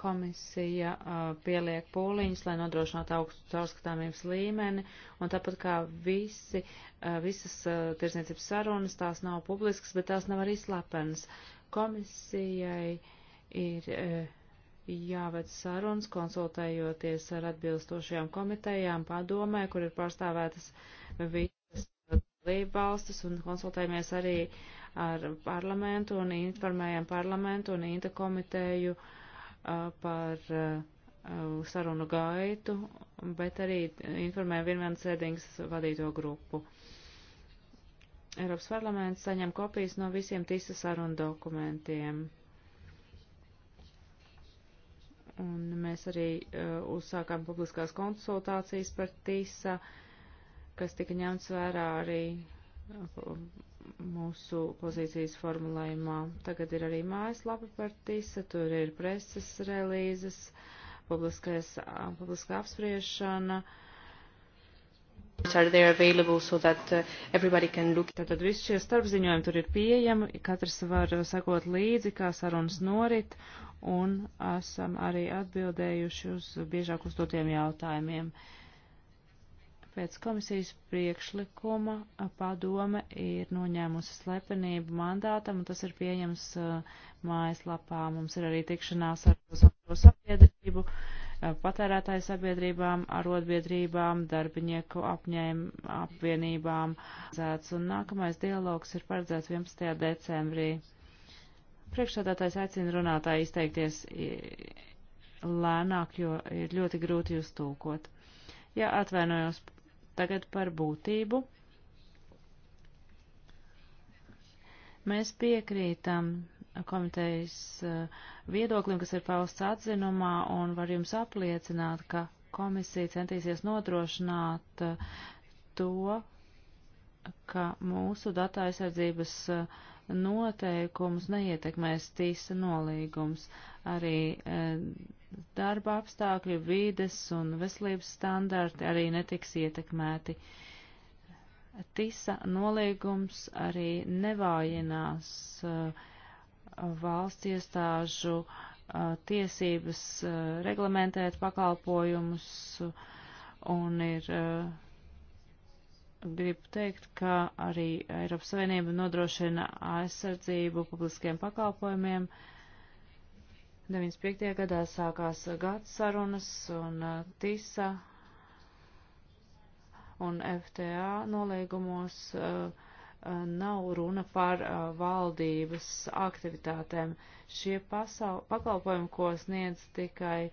Komisija uh, pieliek pūliņus, lai nodrošinātu augstu caurskatāmības līmeni, un tāpat kā visi, uh, visas uh, tirsniecības sarunas, tās nav publiskas, bet tās nav arī slepenas. Komisijai ir. Uh, jāved sarunas, konsultējoties ar atbilstošajām komitejām padomē, kur ir pārstāvētas visas dalība valstis, un konsultējamies arī ar parlamentu un informējam parlamentu un interkomiteju par sarunu gaitu, bet arī informējam vienvienas sēdīgas vadīto grupu. Eiropas parlaments saņem kopijas no visiem tisa sarunu dokumentiem. Un mēs arī uh, uzsākām publiskās konsultācijas par tisa, kas tika ņemts vērā arī mūsu pozīcijas formulējumā. Tagad ir arī mājaslapa par TISA, tur ir preses relīzes, publiskā apspriešana. So that, uh, Tātad visi šie starpziņojumi tur ir pieejami, katrs var uh, sakot līdzi, kā sarunas norit, un esam arī atbildējuši uz biežāk uzdotiem jautājumiem. Uh, Pēc komisijas priekšlikuma padome ir noņēmusi slepenību mandātam, un tas ir pieejams uh, mājaslapā. Mums ir arī tikšanās ar pilsonisko sabiedrību, uh, patērētāju sabiedrībām, arotbiedrībām, darbinieku apņēm, apvienībām. Un nākamais dialogs ir paredzēts 11. decembrī. Priekšsādātājs aicina runātāju izteikties lēnāk, jo ir ļoti grūti jūs tūkot. Jā, atvainojos Tagad par būtību. Mēs piekrītam komitejas eh, viedoklim, kas ir pausts atzinumā, un var jums apliecināt, ka komisija centīsies nodrošināt eh, to, ka mūsu datu aizsardzības eh, noteikumus neietekmēs tīsa nolīgums. Arī darba apstākļi, vīdes un veselības standarti arī netiks ietekmēti. Tisa noliegums arī nevājinās uh, valsts iestāžu uh, tiesības uh, reglamentēt pakalpojumus uh, un ir uh, gribu teikt, ka arī Eiropas Savienība nodrošina aizsardzību publiskiem pakalpojumiem, uh, 95. gadā sākās gads sarunas un uh, TISA un FTA nolīgumos uh, uh, nav runa par valdības aktivitātēm. Šie pakalpojumi, ko sniedz tikai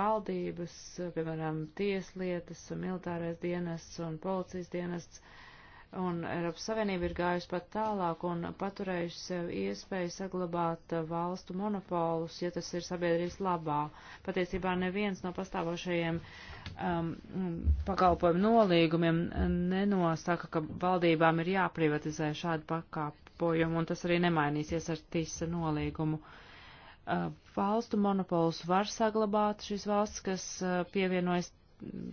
valdības, piemēram, tieslietas, militārais dienests un policijas dienests, uh, un Eiropas Savienība ir gājusi pat tālāk un paturējusi sev iespēju saglabāt uh, valstu monopolus, ja tas ir sabiedrības labā. Patiesībā neviens no pastāvošajiem um, mm, pakalpojumu nolīgumiem uh, nenosaka, ka valdībām ir jāprivatizē šādu pakāpojumu, un tas arī nemainīsies ar TISA nolīgumu. Uh, valstu monopolus var saglabāt šīs valsts, kas uh, pievienojas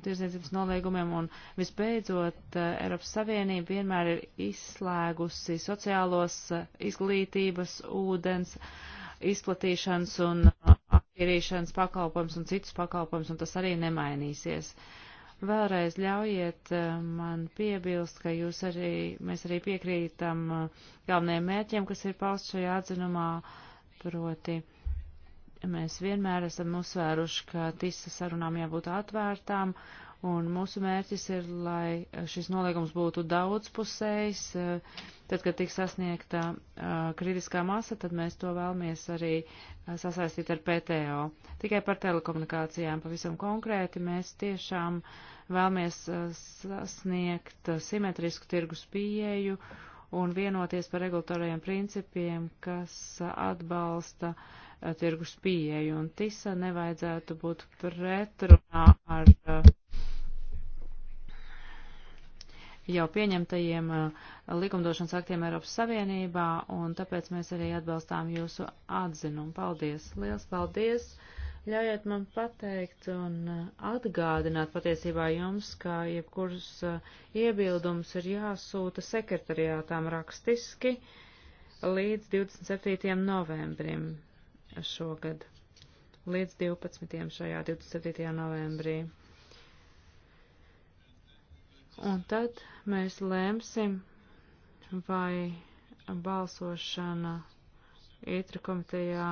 tirzniecības nolīgumiem, un visbeidzot, eh, Eiropas Savienība vienmēr ir izslēgusi sociālos eh, izglītības, ūdens, izplatīšanas un attīrīšanas pakalpojums un citus pakalpojums, un tas arī nemainīsies. Vēlreiz ļaujiet eh, man piebilst, ka jūs arī, mēs arī piekrītam galvenajiem mērķiem, kas ir paust šajā atzinumā, proti Mēs vienmēr esam uzsvēruši, ka tisa sarunām jābūt atvērtām, un mūsu mērķis ir, lai šis noliegums būtu daudzpusējs. Tad, kad tiks sasniegta kritiskā masa, tad mēs to vēlamies arī sasaistīt ar PTO. Tikai par telekomunikācijām pavisam konkrēti mēs tiešām vēlamies sasniegt simetrisku tirgus pieeju un vienoties par regulatoriem principiem, kas atbalsta uh, Eh, tirgus pieeju, un TISA nevajadzētu būt pretrunā ar eh, jau pieņemtajiem eh, likumdošanas aktiem Eiropas Savienībā, un tāpēc mēs arī atbalstām jūsu atzinumu. Paldies! Liels paldies! Ļaujiet man pateikt un atgādināt patiesībā jums, ka jebkurus iebildums ir jāsūta sekretariātām rakstiski līdz 27. novembrim šogad līdz 12. šajā 27. novembrī. Un tad mēs lēmsim, vai balsošana itra komitejā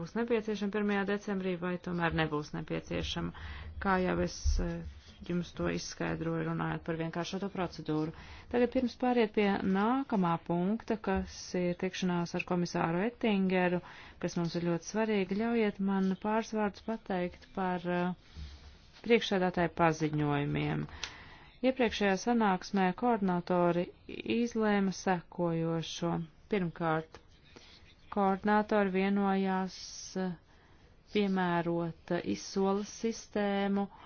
būs nepieciešama 1. decembrī vai tomēr nebūs nepieciešama. Kā jau es eh, jums to izskaidroju, runājot par vienkāršoto procedūru. Tagad pirms pāriet pie nākamā punkta, kas ir tikšanās ar komisāru Ettingeru, kas mums ir ļoti svarīgi, ļaujiet man pāris vārdus pateikt par uh, priekšsēdātāju paziņojumiem. Iepriekšējā sanāksmē koordinatori izlēma sekojošo. Pirmkārt, koordinatori vienojās uh, piemērot uh, izsoles sistēmu uh,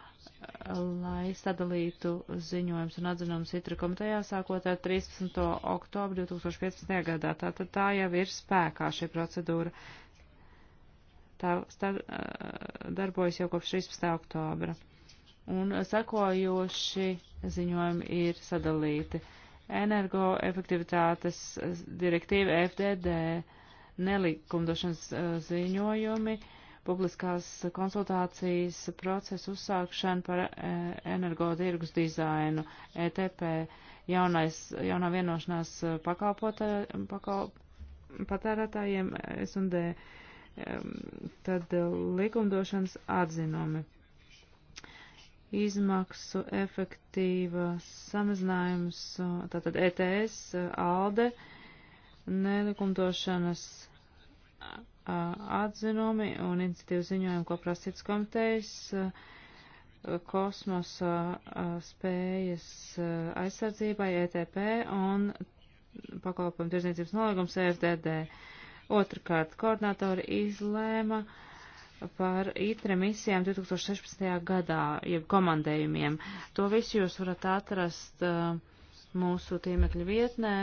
lai sadalītu ziņojums un atzinums Itra komitejā sākot ar 13. oktobru 2015. gadā. Tātad tā jau ir spēkā šī procedūra. Tā star, eh, darbojas jau kopš 13. oktobra. Un sekojoši ziņojumi ir sadalīti. Energoefektivitātes direktīva FDD, nelikumdošanas eh, ziņojumi. Uh, publiskās konsultācijas procesu uzsākšanu par e, energotirgus dizainu ETP. Jaunais, jaunā vienošanās e, patērētājiem S&D, e, tad likumdošanas atzinumi. Izmaksu efektīva samazinājums, tātad ETS, ALDE, nelikumdošanas atzinumi un iniciatīvu ziņojumu, ko prasīts komitejas, kosmosa spējas aizsardzībai ETP un pakalpojumu tirzniecības nolīgums EFDD. Otrakārt, koordinātori izlēma par ITRE misijām 2016. gadā, jeb komandējumiem. To visu jūs varat atrast mūsu tīmekļa vietnē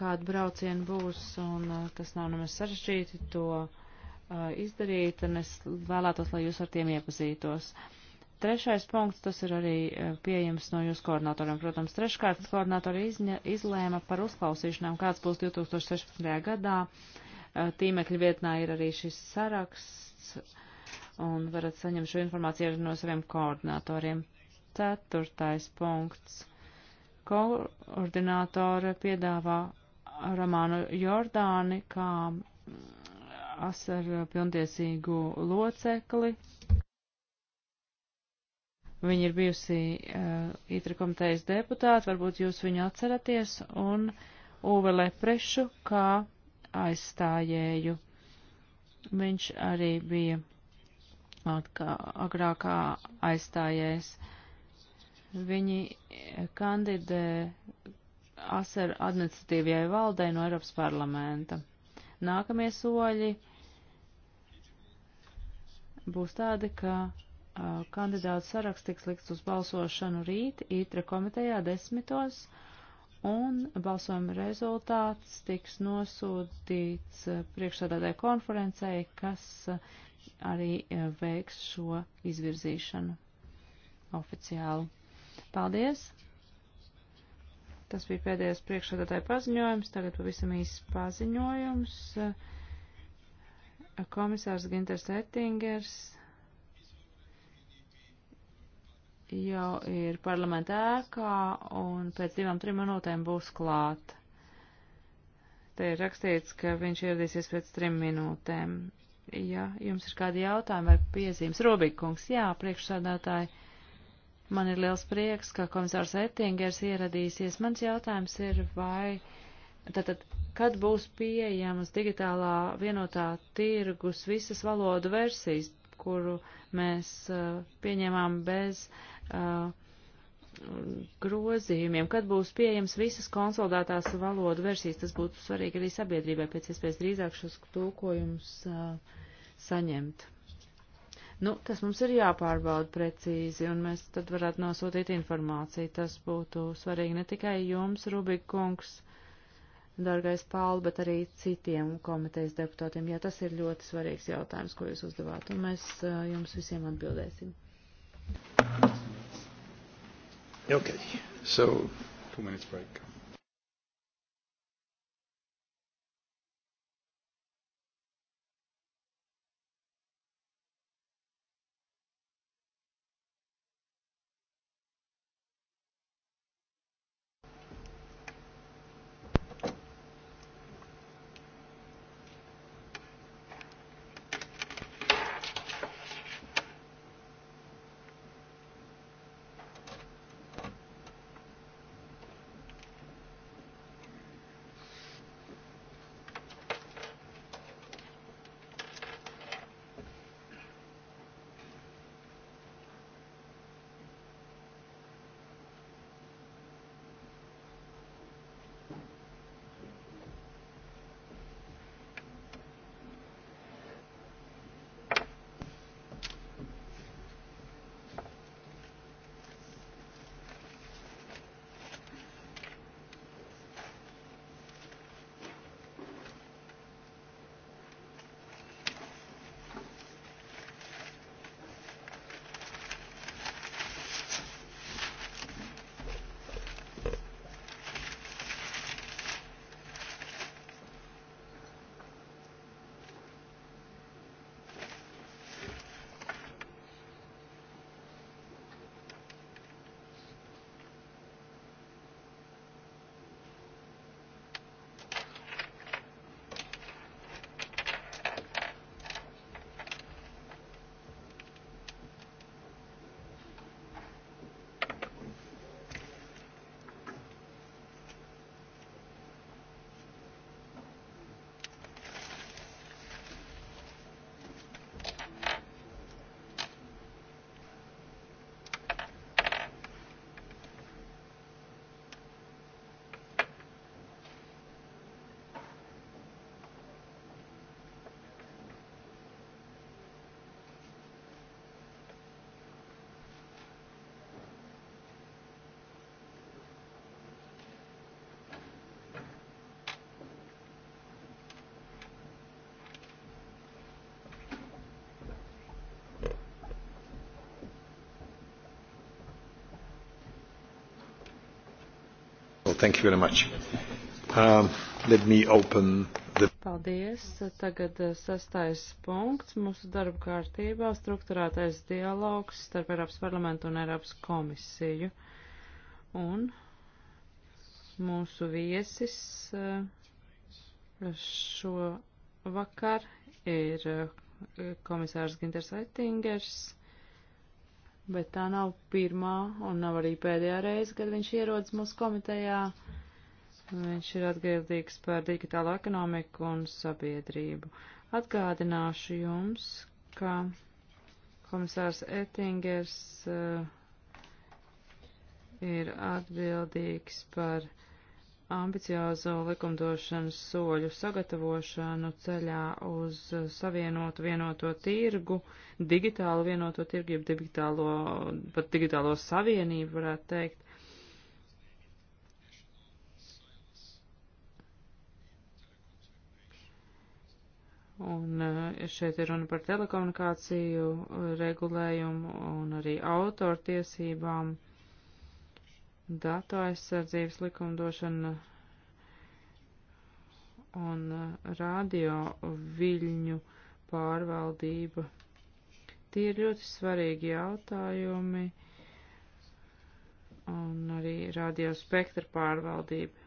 kādu braucienu būs, un tas uh, nav nemaz sarežģīti to uh, izdarīt, un es vēlētos, lai jūs ar tiem iepazītos. Trešais punkts, tas ir arī uh, pieejams no jūsu koordinatoriem. Protams, treškārt koordinatori izņa, izlēma par uzklausīšanām, kāds būs 2016. gadā. Tīmekļa vietnā ir arī šis saraksts, un varat saņemt šo informāciju arī no saviem koordinatoriem. Ceturtais punkts Koordinātore piedāvā Romānu Jordāni kā mm, ASER pilntiesīgu locekli. Viņa ir bijusi uh, ITRA komitejas deputāta, varbūt jūs viņu atceraties, un Uve Leprešu kā aizstājēju. Viņš arī bija atkā, agrākā aizstājējs. Uh, Viņi kandidē ASER administratīvajai valdei no Eiropas parlamenta. Nākamie soļi būs tādi, ka uh, kandidātu saraksts tiks likts uz balsošanu rīt ITRE komitejā desmitos, un balsojuma rezultāts tiks nosūtīts uh, priekšsādātai konferencei, kas uh, arī veiks šo izvirzīšanu oficiāli. Paldies! Tas bija pēdējais priekšsēdētāja paziņojums, tagad pavisam īsts paziņojums. Komisārs Ginters Ettingers jau ir parlamentā ēkā un pēc divām, trim minūtēm būs klāt. Te ir rakstīts, ka viņš ieradīsies pēc trim minūtēm. Ja jums ir kādi jautājumi vai piezīmes, Robīkungs, jā, priekšsēdētāji. Man ir liels prieks, ka komisārs Ettingers ieradīsies. Mans jautājums ir, vai tātad, kad būs pieejamas digitālā vienotā tirgus visas valodu versijas, kuru mēs uh, pieņemām bez uh, grozījumiem, kad būs pieejams visas konsolidētās valodu versijas, tas būtu svarīgi arī sabiedrībai pēc iespējas drīzāk šos tūkojumus uh, saņemt. Nu, tas mums ir jāpārbauda precīzi, un mēs tad varētu nosūtīt informāciju. Tas būtu svarīgi ne tikai jums, Rubik kungs, dargais Pāli, bet arī citiem komitejas deputātiem, ja tas ir ļoti svarīgs jautājums, ko jūs uzdevāt, un mēs uh, jums visiem atbildēsim. Okay. So, two minutes break. Thank you very much. Um, let me open the... Paldies. Tagad uh, sastais punkts mūsu darba kārtībā - struktūrētais dialogs starp Eiropas parlamentu un Eiropas komisiju. Un mūsu viesis uh, šo vakar ir uh, komisārs Ginters Aitingers bet tā nav pirmā un nav arī pēdējā reize, kad viņš ierodas mūsu komitejā. Viņš ir atbildīgs par digitālo ekonomiku un sabiedrību. Atgādināšu jums, ka komisārs Ettingers uh, ir atbildīgs par ambiciozo likumdošanas soļu sagatavošanu ceļā uz savienotu vienoto tirgu, digitālu vienoto tirgu, jeb digitālo, pat digitālo savienību varētu teikt. Un eh, šeit ir runa par telekomunikāciju eh, regulējumu un arī autortiesībām. tiesībām datu aizsardzības likumdošana un uh, radio viļņu pārvaldība. Tie ir ļoti svarīgi jautājumi un arī radio spektra pārvaldība.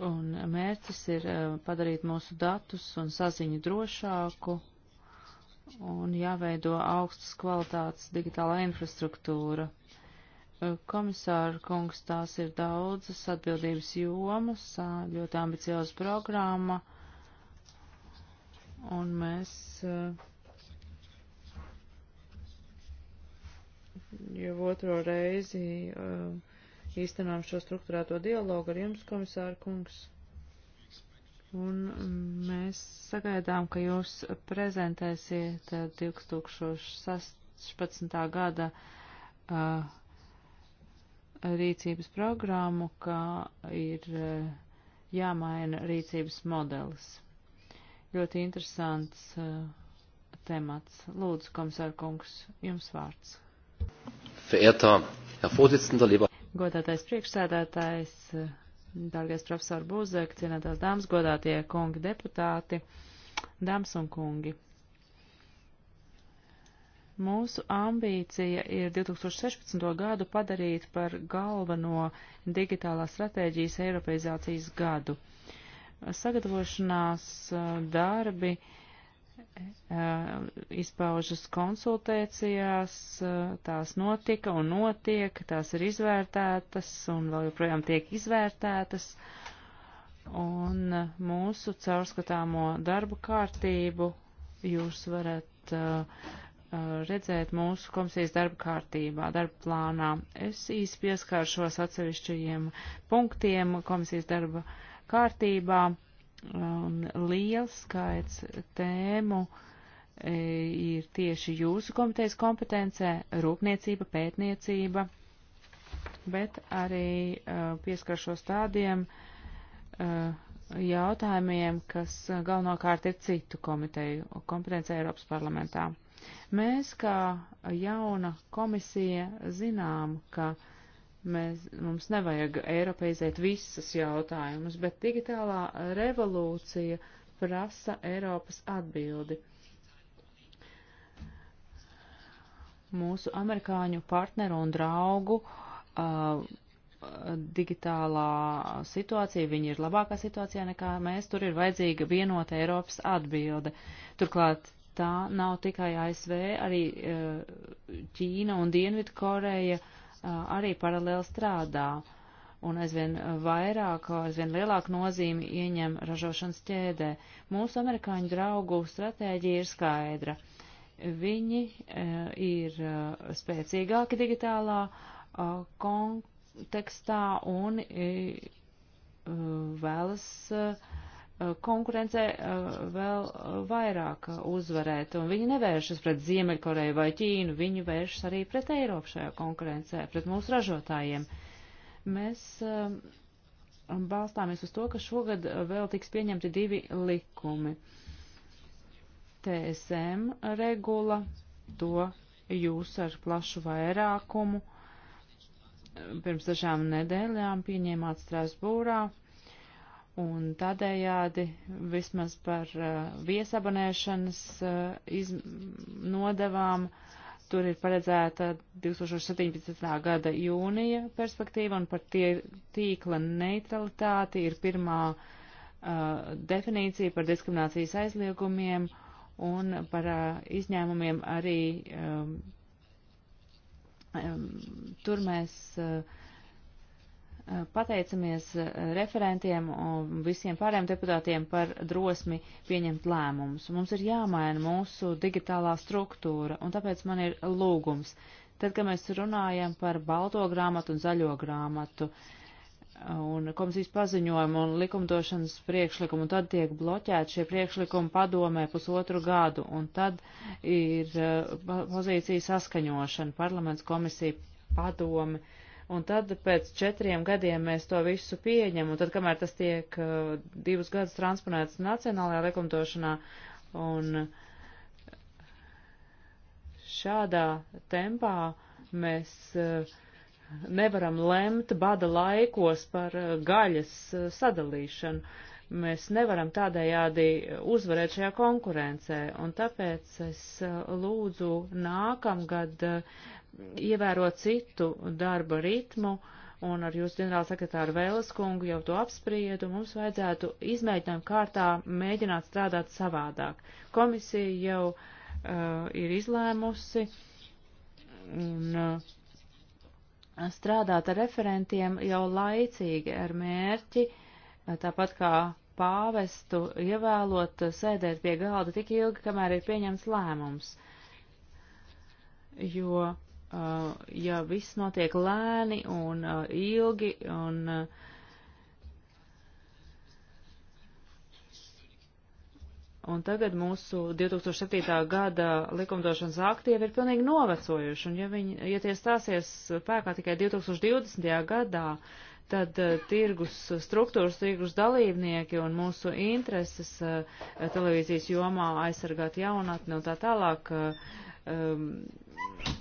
Un mērķis ir eh, padarīt mūsu datus un saziņu drošāku un jāveido augstas kvalitātes digitālā infrastruktūra. Eh, komisāra kungs, tās ir daudzas atbildības jomas, ļoti ambicioza programma, un mēs eh, jau otro reizi uh, īstenām šo struktūrēto dialogu ar jums, komisāra kungs. Un mm, mēs sagaidām, ka jūs prezentēsiet 2016. Eh, gada uh, rīcības programmu, ka ir uh, jāmaina rīcības modelis. Ļoti interesants uh, temats. Lūdzu, komisāra kungs, jums vārds. Verehrter Herr Vorsitzender, lieber godātais priekšsēdētājs, dārgais profesor Buzek, cienētās dāmas, godātie kungi deputāti, dāmas un kungi. Mūsu ambīcija ir 2016. gadu padarīt par galveno digitālā stratēģijas eiropeizācijas gadu. Sagatavošanās eh, darbi uh, Eh, izpaužas konsultācijās, eh, tās notika un notiek, tās ir izvērtētas un vēl joprojām tiek izvērtētas. Un eh, mūsu caurskatāmo darbu kārtību jūs varat redzēt mūsu komisijas darba kārtībā, darba plānā. Es īsi pieskāršos atsevišķajiem punktiem komisijas darba kārtībā Un liels skaits tēmu e, ir tieši jūsu komitejas kompetencē - rūpniecība, pētniecība, bet arī e, pieskaršos tādiem e, jautājumiem, kas galvenokārt ir citu komiteju kompetencē Eiropas parlamentā. Mēs, kā jauna komisija, zinām, ka uh, Mēs, mums nevajag eiropeizēt visas jautājumus, bet digitālā revolūcija prasa Eiropas atbildi. Mūsu amerikāņu partneru un draugu uh, digitālā situācija, viņi ir labākā situācijā nekā mēs, tur ir vajadzīga vienota Eiropas atbilde. Turklāt tā nav tikai ASV, arī uh, Ķīna un Dienvidkoreja arī paralēli strādā un aizvien vairāk, aizvien lielāku nozīmi ieņem ražošanas ķēdē. Mūsu amerikāņu draugu stratēģija ir skaidra. Viņi ir spēcīgāki digitālā kontekstā un vēlas uh, Eh, konkurencē eh, vēl eh, vairāk uzvarēt. Un viņi nevēršas pret Ziemeļkoreju vai Ķīnu, viņi vēršas arī pret Eiropu šajā konkurencē, pret mūsu ražotājiem. Mēs balstāmies uz to, ka šogad vēl tiks pieņemti divi likumi. TSM regula, to jūs ar plašu vairākumu pirms dažām nedēļām pieņēmāt Strasbūrā un tādējādi vismaz par uh, viesabonēšanas uh, iz, nodevām tur ir paredzēta 2017. gada jūnija perspektīva un par tie, tīkla neutralitāti ir pirmā uh, definīcija par diskriminācijas aizliegumiem un par uh, izņēmumiem arī um, um, tur mēs uh, pateicamies eh, referentiem un visiem pārējiem deputātiem par drosmi pieņemt lēmumus. Mums ir jāmaina mūsu digitālā struktūra, un tāpēc man ir lūgums. Tad, kad mēs runājam par balto grāmatu un zaļo grāmatu, un komisijas paziņojumu un likumdošanas priekšlikumu, un tad tiek bloķēti šie priekšlikumi padomē pusotru gadu, un tad ir eh, pozīcija saskaņošana, parlaments komisija padomi un tad pēc četriem gadiem mēs to visu pieņem, un tad, kamēr tas tiek uh, divus gadus transponēts nacionālajā likumdošanā, un šādā tempā mēs uh, nevaram lemt bada laikos par uh, gaļas uh, sadalīšanu. Mēs nevaram tādējādi uzvarēt šajā konkurencē, un tāpēc es uh, lūdzu nākamgad uh, ievērot citu darba ritmu, un ar jūsu ģenerāla sekretāru Vēles kungu jau to apspriedu, mums vajadzētu izmēģinājumu kārtā mēģināt strādāt savādāk. Komisija jau uh, ir izlēmusi un uh, strādāt ar referentiem jau laicīgi ar mērķi, uh, tāpat kā pāvestu ievēlot uh, sēdēt pie galda tik ilgi, kamēr ir pieņemts lēmums. Jo Uh, ja viss notiek lēni un uh, ilgi un uh, Un tagad mūsu 2007. gada likumdošanas akti jau ir pilnīgi novecojuši, un ja, viņi, ja tie stāsies spēkā tikai 2020. gadā, tad uh, tirgus struktūras, tirgus dalībnieki un mūsu intereses uh, televīzijas jomā aizsargāt jaunatni un tā tālāk. Uh, um,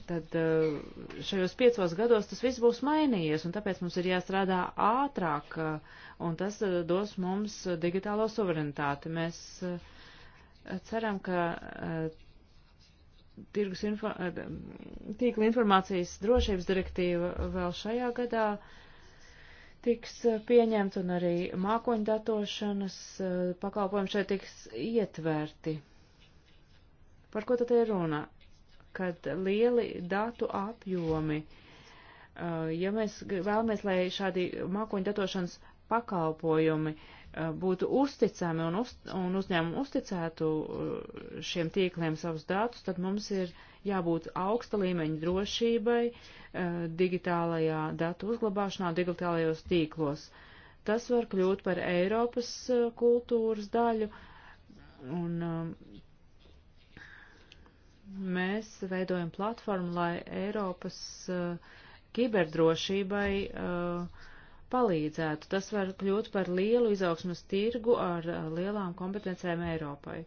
tad eh, šajos piecos gados tas viss būs mainījies, un tāpēc mums ir jāstrādā ātrāk, eh, un tas eh, dos mums digitālo suverenitāti. Mēs ceram, ka tirgus info, tīkla informācijas drošības direktīva vēl šajā gadā tiks pieņemta, un arī mākoņdatošanas pakalpojumi šeit tiks ietverti. Par ko tad ir runa? kad lieli datu apjomi, uh, ja mēs vēlamies, lai šādi mākoņu datošanas pakalpojumi uh, būtu uzticami un, uz, un uzņēmumi uzticētu uh, šiem tīkliem savus datus, tad mums ir jābūt augsta līmeņa drošībai digitālajā datu uzglabāšanā, digitālajos tīklos. Tas var kļūt par Eiropas kultūras daļu, un um, mēs veidojam platformu, lai Eiropas uh, kiberdrošībai uh, palīdzētu. Tas var kļūt par lielu izaugsmas tirgu ar uh, lielām kompetencēm Eiropai.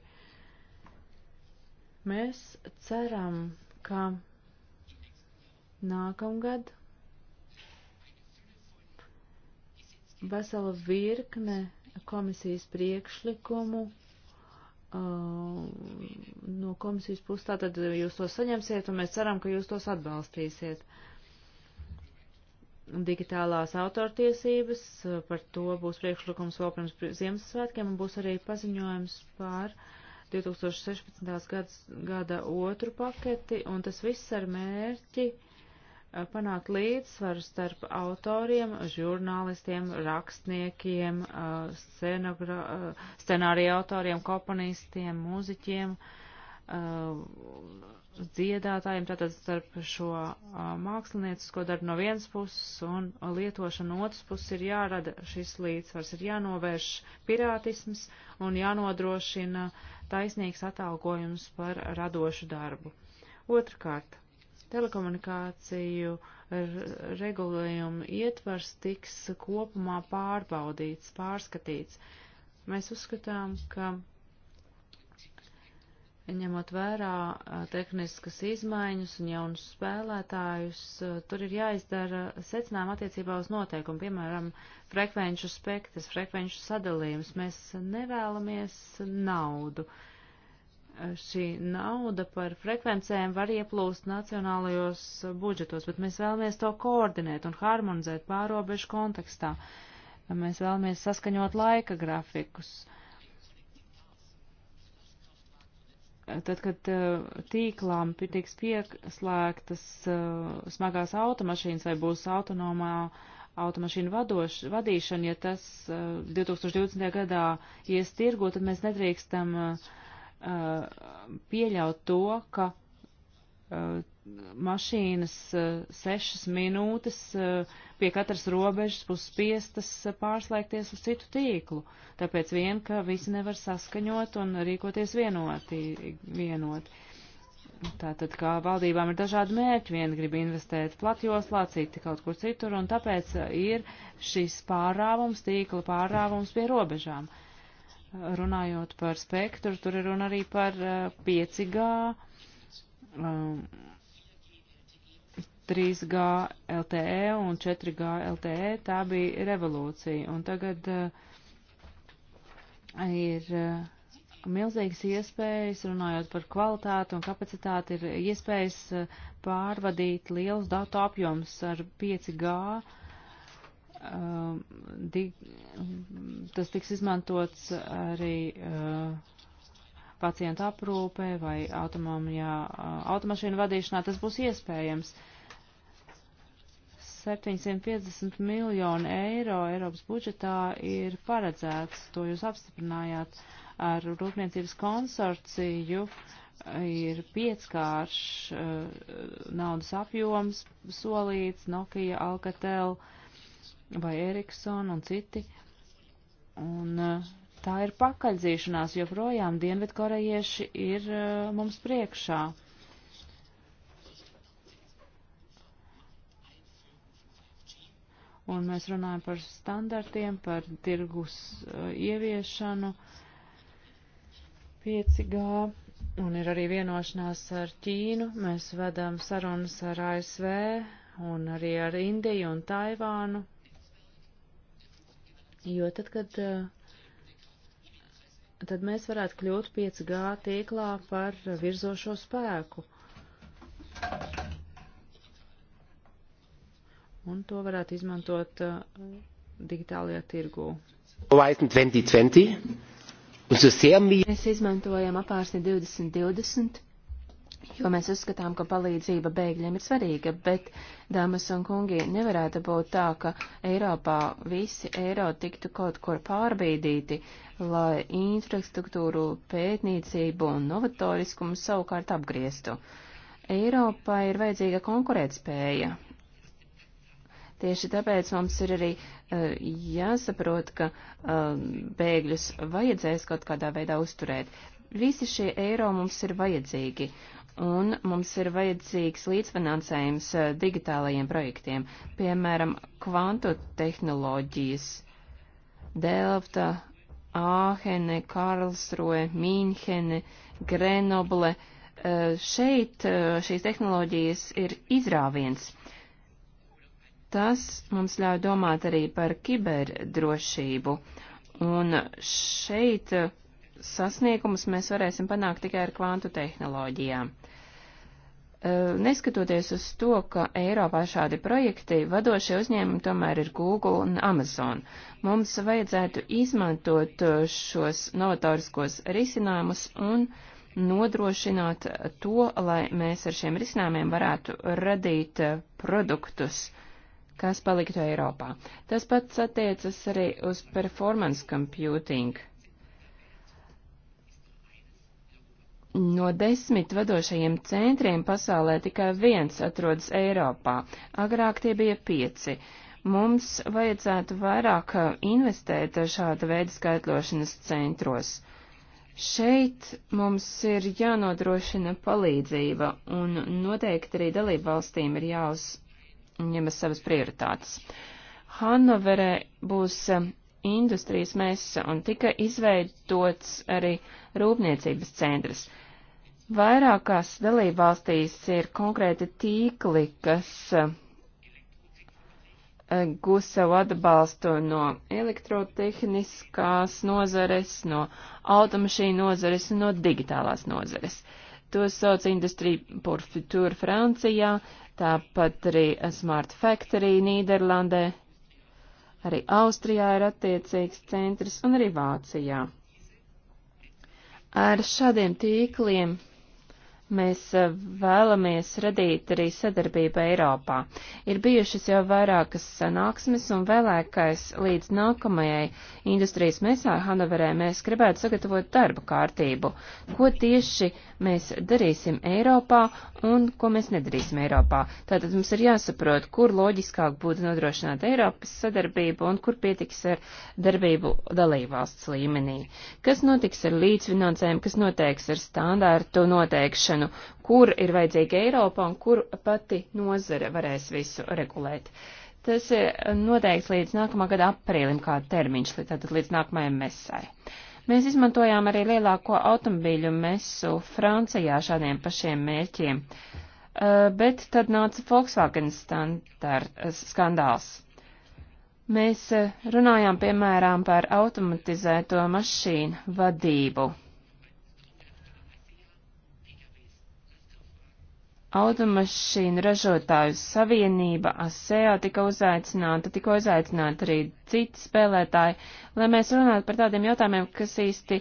Mēs ceram, ka nākamgad vesela virkne komisijas priekšlikumu Uh, no komisijas puses. Tātad jūs to saņemsiet, un mēs ceram, ka jūs tos atbalstīsiet. Digitālās autortiesības, uh, par to būs priekšlikums vēl pirms Ziemassvētkiem, un būs arī paziņojums par 2016. Gads, gada otru paketi, un tas viss ar mērķi uh, Eh, panākt līdzsvaru starp autoriem, žurnālistiem, rakstniekiem, eh, eh, scenārija autoriem, komponistiem, mūziķiem, dziedātājiem, tātad starp šo māksliniecisko darbu no vienas puses un lietošanu no otras puses ir jārada šis līdzsvars, ir jānovērš pirātisms un jānodrošina taisnīgs atalgojums par radošu darbu. Otrkārt, telekomunikāciju regulējumu ietvars tiks kopumā pārbaudīts, pārskatīts. Mēs uzskatām, ka ņemot vērā tehniskas izmaiņas un jaunus spēlētājus, tur ir jāizdara secinājumi attiecībā uz noteikumu, piemēram, frekvenču spektrs, frekvenču sadalījums. Mēs nevēlamies naudu. Uh, šī nauda par frekvencēm var ieplūst nacionālajos budžetos, bet mēs vēlamies to koordinēt un harmonizēt pārobežu kontekstā. Mēs vēlamies saskaņot laika grafikus. Tad, kad eh, tīklām tiks pieslēgtas eh, smagās automašīnas vai būs autonomā automašīnu vadoš, vadīšana, ja tas 2020. Eh, gadā ies tirgu, tad mēs nedrīkstam uh, Uh, pieļaut to, ka uh, mašīnas uh, sešas minūtes pie katras robežas būs spiestas pārslēgties uz citu tīklu, tāpēc vien, ka visi nevar saskaņot un rīkoties vienoti, vienot. Tātad, kā valdībām ir dažādi mērķi, viena grib investēt platjoslā, citi kaut kur citur, un tāpēc ir šis pārāvums, tīkla pārāvums pie robežām. Uh, runājot par spektru, tur ir runa arī par 5G, 3G LTE un 4G LTE. Tā bija revolūcija. Un tagad eh, ir eh, milzīgas iespējas, runājot par kvalitāti un kapacitāti, ir iespējas eh, pārvadīt lielus datu apjomus ar 5G. Uh, um, di, tas tiks izmantots arī uh, pacientu aprūpē vai autonomijā, uh, automašīnu vadīšanā. Tas būs iespējams. 750 miljonu eiro Eiropas budžetā ir paredzēts, to jūs apstiprinājāt ar rūpniecības konsorciju. Ir pieckāršs uh, naudas apjoms solīts Nokia, Alcatel vai Ericsson un citi. Uh, Un eh, tā ir pakaļdzīšanās, jo projām dienvidkorejieši ir eh, mums priekšā. Un mēs runājam par standartiem, par tirgus eh, ieviešanu 5G. Un ir arī vienošanās ar Ķīnu. Mēs vedam sarunas ar ASV un arī ar Indiju un Taivānu Jo tad, kad eh, tad mēs varētu kļūt 5G tīklā par virzošo spēku. Un to varētu izmantot eh, digitālajā tirgū. Mēs izmantojam apārsni 2020 jo mēs uzskatām, ka palīdzība bēgļiem ir svarīga, bet, dāmas un kungi, nevarētu būt tā, ka Eiropā visi eiro tiktu kaut kur pārbīdīti, lai infrastruktūru, pētniecību un novatoriskumu savukārt apgrieztu. Eiropā ir vajadzīga konkurētspēja. Tieši tāpēc mums ir arī uh, jāsaprot, ka uh, bēgļus vajadzēs kaut kādā veidā uzturēt. Visi šie eiro mums ir vajadzīgi, un mums ir vajadzīgs līdzfinansējums eh, digitālajiem projektiem, piemēram, kvantu tehnoloģijas, Delfta, Āhene, Karlsroe, Mīnhene, Grenoble. Eh, šeit eh, šīs tehnoloģijas ir izrāviens. Tas mums ļauj domāt arī par kiberdrošību, un šeit sasniegumus mēs varēsim panākt tikai ar kvantu tehnoloģijām. Eh, neskatoties uz to, ka Eiropā šādi projekti vadošie uzņēmumi tomēr ir Google un Amazon. Mums vajadzētu izmantot eh, šos novatoriskos risinājumus un nodrošināt to, lai mēs ar šiem risinājumiem varētu radīt eh, produktus, kas paliktu Eiropā. Tas pats attiecas arī uz performance computing. No desmit vadošajiem centriem pasaulē tikai viens atrodas Eiropā, agrāk tie bija pieci. Mums vajadzētu vairāk uh, investēt šāda veida skaitļošanas centros. Šeit mums ir jānodrošina palīdzība, un noteikti arī dalību valstīm ir jāuzņemas savas prioritātes. Hannoverē būs uh, industrijas mesa un tika izveidots arī rūpniecības centrs. Vairākās dalībvalstīs ir konkrēti tīkli, kas eh, gūs savu atbalstu no elektrotehniskās nozares, no automašīnu nozares un no digitālās nozares. To sauc Industrija pour Future Francijā, tāpat arī Smart Factory Nīderlandē, arī Austrijā ir attiecīgs centrs un arī Vācijā. Ar šādiem tīkliem Mēs e, vēlamies radīt arī sadarbību Eiropā. Ir bijušas jau vairākas sanāksmes, un vēlākais līdz nākamajai industrijas mesā Hanoverē mēs gribētu sagatavot darba kārtību, ko tieši mēs darīsim Eiropā un ko mēs nedarīsim Eiropā. Tātad mums ir jāsaprot, kur loģiskāk būtu nodrošināt Eiropas sadarbību un kur pietiks ar darbību dalībvalsts līmenī. Kas notiks ar līdzfinansējumu, kas noteiks ar standārtu noteikšanu, kur ir vajadzīga Eiropa un kur pati nozare varēs visu regulēt. Tas ir noteikts līdz nākamā gada aprīlim kā termiņš, tātad līdz nākamajam mesai. Uh, Mēs izmantojām arī lielāko automobīļu mesu Francijā šādiem pašiem mērķiem, uh, bet tad nāca Volkswagen standart, uh, skandāls. Mēs uh, runājām, piemēram, par automatizēto mašīnu vadību Automašīnu ražotāju savienība ASEA tika uzaicināta, tika uzaicināta arī citi spēlētāji, lai mēs runātu par tādiem jautājumiem, kas īsti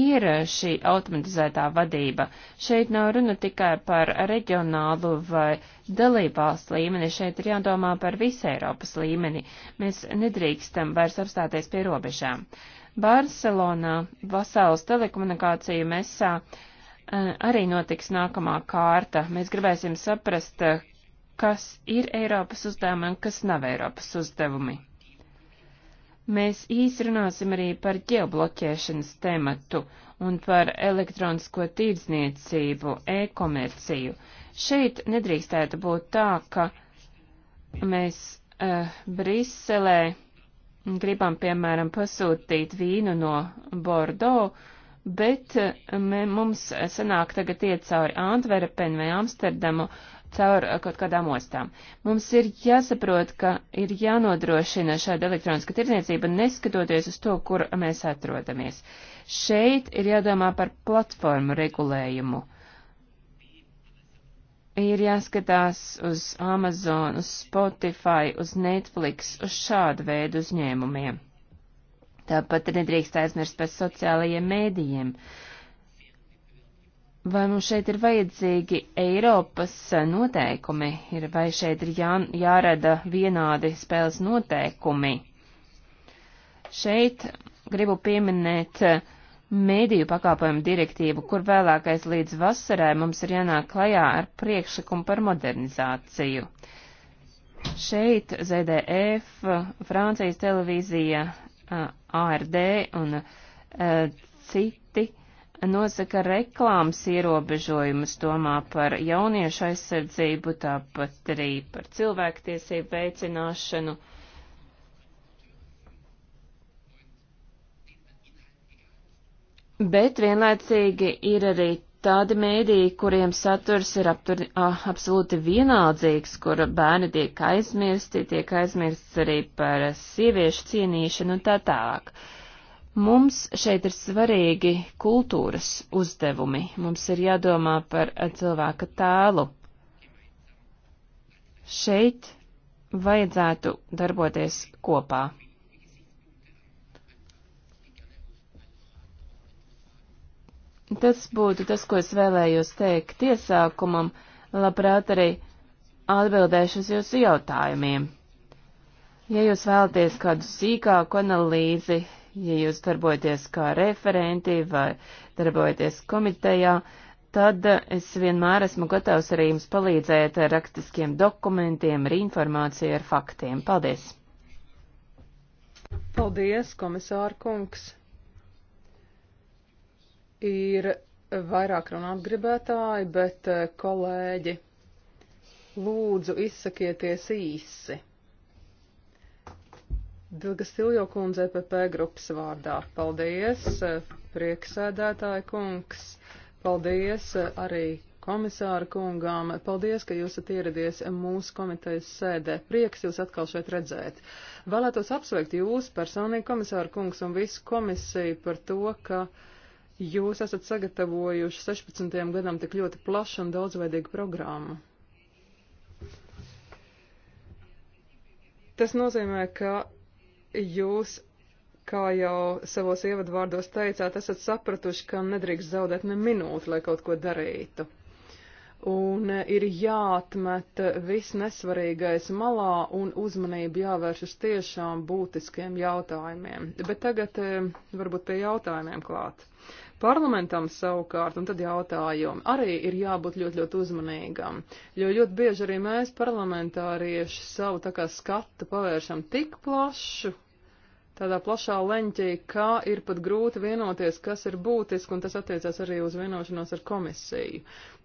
ir šī automatizētā vadība. Šeit nav runa tikai par reģionālu vai dalībvalstu līmeni, šeit ir jādomā par visu Eiropas līmeni. Mēs nedrīkstam vairs apstāties pie robežām. Barcelonā Vasāles telekomunikāciju mesā Eh, arī notiks nākamā kārta. Mēs gribēsim saprast, eh, kas ir Eiropas uzdevumi un kas nav Eiropas uzdevumi. Mēs īsi runāsim arī par ģeobloķēšanas tematu un par elektronisko tīrdzniecību, e-komerciju. Šeit nedrīkstētu būt tā, ka mēs uh, Briselē gribam, piemēram, pasūtīt vīnu no Bordeaux bet eh, mē, mums sanāk tagad iet cauri Antverpenu vai Amsterdamu, caur eh, kaut kādām ostām. Mums ir jāsaprot, ka ir jānodrošina šāda elektroniska tirdzniecība, neskatoties uz to, kur mēs atrodamies. Šeit ir jādomā par platformu regulējumu. Ir jāskatās uz Amazon, uz Spotify, uz Netflix, uz šādu veidu uzņēmumiem. Tāpat nedrīkst aizmirst par sociālajiem mēdījiem. Vai mums šeit ir vajadzīgi Eiropas noteikumi, ir, vai šeit ir jā, jārada vienādi spēles noteikumi? Šeit gribu pieminēt eh, mēdīju pakāpojumu direktīvu, kur vēlākais līdz vasarai mums ir jānāk klajā ar priekšlikumu par modernizāciju. Šeit ZDF, Francijas televīzija, ARD un e, citi nosaka reklāmas ierobežojumus, domā par jauniešu aizsardzību, tāpat arī par cilvēktiesību veicināšanu. Bet vienlaicīgi ir arī tādi mēdīji, kuriem saturs ir aptur, ah, absolūti vienaldzīgs, kur bērni tiek aizmirsti, tiek aizmirsts arī par sieviešu cienīšanu un tā tālāk. Mums šeit ir svarīgi kultūras uzdevumi, mums ir jādomā par cilvēka tēlu. Šeit vajadzētu darboties kopā. Tas būtu tas, ko es vēlējos teikt iesākumam, labprāt arī atbildēšu uz jūsu jautājumiem. Ja jūs vēlaties kādu sīkāku analīzi, ja jūs darbojaties kā referenti vai darbojaties komitejā, tad es vienmēr esmu gatavs arī jums palīdzēt ar rakstiskiem dokumentiem, ar informāciju, ar faktiem. Paldies! Paldies, komisāra kungs! Ir vairāk runāt gribētāji, bet eh, kolēģi, lūdzu izsakieties īsi. Dilgastiljo kundze PP e grupas vārdā. Paldies, eh, prieksēdētāja kungs. Paldies eh, arī komisāra kungām. Paldies, ka jūs esat ieradies mūsu komitejas sēdē. Prieks jūs atkal šeit redzēt. Vēlētos apsveikt jūs personīgi, komisāra kungs, un visu komisiju par to, ka uh, Jūs esat sagatavojuši 16. gadam tik ļoti plašu un daudzveidīgu programmu. Tas nozīmē, ka jūs, kā jau savos ievadvārdos teicāt, esat sapratuši, ka nedrīkst zaudēt ne minūti, lai kaut ko darītu un eh, ir jāatmet viss nesvarīgais malā un uzmanība jāvērš uz tiešām būtiskiem jautājumiem. Bet tagad eh, varbūt pie jautājumiem klāt. Parlamentam savukārt, un tad jautājumi, arī ir jābūt ļoti, ļoti uzmanīgam, jo ļoti bieži arī mēs parlamentārieši savu tā kā skatu pavēršam tik plašu, tādā plašā leņķī, kā ir pat grūti vienoties, kas ir būtiski, un tas attiecās arī uz vienošanos ar komisiju.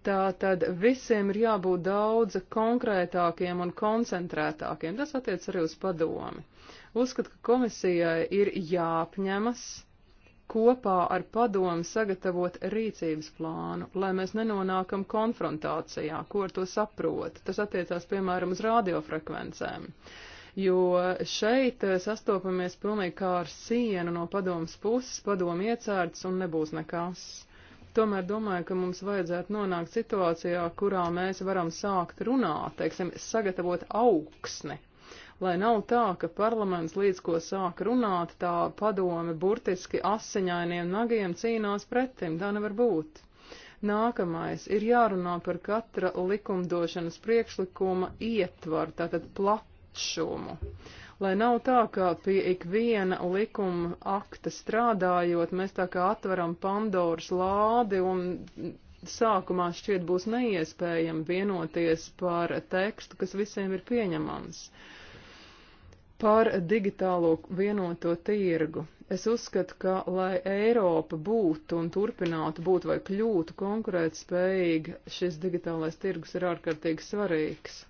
Tā tad visiem ir jābūt daudz konkrētākiem un koncentrētākiem. Tas attiec arī uz padomi. Uzskat, ka komisijai ir jāapņemas kopā ar padomu sagatavot rīcības plānu, lai mēs nenonākam konfrontācijā, ko ar to saprot. Tas attiecās, piemēram, uz radiofrekvencēm. Uh, jo šeit eh, sastopamies pilnīgi kā ar sienu no padomas puses, padomu iecērts un nebūs nekas. Tomēr domāju, ka mums vajadzētu nonākt situācijā, kurā mēs varam sākt runāt, teiksim, sagatavot augsni, lai nav tā, ka parlaments līdz ko sāk runāt, tā padome burtiski asiņainiem nagiem cīnās pretim, tā nevar būt. Nākamais ir jārunā par katra likumdošanas priekšlikuma ietvaru, tātad plat tukšumu. Lai nav tā, ka pie ikviena likuma akta strādājot, mēs tā kā atveram Pandoras lādi un sākumā šķiet būs neiespējami vienoties par tekstu, kas visiem ir pieņemams. Par digitālo vienoto tirgu. Es uzskatu, ka, lai Eiropa būtu un turpinātu būt vai kļūtu konkurētspējīga, šis digitālais tirgus ir ārkārtīgi svarīgs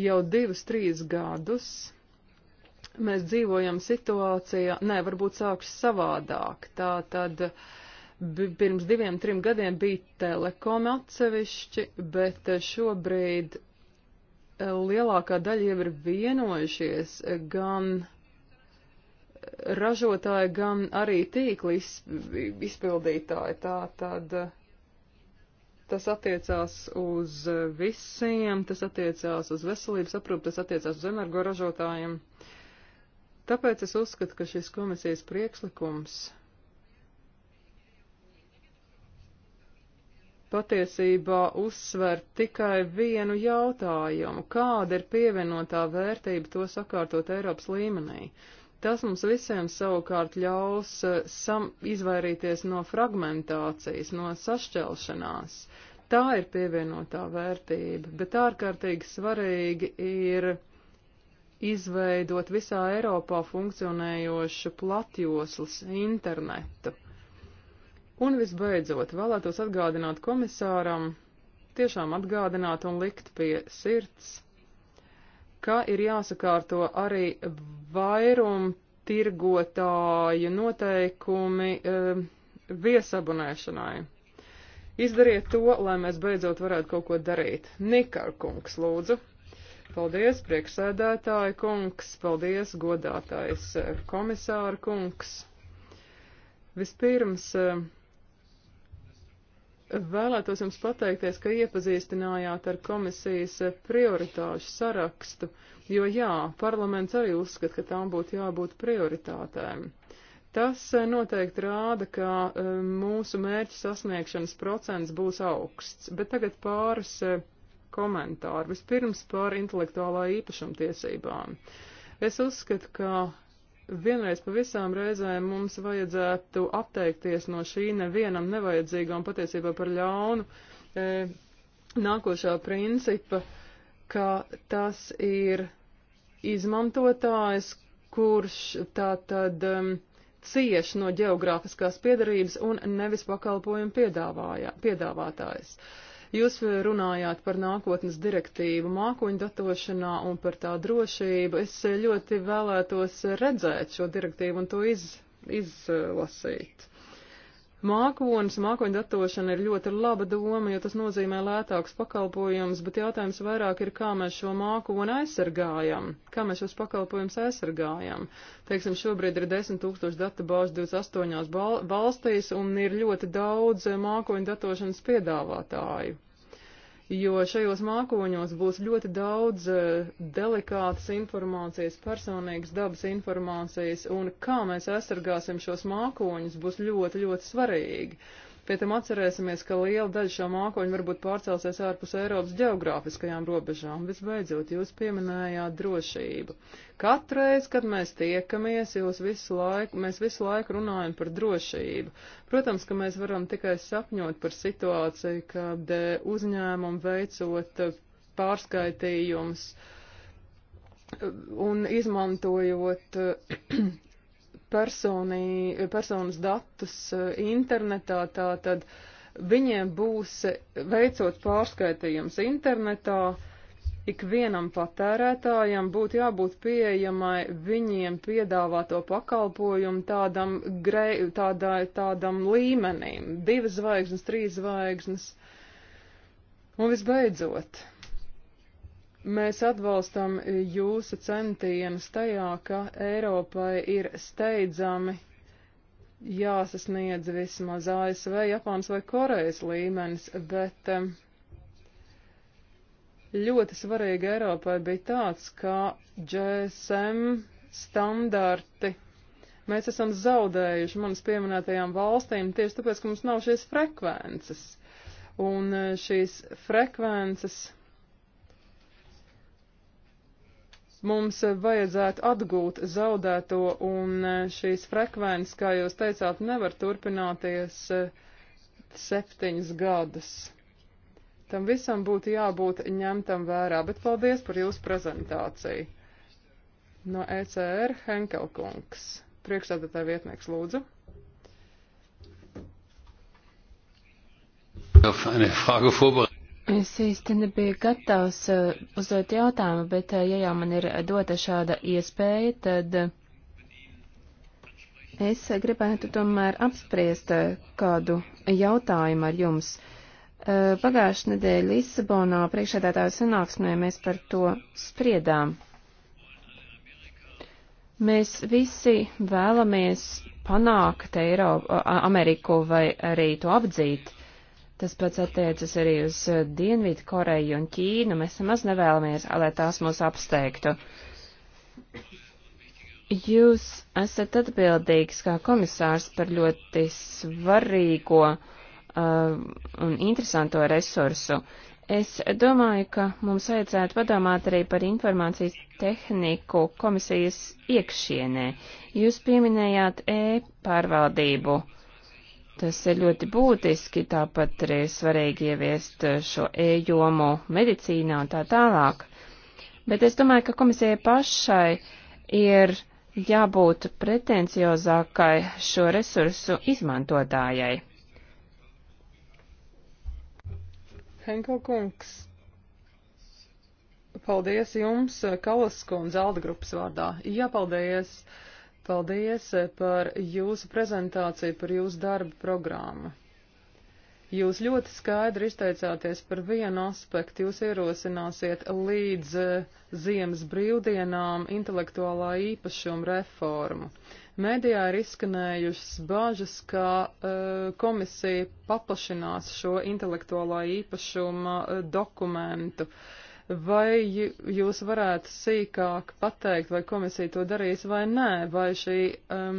jau divus, trīs gadus mēs dzīvojam situācijā, nē, varbūt sākšu savādāk. Tā tad pirms diviem, trim gadiem bija telekom atsevišķi, bet šobrīd eh, lielākā daļa jau ir vienojušies eh, gan ražotāji, gan arī tīkli izpildītāji. Tā tad. Uh, Tas attiecās uz visiem, tas attiecās uz veselības aprūpu, tas attiecās uz energoražotājiem. Tāpēc es uzskatu, ka šis komisijas priekšlikums patiesībā uzsver tikai vienu jautājumu - kāda ir pievienotā vērtība to sakārtot Eiropas līmenī? Uh, Tas mums visiem savukārt ļaus eh, sam, izvairīties no fragmentācijas, no sašķelšanās. Tā ir pievienotā vērtība, bet ārkārtīgi svarīgi ir izveidot visā Eiropā funkcionējošu platjoslas internetu. Un visbeidzot, vēlētos atgādināt komisāram, tiešām atgādināt un likt pie sirds ka ir jāsakārto arī vairum tirgotāju noteikumi e, viesabunēšanai. Izdariet to, lai mēs beidzot varētu kaut ko darīt. Nikarkungs, lūdzu. Paldies, priekšsēdētāja kungs, paldies, godātais eh, komisāra kungs. Vispirms, eh, Vēlētos jums pateikties, ka iepazīstinājāt ar komisijas prioritāšu sarakstu, jo jā, parlaments arī uzskata, ka tām būtu jābūt prioritātēm. Tas eh, noteikti rāda, ka eh, mūsu mērķu sasniegšanas procents būs augsts, bet tagad pāris eh, komentāri. Vispirms par intelektuālā īpašumtiesībām. Es uzskatu, ka vienreiz pa visām reizēm mums vajadzētu atteikties no šī nevienam nevajadzīgā un patiesībā par ļaunu e, nākošā principa, ka tas ir izmantotājs, kurš tā tad um, cieš no geogrāfiskās piedarības un nevis pakalpojumu piedāvātājs. Uh, Jūs runājāt par nākotnes direktīvu mākoņu datošanā un par tā drošību. Es ļoti vēlētos redzēt šo direktīvu un to iz, izlasīt. Mākonis, mākoņu datošana ir ļoti laba doma, jo tas nozīmē lētāks pakalpojums, bet jautājums vairāk ir, kā mēs šo mākoni aizsargājam, kā mēs šos pakalpojumus aizsargājam. Teiksim, šobrīd ir 10 tūkstoši databāžu 28 valstīs un ir ļoti daudz eh, mākoņu datošanas piedāvātāju jo šajos mākoņos būs ļoti daudz eh, delikātas informācijas, personīgas dabas informācijas, un kā mēs aizsargāsim šos mākoņus, būs ļoti, ļoti svarīgi. Uh, Pie tam atcerēsimies, ka liela daļa šo mākoņu varbūt pārcelsies ārpus Eiropas geogrāfiskajām robežām. Visbeidzot, jūs pieminējāt drošību. Katreiz, kad mēs tiekamies, jūs visu laiku, mēs visu laiku runājam par drošību. Protams, ka mēs varam tikai sapņot par situāciju, kad e, uzņēmumu veicot e, pārskaitījumus e, un izmantojot personī, personas datus e, internetā, tātad viņiem būs, e, veicot pārskaitījums internetā, ikvienam patērētājam būtu jābūt pieejamai viņiem piedāvāto pakalpojumu tādam, grei, tādā, tādam līmenim - divas zvaigznes, trīs zvaigznes. Un visbeidzot, Mēs atbalstam jūsu centienus tajā, ka Eiropai ir steidzami jāsasniedz vismaz ASV, Japāns vai Korejas līmenis, bet ļoti svarīgi Eiropai bija tāds, ka GSM standarti. Mēs esam zaudējuši manas pieminētajām valstīm tieši tāpēc, ka mums nav šīs frekvences. Un eh, šīs frekvences Mums vajadzētu atgūt zaudēto un e, šīs frekvences, kā jūs teicāt, nevar turpināties e, septiņas gadus. Tam visam būtu jābūt ņemtam vērā, bet paldies par jūsu prezentāciju. No ECR Henkelkungs. Priekšstādātāja vietnieks lūdzu. Auf eine Frage vorbereitet. Es īsti nebiju gatavs eh, uzdot jautājumu, bet eh, ja jau man ir dota šāda iespēja, tad eh, es gribētu tomēr apspriest kādu jautājumu ar jums. Pagājušajā nedēļā Lisabonā priekšēdētāju sanāksmē mēs par to spriedām. Mēs visi vēlamies panākt Eiropu, Ameriku vai arī to apdzīt. Tas pats attiecas arī uz uh, Dienvidu Koreju un Ķīnu. Mēs maz nevēlamies, lai tās mūs apsteigtu. Jūs esat atbildīgs kā komisārs par ļoti svarīgo uh, un interesanto resursu. Es domāju, ka mums vajadzētu padomāt arī par informācijas tehniku komisijas iekšienē. Jūs pieminējāt e-pārvaldību. Uh, Tas ir ļoti būtiski, tāpat arī svarīgi ieviest šo e-jomu medicīnā un tā tālāk. Bet es domāju, ka komisijai pašai ir jābūt pretenciozākai šo resursu izmantotājai. Henko kungs, paldies jums, Kalas kundze, Alda grupas vārdā. Jā, paldies. Uh, Paldies eh, par jūsu prezentāciju, par jūsu darbu programmu. Jūs ļoti skaidri izteicāties par vienu aspektu. Jūs ierosināsiet līdz eh, ziemas brīvdienām intelektuālā īpašuma reformu. Mēdījā ir izskanējušas bažas, ka uh, komisija paplašinās šo intelektuālā īpašuma uh, dokumentu. Uh, Vai jūs varētu sīkāk pateikt, vai komisija to darīs vai nē, vai šī um,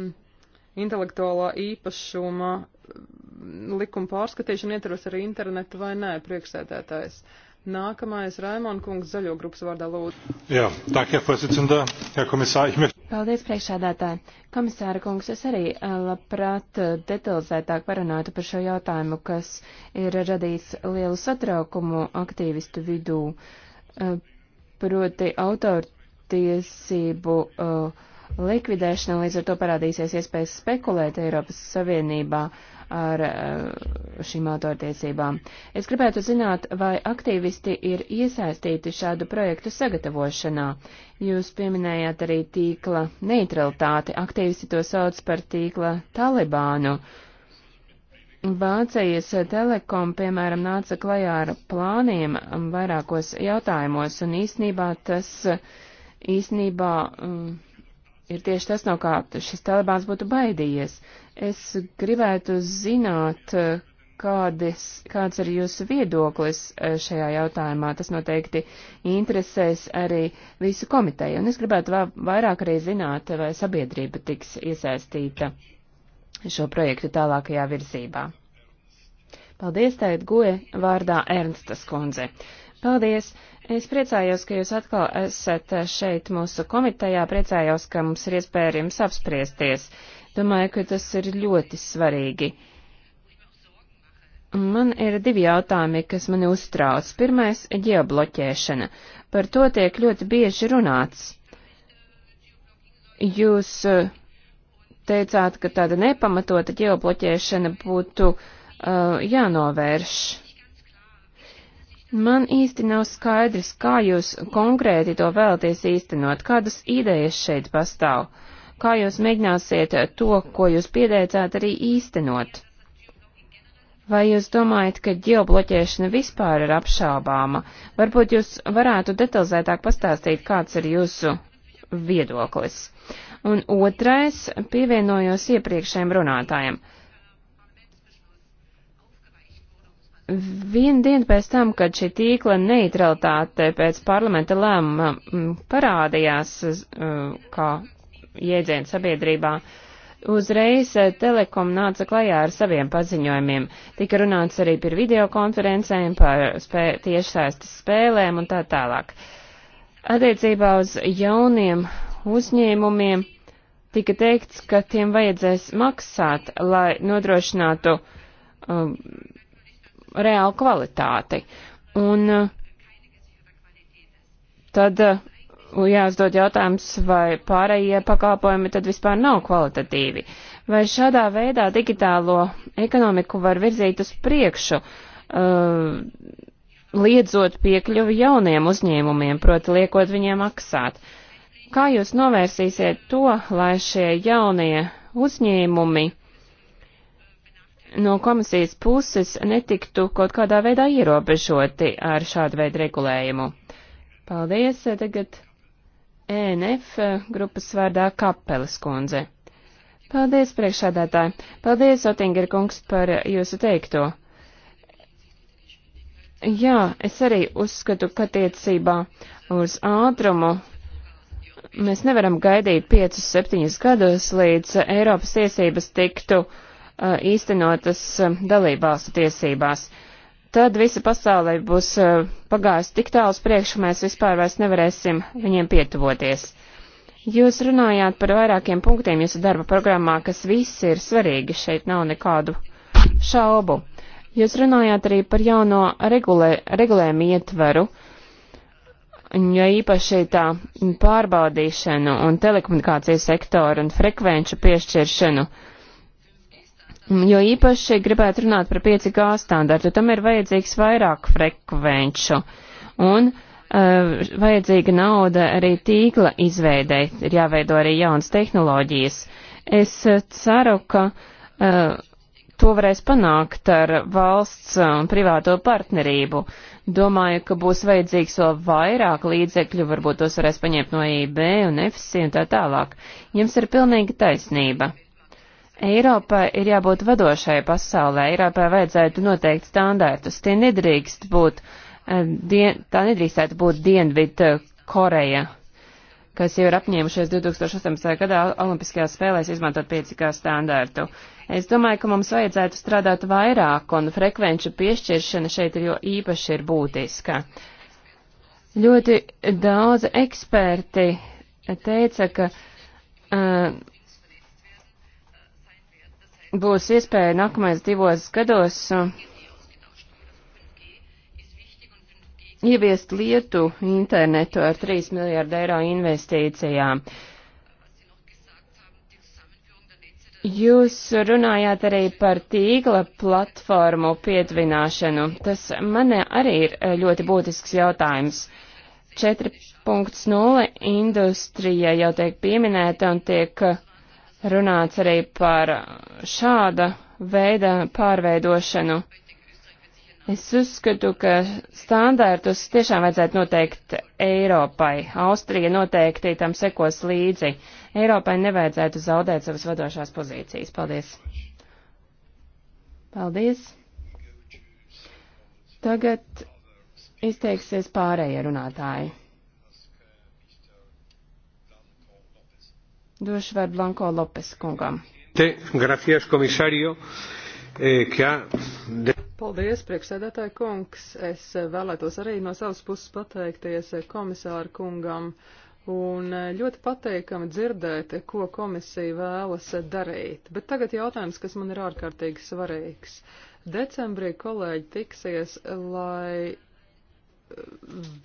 intelektuālā īpašuma um, likuma pārskatīšana ietveros arī internetu vai nē, priekšsēdētājs? Nākamais Raimon kungs zaļo grupas vārdā lūdzu. Jā, tā kā pozicionā, jā komisār, ich möchte. Paldies, priekšsādātāji. Komisāra kungs, es arī labprāt detalizētāk parunātu par šo jautājumu, kas ir radījis lielu satraukumu aktīvistu vidū. Uh, Eh, proti autortiesību eh, likvidēšana, līdz ar to parādīsies iespējas spekulēt Eiropas Savienībā ar eh, šīm autortiesībām. Es gribētu zināt, vai aktīvisti ir iesaistīti šādu projektu sagatavošanā. Jūs pieminējāt arī tīkla neutralitāti. Aktīvisti to sauc par tīkla Talibānu. Uh, Vācijas Telekom, piemēram, nāca klajā ar plāniem vairākos jautājumos, un īsnībā tas īsnībā um, ir tieši tas, no kā šis Talibāns būtu baidījies. Es gribētu zināt, kādas, kāds ir jūsu viedoklis e, šajā jautājumā. Tas noteikti interesēs arī visu komiteju, un es gribētu vairāk arī zināt, vai sabiedrība tiks iesaistīta šo projektu tālākajā virzībā. Paldies, tēt goja vārdā Ernstas kundze. Paldies! Es priecājos, ka jūs atkal esat šeit mūsu komitejā, priecājos, ka mums ir iespēja ar jums apspriesties. Domāju, ka tas ir ļoti svarīgi. Man ir divi jautājumi, kas mani uztrauc. Pirmais - ģeobloķēšana. Par to tiek ļoti bieži runāts. Jūs uh, teicāt, ka tāda nepamatota ģeobloķēšana būtu uh, jānovērš. Man īsti nav skaidrs, kā jūs konkrēti to vēlaties īstenot, kādas idejas šeit pastāv, kā jūs mēģināsiet to, ko jūs pieteicāt, arī īstenot. Vai jūs domājat, ka ģeobloķēšana vispār ir apšaubāma? Varbūt jūs varētu detalizētāk pastāstīt, kāds ir jūsu viedoklis. Un otrais, pievienojos iepriekšējiem runātājiem. Vienu dienu pēc tam, kad šī tīkla neutralitāte pēc parlamenta lēmuma mm, parādījās e, kā jēdziens sabiedrībā, uzreiz e, Telekom nāca klajā ar saviem paziņojumiem. Tika runāts arī par videokonferencēm, par spē tiešsaistes spēlēm un tā tālāk. Attiecībā uz jauniem uzņēmumiem tika teikts, ka tiem vajadzēs maksāt, lai nodrošinātu um, reālu kvalitāti. Un uh, tad uh, jāuzdod jautājums, vai pārējie pakalpojumi tad vispār nav kvalitatīvi. Vai šādā veidā digitālo ekonomiku var virzīt uz priekšu, uh, liedzot piekļuvi jauniem uzņēmumiem, proti liekot viņiem maksāt? Uh, Kā jūs novērsīsiet to, lai šie jaunie uzņēmumi no komisijas puses netiktu kaut kādā veidā ierobežoti ar šādu veidu regulējumu? Paldies, tagad ENF grupas vārdā Kapeles kundze. Paldies, priekšādātāji. Paldies, Otinger kungs, par jūsu teikto. Jā, es arī uzskatu, ka tiecībā uz ātrumu mēs nevaram gaidīt 5-7 gadus, līdz Eiropas tiesības tiktu uh, īstenotas uh, dalībvalstu tiesībās. Tad visa pasaulē būs uh, pagājusi tik tālu priekšu, mēs vispār vairs nevarēsim viņiem pietuvoties. Jūs runājāt par vairākiem punktiem jūsu darba programmā, kas visi ir svarīgi, šeit nav nekādu šaubu. Jūs runājāt arī par jauno regulē, regulējumu ietveru. Uh, jo īpaši tā pārbaudīšanu un telekomunikāciju sektoru un frekvenču piešķiršanu. Jo īpaši gribētu runāt par 5G standartu, tam ir vajadzīgs vairāk frekvenču un uh, vajadzīga nauda arī tīkla izveidei, ir jāveido arī jaunas tehnoloģijas. Es eh, ceru, ka uh, to varēs panākt ar valsts un privāto partnerību. Uh, Domāju, ka būs vajadzīgs vēl vairāk līdzekļu, varbūt tos varēs paņemt no EIB un EFSI un tā tālāk. Jums ir pilnīga taisnība. Eiropai ir jābūt vadošai pasaulē, Eiropai vajadzētu noteikt standārtus. Tie nedrīkst būt, eh, dien, tā nedrīkstētu būt Dienvid eh, Koreja, kas jau ir apņēmušies 2018. gadā Olimpiskajās spēlēs izmantot 5K standārtu. Es domāju, ka mums vajadzētu strādāt vairāk, un frekvenču piešķiršana šeit ir jo īpaši ir būtiska. Ļoti daudz eksperti teica, ka uh, būs iespēja nākamais divos gados uh, ieviest lietu internetu ar 3 miljārdu eiro investīcijām. Uh, Jūs runājāt arī par tīkla platformu pietvināšanu. Tas man arī ir e, ļoti būtisks jautājums. 4.0 industrija jau tiek pieminēta un tiek e, runāts arī par šāda veida pārveidošanu. Es uzskatu, ka standārtus tiešām vajadzētu noteikt Eiropai. Austrija noteikti tam sekos līdzi. Eiropai nevajadzētu zaudēt savas vadošās pozīcijas. Paldies! Paldies! Tagad izteiksies pārējie runātāji. Došu vārdu Blanko Lopes kungam. Te, gracias, komisario, eh, que ha... De... Paldies, priekšsēdētāji kungs. Es vēlētos arī no savas puses pateikties komisāru kungam Un eh, ļoti pateikami dzirdēt, eh, ko komisija vēlas eh, darīt. Bet tagad jautājums, kas man ir ārkārtīgi svarīgs. Decembrī kolēģi tiksies, lai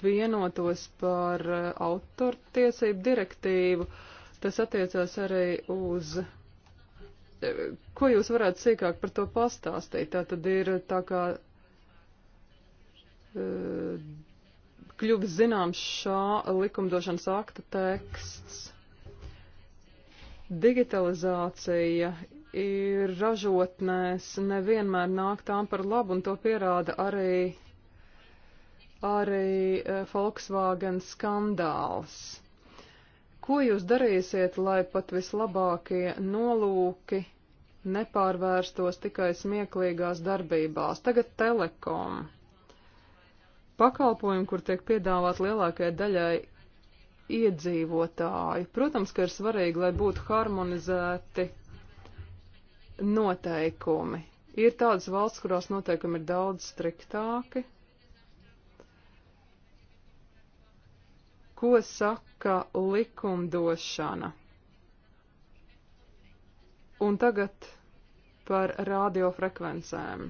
vienotos par autortiesību direktīvu. Tas attiecās arī uz. Ko jūs varētu sīkāk par to pastāstīt? Tā tad ir tā kā. Uh, kļuvis zināms šā likumdošanas akta teksts. Digitalizācija ir ražotnēs nevienmēr nāk tām par labu, un to pierāda arī, arī e, Volkswagen skandāls. Ko jūs darīsiet, lai pat vislabākie nolūki nepārvērstos tikai smieklīgās darbībās? Tagad telekom pakalpojumu, kur tiek piedāvāt lielākajai daļai iedzīvotāji. Protams, ka ir svarīgi, lai būtu harmonizēti noteikumi. Ir tādas valsts, kurās noteikumi ir daudz striktāki. Ko saka likumdošana? Un tagad par radiofrekvencēm.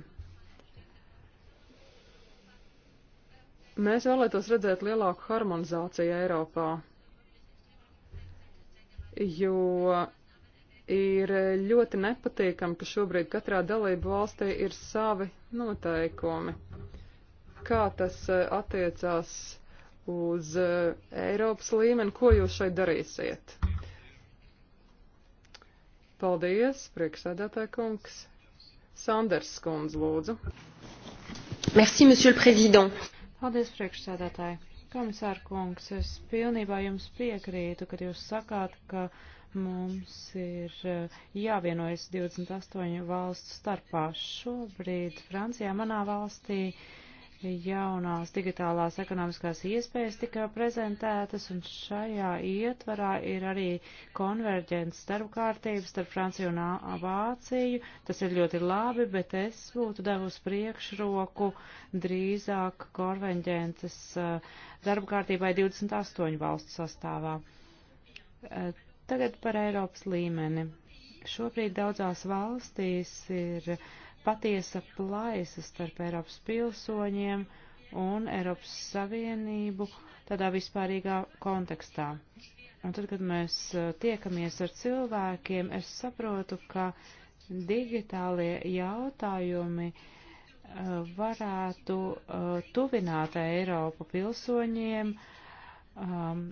Mēs vēlētos redzēt lielāku harmonizāciju Eiropā, jo ir ļoti nepatīkami, ka šobrīd katrā dalību valstī ir savi noteikumi. Kā tas e, attiecās uz e, Eiropas līmeni, ko jūs šeit darīsiet? Paldies, priekšsēdētāj kungs. Sanders skundz, lūdzu. Merci, monsieur le président. Paldies, priekšsēdētāji. Komisāra kungs, es pilnībā jums piekrītu, kad jūs sakāt, ka mums ir eh, jāvienojas 28 valstu starpā. Šobrīd Francijā manā valstī jaunās digitālās ekonomiskās iespējas tika prezentētas, un šajā ietvarā ir arī konverģents starp kārtības starp Franciju un Vāciju. Tas ir ļoti labi, bet es būtu devusi priekšroku drīzāk konverģentas eh, darba kārtībai 28 valstu sastāvā. Eh, tagad par Eiropas līmeni. Šobrīd daudzās valstīs ir uh, patiesa plaisa starp Eiropas pilsoņiem un Eiropas Savienību tādā vispārīgā kontekstā. Un tad, kad mēs eh, tiekamies ar cilvēkiem, es saprotu, ka digitālie jautājumi eh, varētu eh, tuvināt Eiropu pilsoņiem ehm,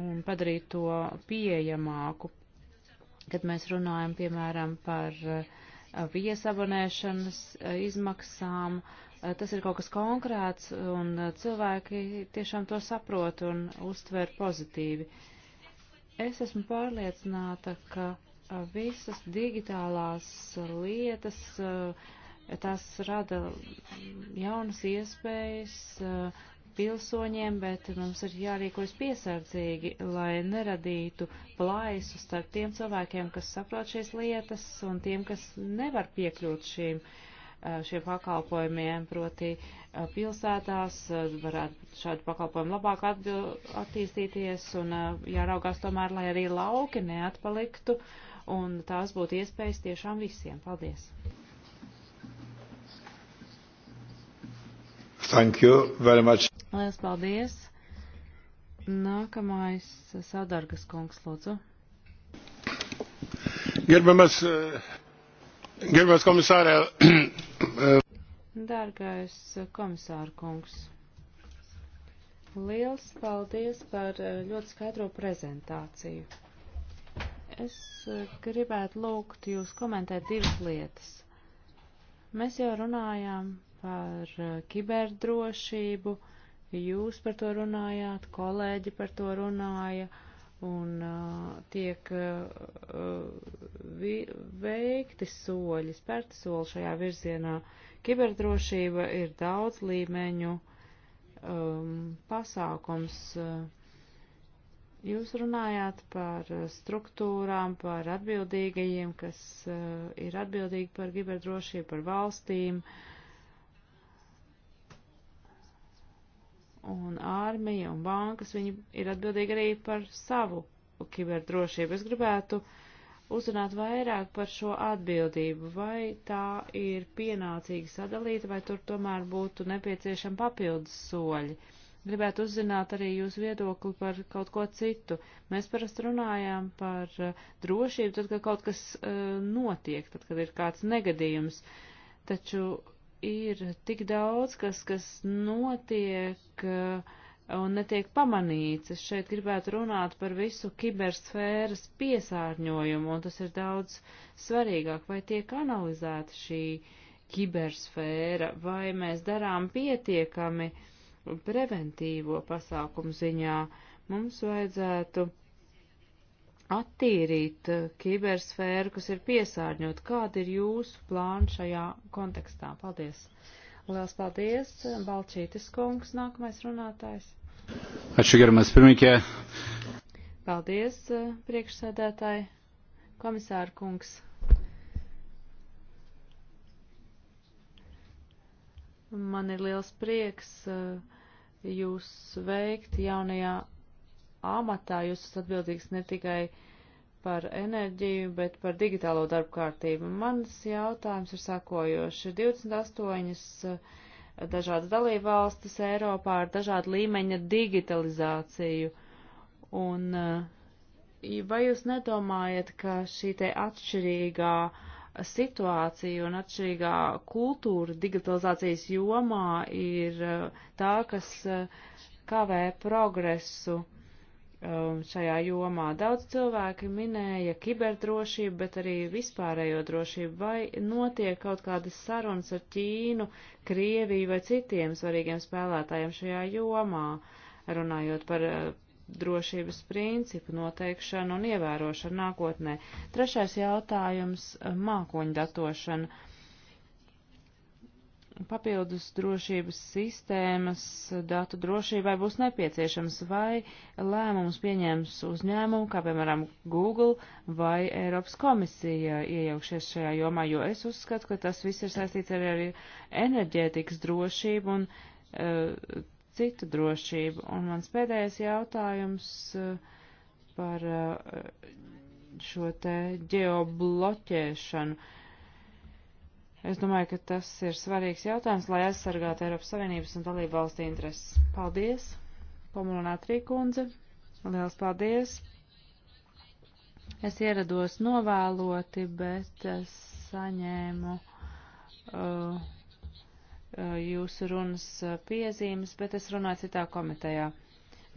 un padarīt to pieejamāku. Kad mēs runājam, piemēram, par uh, viesabonēšanas eh, izmaksām. Eh, tas ir kaut kas konkrēts, un eh, cilvēki tiešām to saprot un uztver pozitīvi. Es esmu pārliecināta, ka visas digitālās lietas, tās rada jaunas iespējas, pilsoņiem, bet mums ir jārīkojas piesardzīgi, lai neradītu plaisu starp tiem cilvēkiem, kas saprot šīs lietas, un tiem, kas nevar piekļūt šīm, šiem pakalpojumiem. Proti pilsētās varētu šādu pakalpojumu labāk attīstīties, un jāraugās tomēr, lai arī lauki neatpaliktu, un tās būtu iespējas tiešām visiem. Paldies! Thank you very much. Lielas paldies! Nākamais eh, Sadargas kungs, lūdzu. Gerbamas, eh, gerbamas komisārē. [CLEARS THROAT] Eh, Dārgais komisāra kungs. Liels paldies par ļoti skaidro prezentāciju. Es gribētu lūgt jūs komentēt divas lietas. Mēs jau runājām par kiberdrošību. Uh, Jūs par to runājāt, kolēģi par to runāja, un uh, tiek uh, vi, veikti soļi, spērti soļi šajā virzienā. Kiberdrošība ir daudz līmeņu um, pasākums. Uh, jūs runājāt par struktūrām, par atbildīgajiem, kas uh, ir atbildīgi par kiberdrošību, par valstīm. Uh, un ārmija un bankas, viņi ir atbildīgi arī par savu kiberdrošību. Es gribētu uzrunāt vairāk par šo atbildību, vai tā ir pienācīgi sadalīta, vai tur tomēr būtu nepieciešama papildus soļi. Gribētu uzzināt arī jūsu viedokli par kaut ko citu. Mēs parasti runājām par eh, drošību, tad, kad kaut kas uh, notiek, tad, kad ir kāds negadījums. Taču ir tik daudz, kas, kas notiek eh, un netiek pamanīts. Es šeit gribētu runāt par visu kibersfēras piesārņojumu, un tas ir daudz svarīgāk, vai tiek analizēta šī kibersfēra, vai mēs darām pietiekami preventīvo pasākumu ziņā. Mums vajadzētu attīrīt eh, kibersfēru, kas ir piesārņot. Kāda ir jūsu plāna šajā kontekstā? Paldies! Lielas paldies! Balčītis kungs, nākamais runātājs. Ačiū, garamas pirmīkie. Paldies, eh, priekšsēdētāji, komisāra kungs. Man ir liels prieks eh, jūs veikt jaunajā amatā jūs esat atbildīgs ne tikai par enerģiju, bet par digitālo darbu kārtību. Mans jautājums ir sakojoši. 28 eh, dažādas dalībvalstis Eiropā ar dažādu līmeņa digitalizāciju. Un eh, vai jūs nedomājat, ka šī te atšķirīgā situācija un atšķirīgā kultūra digitalizācijas jomā ir eh, tā, kas kavē progresu? Um, šajā jomā. Daudz cilvēki minēja kiberdrošību, bet arī vispārējo drošību. Vai notiek kaut kādas sarunas ar Ķīnu, Krieviju vai citiem svarīgiem spēlētājiem šajā jomā, runājot par uh, drošības principu noteikšanu un ievērošanu nākotnē? Trešais jautājums - mākoņdatošana papildus drošības sistēmas datu drošībai būs nepieciešams, vai lēmumus pieņems uzņēmumu, kā piemēram Google vai Eiropas komisija iejaukšies šajā jomā, jo es uzskatu, ka tas viss ir saistīts arī ar enerģētikas drošību un uh, citu drošību. Un mans pēdējais jautājums uh, par uh, šo te ģeobloķēšanu. Uh, Es domāju, ka tas ir svarīgs jautājums, lai aizsargātu Eiropas Savienības un dalību valstu intereses. Paldies, Pomulonātrī kundze. Liels paldies. Es ierados novēloti, bet es saņēmu uh, uh, jūsu runas piezīmes, bet es runāju citā komitejā.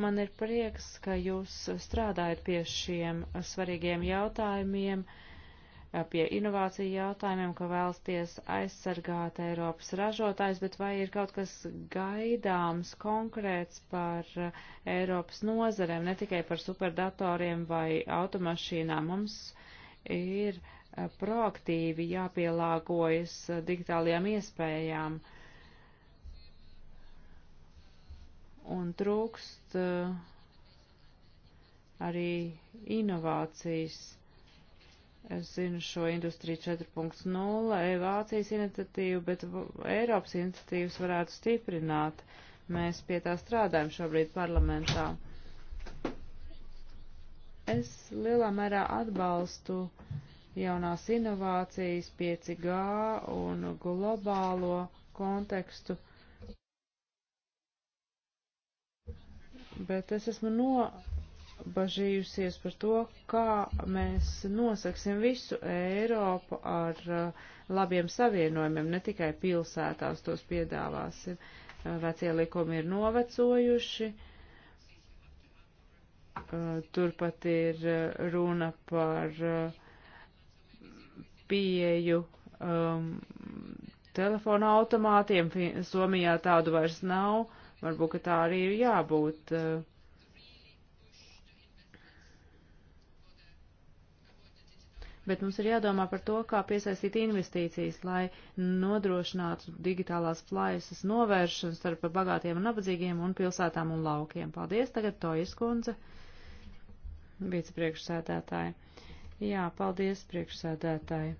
Man ir prieks, ka jūs strādājat pie šiem svarīgiem jautājumiem. Uh, pie inovāciju jautājumiem, ka vēlsties aizsargāt Eiropas ražotājs, bet vai ir kaut kas gaidāms konkrēts par Eiropas nozarēm, ne tikai par superdatoriem vai automašīnām? Mums ir proaktīvi jāpielāgojas digitālajām iespējām. Un trūkst arī inovācijas Es zinu šo industriju 4.0, Vācijas iniciatīvu, bet Eiropas iniciatīvas varētu stiprināt. Mēs pie tā strādājam šobrīd parlamentā. Es lielā mērā atbalstu jaunās inovācijas, 5G un globālo kontekstu. Bet es esmu no bažījusies par to, kā mēs nosaksim visu Eiropu ar uh, labiem savienojumiem, ne tikai pilsētās tos piedāvāsim. Uh, vecie likumi ir novecojuši, uh, turpat ir runa par pieju um, telefona automātiem, Somijā tādu vairs nav, varbūt, ka tā arī ir jābūt. Uh, bet mums ir jādomā par to, kā piesaistīt investīcijas, lai nodrošinātu digitālās plaisas novēršanu starp bagātiem un nabadzīgiem un pilsētām un laukiem. Paldies, tagad Tojas kundze, vicepriekšsēdētāji. Jā, paldies, priekšsēdētāji.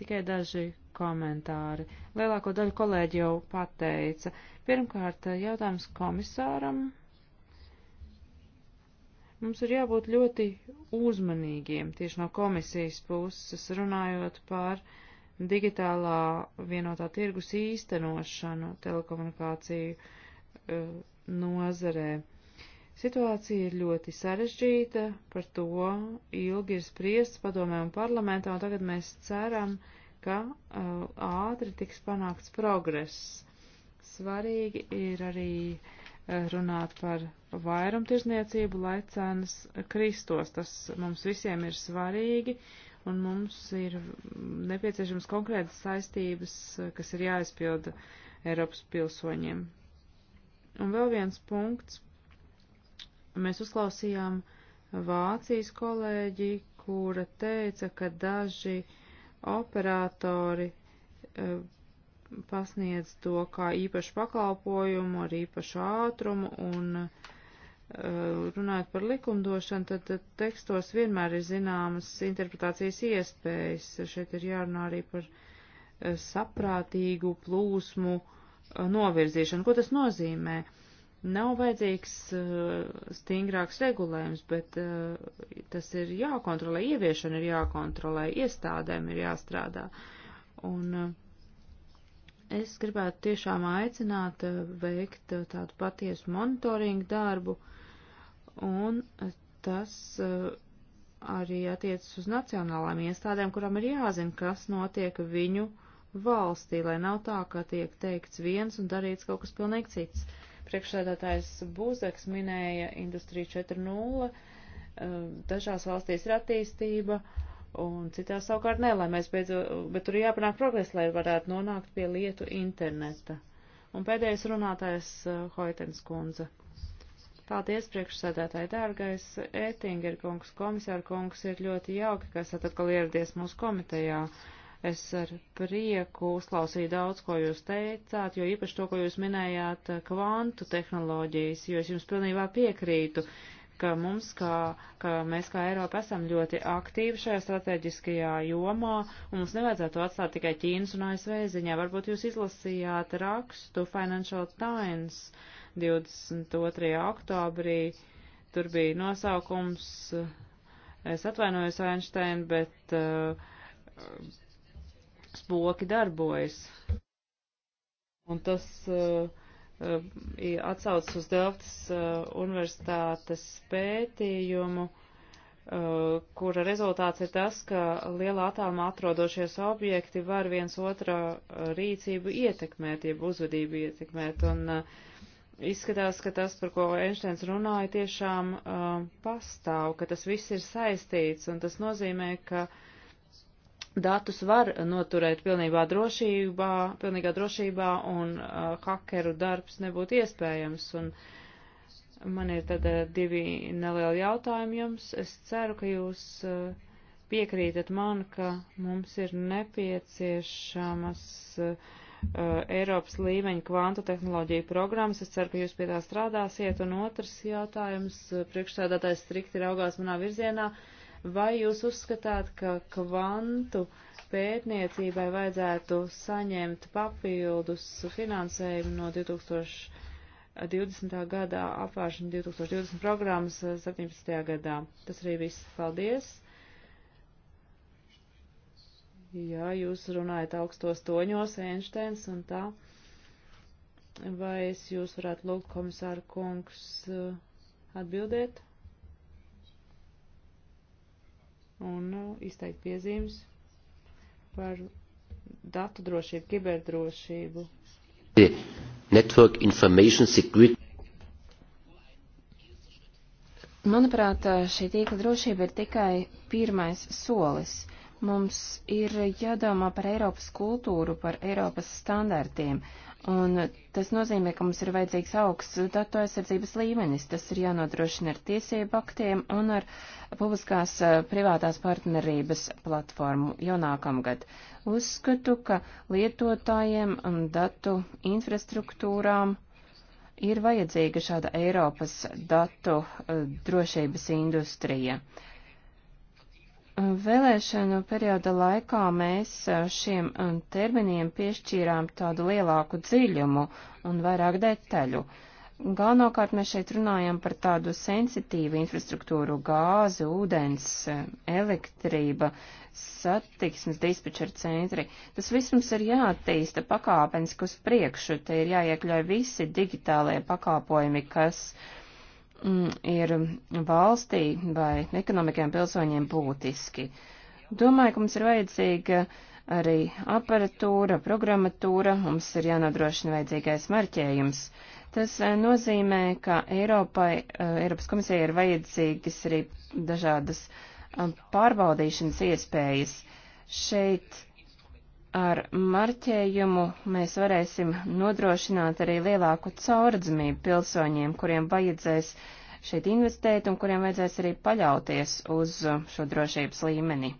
Tikai daži komentāri. Lielāko daļu kolēģi jau pateica. Pirmkārt, jautājums komisāram Mums ir jābūt ļoti uzmanīgiem tieši no komisijas puses runājot par digitālā vienotā tirgus īstenošanu telekomunikāciju uh, nozarē. Situācija ir ļoti sarežģīta, par to ilgi ir spriests padomē un parlamentā, un tagad mēs ceram, ka uh, ātri tiks panākts progress. Svarīgi ir arī uh, runāt par vairumtirzniecību, lai cenas kristos. Tas mums visiem ir svarīgi, un mums ir nepieciešams konkrētas saistības, kas ir jāizpilda Eiropas pilsoņiem. Un vēl viens punkts. Mēs uzklausījām Vācijas kolēģi, kura teica, ka daži operatori uh, pasniedz to kā īpašu pakalpojumu ar īpašu ātrumu un eh, runājot par likumdošanu, tad tekstos vienmēr ir zināmas interpretācijas iespējas. Šeit ir jārunā arī par eh, saprātīgu plūsmu eh, novirzīšanu. Ko tas nozīmē? Nav vajadzīgs stingrāks regulējums, bet tas ir jākontrolē, ieviešana ir jākontrolē, iestādēm ir jāstrādā. Un Es gribētu tiešām aicināt eh, veikt eh, tādu patiesu monitoringu darbu, un eh, tas arī attiecas uz nacionālām iestādēm, kurām ir jāzina, kas notiek viņu valstī, lai nav tā, ka tiek teikts viens un darīts kaut kas pilnīgi cits. Priekšsēdētājs Būzeks minēja Industrija 4.0, dažās valstīs ir attīstība, uh, un citā savukārt nē, lai mēs beidzot, bet tur ir jāpanāk progress, lai varētu nonākt pie lietu interneta. Un pēdējais runātājs uh, Hoitens kundze. Paldies, priekšsēdētāji, dārgais Ētinger kungs, komisāra kungs, ir ļoti jauki, ka esat atkal ieradies mūsu komitejā. Es ar prieku uzklausīju daudz, ko jūs teicāt, jo īpaši to, ko jūs minējāt, uh, kvantu tehnoloģijas, jo es jums pilnībā piekrītu. Uh, ka mums, kā, ka mēs kā Eiropa esam ļoti aktīvi šajā strateģiskajā jomā, un mums nevajadzētu atstāt tikai Ķīnas un ASV ziņā. Varbūt jūs izlasījāt rakstu Financial Times 22. oktobrī. Tur bija nosaukums, es atvainojos Einstein, bet uh, spoki darbojas. Un tas uh, Uh, atsaucas uz Delftas uh, universitātes pētījumu, uh, kura rezultāts ir tas, ka lielā attālumā atrodošies objekti var viens otra rīcību ietekmēt, jeb uzvedību ietekmēt. Un izskatās, ka tas, par ko Einsteins runāja, tiešām pastāv, ka tas viss ir saistīts, un tas nozīmē, ka uh, datus var noturēt pilnībā drošībā, pilnīgā drošībā un uh, hakeru darbs nebūtu iespējams. Un man ir tad uh, divi nelieli jautājumi jums. Es ceru, ka jūs uh, piekrītat man, ka mums ir nepieciešamas uh, Eiropas līmeņa kvantu tehnoloģiju programmas. Es ceru, ka jūs pie tā strādāsiet. Un otrs jautājums, uh, priekšstādātājs strikti raugās manā virzienā. Uh, Vai jūs uzskatāt, ka kvantu pētniecībai vajadzētu saņemt papildus finansējumu no 2020. gadā, apvāršana 2020 programmas 17. gadā? Tas arī viss. Paldies! Jā, jūs runājat augstos toņos, Einsteins un tā. Vai es jūs varētu lūgt, komisāra kungs, atbildēt? un nu, izteikt piezīmes par datu drošību, kiberdrošību. Network Information Security. Manuprāt, šī tīkla drošība ir tikai pirmais solis. Mums ir jādomā par Eiropas kultūru, par Eiropas standartiem, Un tas nozīmē, ka mums ir vajadzīgs augsts datu aizsardzības līmenis. Tas ir jānodrošina ar tiesību aktiem un ar publiskās eh, privātās partnerības platformu jau nākamgad. Uzskatu, ka lietotājiem un datu infrastruktūrām ir vajadzīga šāda Eiropas datu eh, drošības industrija. Uh, Vēlēšanu perioda laikā mēs šiem terminiem piešķīrām tādu lielāku dziļumu un vairāk detaļu. Galvenokārt mēs šeit runājam par tādu sensitīvu infrastruktūru - gāzi, ūdens, elektrība, satiksmes dispečera centri. Tas viss mums ir jāattīsta pakāpeniski uz priekšu, te ir jāiekļauj visi digitālie pakāpojumi, kas uh, Mm, ir valstī vai ekonomikiem pilsoņiem būtiski. Domāju, ka mums ir vajadzīga arī aparatūra, programmatūra, mums ir jānodrošina vajadzīgais marķējums. Tas eh, nozīmē, ka Eiropai, eh, Eiropas komisijai ir vajadzīgas arī dažādas eh, pārbaudīšanas iespējas. Šeit Ar marķējumu mēs varēsim nodrošināt arī lielāku caurdzamību pilsoņiem, kuriem vajadzēs šeit investēt un kuriem vajadzēs arī paļauties uz šo drošības līmeni.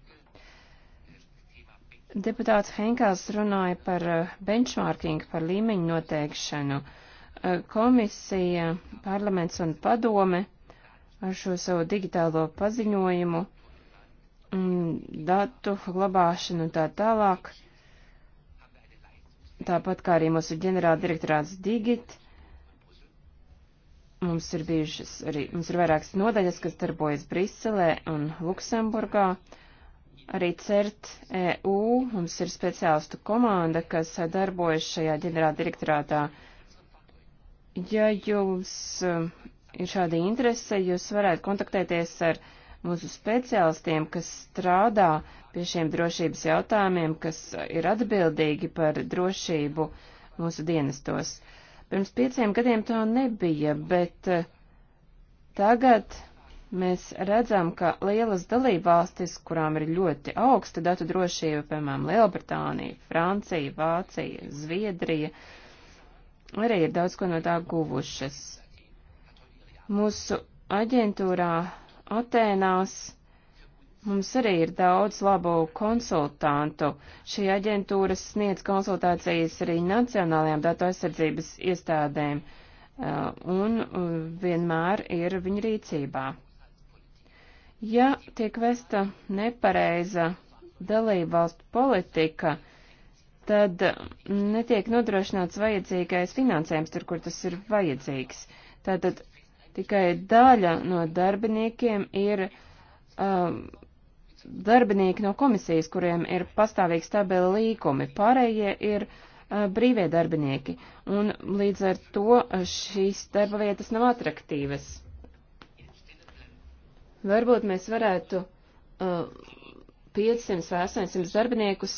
Deputāts Henkels runāja par eh, benchmarking, par līmeņu noteikšanu. Eh, komisija, parlaments un padome ar šo savu digitālo paziņojumu, mm, datu glabāšanu un tā tālāk tāpat kā arī mūsu ģenerāla direktorāts Digit. Mums ir bijušas arī, mums ir vairākas nodaļas, kas darbojas Briselē un Luksemburgā. Arī CERT EU mums ir speciālistu komanda, kas darbojas šajā ģenerāla direktorātā. Ja jums eh, ir šāda interese, jūs varētu kontaktēties ar mūsu speciālistiem, kas strādā uh, pie šiem drošības jautājumiem, kas ir atbildīgi par drošību mūsu dienestos. Pirms pieciem gadiem to nebija, bet eh, tagad mēs redzam, ka lielas dalībvalstis, kurām ir ļoti augsta datu drošība, piemēram, Lielbritānija, Francija, Vācija, Zviedrija, arī ir daudz ko no tā guvušas. Mūsu aģentūrā Atēnās Mums arī ir daudz labu konsultantu. Šī aģentūra sniedz konsultācijas arī nacionālajām datu aizsardzības iestādēm uh, un uh, vienmēr ir viņa rīcībā. Ja tiek vesta nepareiza dalību valstu politika, tad netiek nodrošināts vajadzīgais finansējums tur, kur tas ir vajadzīgs. Tātad tikai daļa no darbiniekiem ir um, darbinieki no komisijas, kuriem ir pastāvīgi stabili līkumi, pārējie ir uh, brīvie darbinieki, un līdz ar to šīs darba vietas nav atraktīvas. Varbūt mēs varētu uh, 500 vai 800 darbiniekus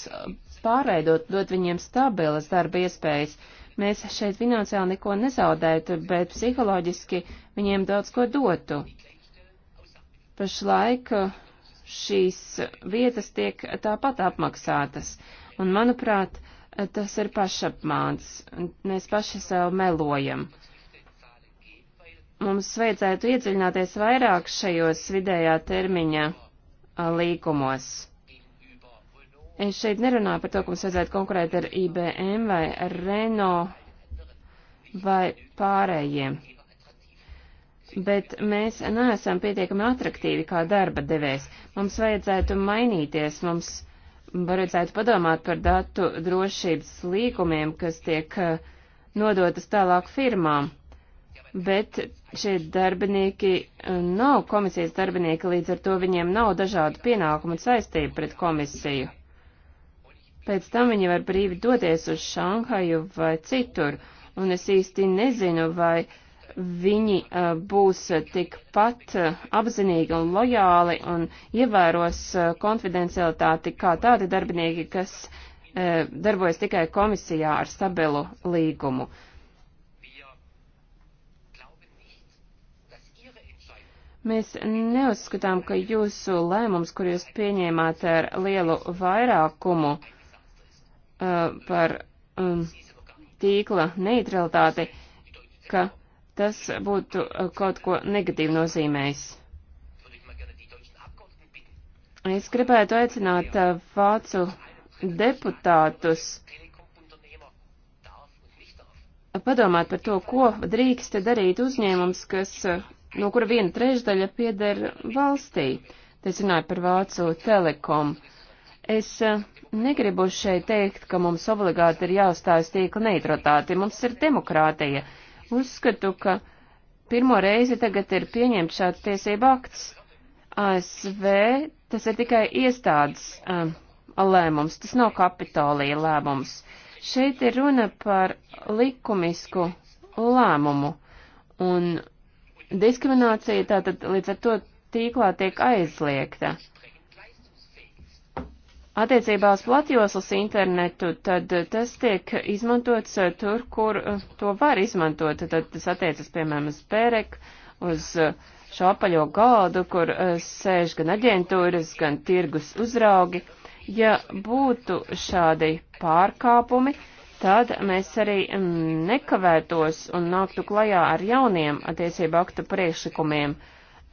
pārveidot, dot viņiem stabilas darba iespējas. Mēs šeit finansiāli neko nezaudētu, bet psiholoģiski viņiem daudz ko dotu. Pašlaik uh, šīs vietas tiek tāpat apmaksātas. Un, manuprāt, tas ir pašapmāns. Mēs paši sev melojam. Mums vajadzētu iedziļināties vairāk šajos vidējā termiņa līkumos. Es šeit nerunāju par to, ka mums vajadzētu konkurēt ar IBM vai ar Renault vai pārējiem bet mēs neesam pietiekami atraktīvi kā darba devējs. Mums vajadzētu mainīties, mums vajadzētu padomāt par datu drošības līgumiem, kas tiek eh, nodotas tālāk firmām. Bet šie darbinieki eh, nav komisijas darbinieki, līdz ar to viņiem nav dažādu pienākumu un saistību pret komisiju. Pēc tam viņi var brīvi doties uz Šanhaju vai citur, un es īsti nezinu, vai uh, viņi eh, būs tikpat eh, apzinīgi un lojāli un ievēros eh, konfidencialitāti kā tādi darbinieki, kas darbojas tikai komisijā ar stabilu līgumu. Mēs neuzskatām, ka jūsu lēmums, kur jūs pieņēmāt ar lielu vairākumu uh, par um, tīkla neutralitāti, ka tas būtu uh, kaut ko negatīvi nozīmējis. Es gribētu aicināt uh, vācu deputātus padomāt par to, ko drīkst darīt uzņēmums, kas, uh, no kura viena trešdaļa pieder valstī. Te es runāju par Vācu telekomu. Es negribu šeit teikt, ka mums obligāti ir jāuzstājas tīkla neutralitāte. Mums ir demokrātija. Uzskatu, ka pirmo reizi tagad ir pieņemts šāds tiesība akts. ASV tas ir tikai iestādes um, lēmums, tas nav kapitolija lēmums. Šeit ir runa par likumisku lēmumu, un diskriminācija tātad līdz ar to tīklā tiek aizliegta. Attiecībā uz platjoslas internetu, tad eh, tas tiek izmantots eh, tur, kur eh, to var izmantot. Tad tas attiecas, piemēram, uz Pērek, uz šo apaļo galdu, kur sēž gan aģentūras, gan tirgus uzraugi. Ja būtu šādi pārkāpumi, tad mēs arī mm, nekavētos un nāktu klajā ar jauniem attiecību aktu priekšlikumiem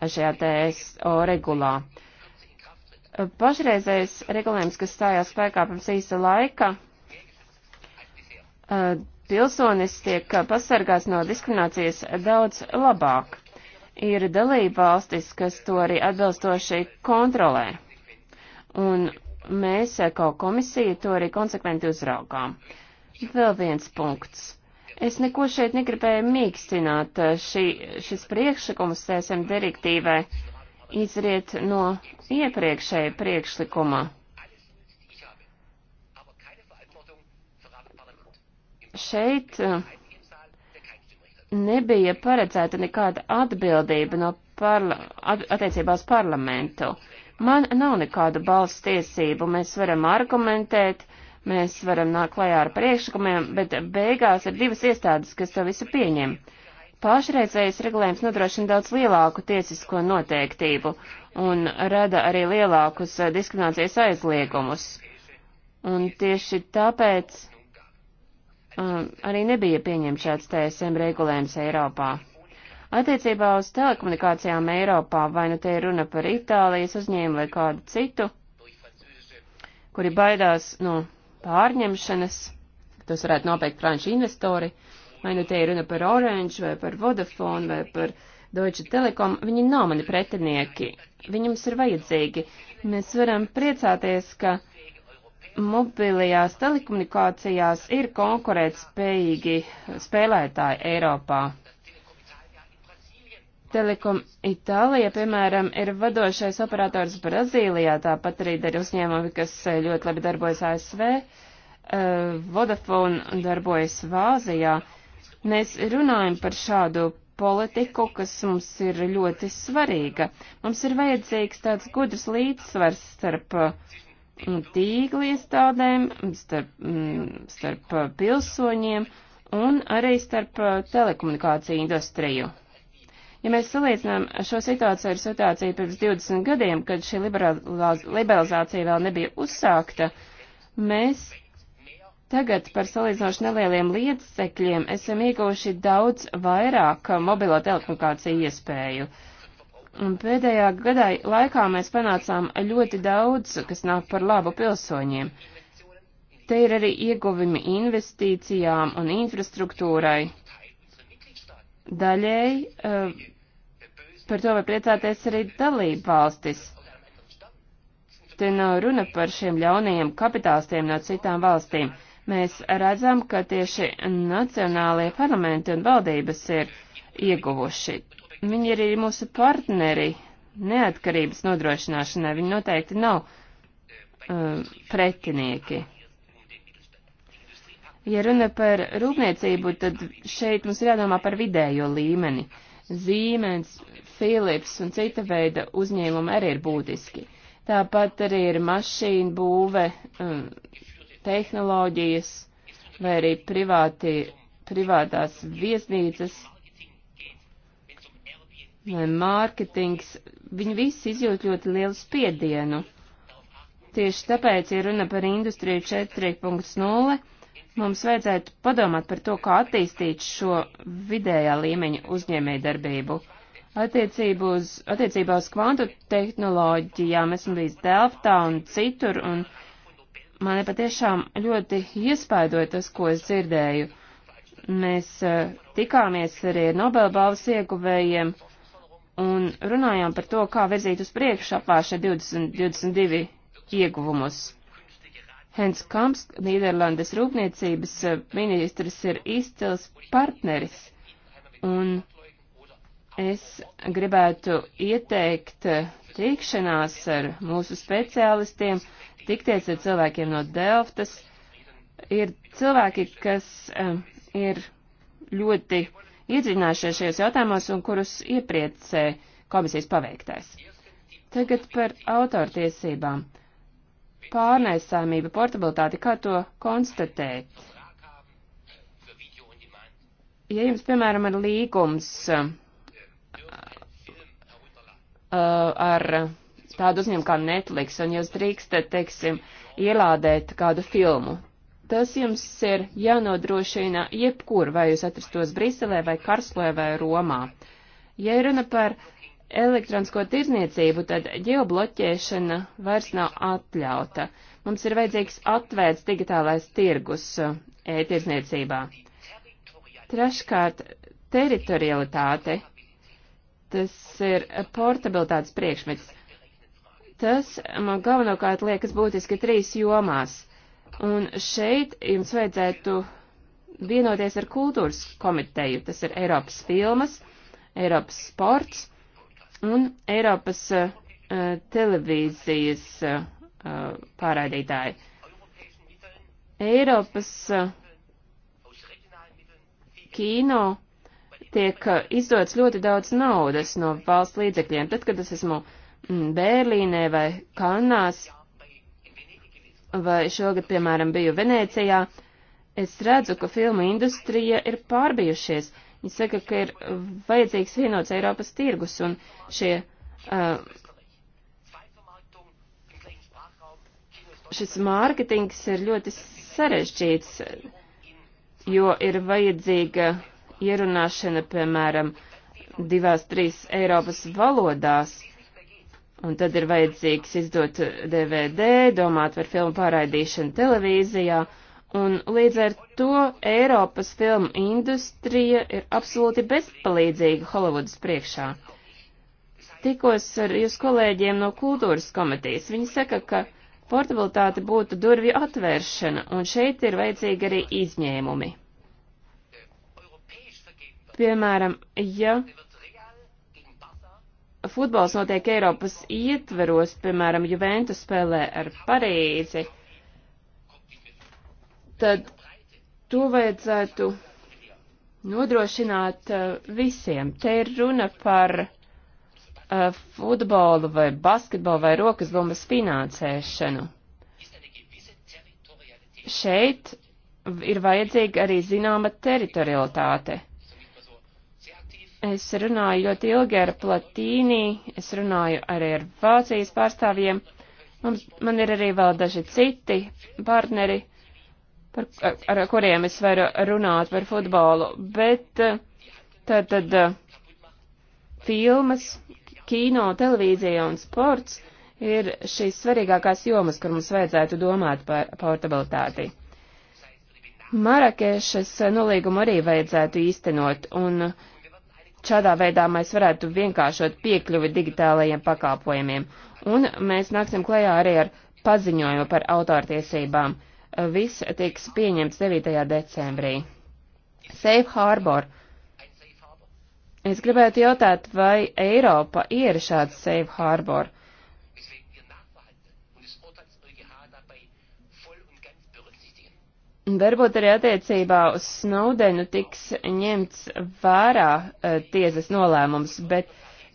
šajā TSO regulā. Uh, Pašreizējais regulējums, kas stājās spēkā pirms īsa laika, pilsonis tiek pasargāts no diskriminācijas daudz labāk. Ir dalība valstis, kas to arī atbilstoši kontrolē. Un mēs, kā komisija, to arī konsekventi uzraugām. Vēl viens punkts. Es neko šeit negribēju mīkstināt. Šī, šis priekšlikums CSM direktīvai izriet no iepriekšēja priekšlikuma. Šeit uh, nebija paredzēta nekāda atbildība no parla at attiecībā uz parlamentu. Man nav nekādu balss tiesību, mēs varam argumentēt, mēs varam nākt klajā ar priekšlikumiem, bet beigās ir divas iestādes, kas to visu pieņem. Uh, Pašreizējais regulējums nodrošina daudz lielāku tiesisko noteiktību un rada arī lielākus eh, diskriminācijas aizliegumus. Un tieši tāpēc um, arī nebija pieņemts šāds TSM regulējums Eiropā. Attiecībā uz telekomunikācijām Eiropā, vai nu te ir runa par Itālijas uzņēmumu vai kādu citu, kuri baidās no pārņemšanas, tos varētu nopērkt franču investori, uh, vai nu te ir runa par Orange, vai par Vodafone, vai par Deutsche Telekom, viņi nav mani pretinieki. Viņi mums ir vajadzīgi. Mēs varam priecāties, ka mobilajās telekomunikācijās ir konkurētspējīgi spēlētāji Eiropā. Telekom Itālija, piemēram, ir vadošais operators Brazīlijā, tāpat arī dara uzņēmumi, kas ļoti labi darbojas ASV, uh, eh, Vodafone darbojas Vāzijā. Uh, Mēs runājam par šādu politiku, kas mums ir ļoti svarīga. Mums ir vajadzīgs tāds gudrs līdzsvars starp mm, tīkli iestādēm, starp, mm, starp pilsoņiem un arī starp eh, telekomunikāciju industriju. Ja mēs salīdzinām šo situāciju ar situāciju pirms 20 gadiem, kad šī liberalizācija vēl nebija uzsākta, mēs Tagad par salīdzinoši nelieliem liedzekļiem esam ieguvuši daudz vairāk mobilo telekomunikāciju iespēju. Un pēdējā gadā laikā mēs panācām ļoti daudz, kas nāk par labu pilsoņiem. Te ir arī ieguvumi investīcijām un infrastruktūrai. Daļēji uh, par to var priecāties arī dalību valstis. Te nav runa par šiem ļaunajiem kapitālistiem no citām valstīm. Uh, mēs redzam, ka tieši nacionālajie parlamenti un valdības ir ieguvuši. Viņi ir arī mūsu partneri neatkarības nodrošināšanai. Viņi noteikti nav um, pretinieki. Ja runa par rūpniecību, tad šeit mums ir jādomā par vidējo līmeni. Zīmens, Philips un cita veida uzņēmumi arī ir būtiski. Tāpat arī ir mašīna būve, um, tehnoloģijas vai arī privāti, privātās viesnīcas vai mārketings, viņi visi izjūt ļoti lielu spiedienu. Tieši tāpēc, ja runa par industriju 4.0, mums vajadzētu padomāt par to, kā attīstīt šo vidējā līmeņa uzņēmējdarbību. Attiecību uz, attiecībā uz kvantu tehnoloģijām esmu bijis Delftā un citur, un mani patiešām ļoti iespaidoja tas, ko es dzirdēju. Mēs uh, tikāmies arī ar Nobelbalvas ieguvējiem un runājām par to, kā virzīt uz priekšu apvāršē 2022 ieguvumus. Hens Kamps, Nīderlandes rūpniecības eh, ministrs, ir izcils partneris, un es gribētu ieteikt eh, tikšanās ar mūsu speciālistiem, tikties ar cilvēkiem no Delftas. Ir cilvēki, kas um, ir ļoti iedzinājušies šajos jautājumos un kurus iepriecē komisijas paveiktais. Tagad par autortiesībām. Pārnēsāmība, portabilitāte, kā to konstatēt? Ja jums, piemēram, ir līgums uh, ar tādu uzņēmumu kā Netflix, un jūs drīkstat, teiksim, ielādēt kādu filmu. Tas jums ir jānodrošina jebkur, vai jūs atrastos Briselē, vai Karslē, vai Romā. Ja runa par elektronisko tirzniecību, tad ģeobloķēšana vairs nav atļauta. Mums ir vajadzīgs atvērts digitālais tirgus e-tirzniecībā. Treškārt, teritorialitāte. Tas ir portabilitātes priekšmets. Tas man galvenokārt liekas būtiski trīs jomās. Un šeit jums vajadzētu vienoties ar kultūras komiteju. Tas ir Eiropas filmas, Eiropas sports un Eiropas uh, televīzijas uh, pārādītāji. Eiropas uh, kino tiek izdots ļoti daudz naudas no valsts līdzekļiem. Tad, kad es esmu uh, Mm, Bērlīnē vai Kalnās, vai šogad, piemēram, biju Venecijā, es redzu, ka filmu industrija ir pārbijušies. Viņi saka, ka ir vajadzīgs vienots Eiropas tirgus, un šie, uh, šis mārketings ir ļoti sarežģīts, jo ir vajadzīga ierunāšana, piemēram, divās, trīs Eiropas valodās. Uh, Un tad ir vajadzīgs izdot DVD, domāt par filmu pārraidīšanu televīzijā, un līdz ar to Eiropas filmu industrija ir absolūti bezpalīdzīga Holivudas priekšā. Tikos ar jūs kolēģiem no kultūras komitejas. Viņi saka, ka portabilitāte būtu durvju atvēršana, un šeit ir vajadzīgi arī izņēmumi. Piemēram, ja futbols notiek Eiropas ietveros, piemēram, Juventus spēlē ar Parīzi, tad to vajadzētu nodrošināt uh, visiem. Te ir runa par uh, futbolu vai basketbolu vai rokas bumbas finansēšanu. Šeit ir vajadzīga arī zināma teritorialitāte. Es runāju ļoti ilgi ar Platīnī, es runāju arī ar Vācijas pārstāvjiem. Mums, man ir arī vēl daži citi partneri, par, ar, ar kuriem es varu runāt par futbolu, bet eh, tad, tad eh, filmas, kino, televīzija un sports ir šīs svarīgākās jomas, kur mums vajadzētu domāt par portabilitāti. Marakešas nolīgumu arī vajadzētu īstenot, un Šādā veidā mēs varētu vienkāršot piekļuvi digitālajiem pakalpojumiem, un mēs nāksim klajā arī ar paziņojumu par autortiesībām. Viss tiks pieņemts 9. decembrī. Safe Harbor. Es gribētu jautāt, vai Eiropa ir šāds Safe Harbor? Varbūt arī attiecībā uz Snowdenu tiks ņemts vērā uh, tiesas nolēmums, bet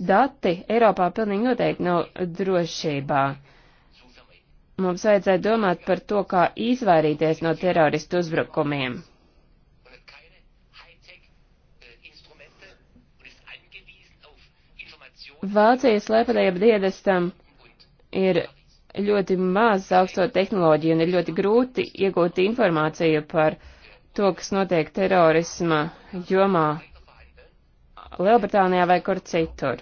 dati Eiropā pilnīgi noteikti nav drošībā. Mums vajadzētu domāt par to, kā izvairīties no teroristu uzbrukumiem. Vācijas slepenība dienestam ir ļoti maz augsto tehnoloģiju un ir ļoti grūti iegūt informāciju par to, kas notiek terorisma jomā Lielbritānijā vai kur citur.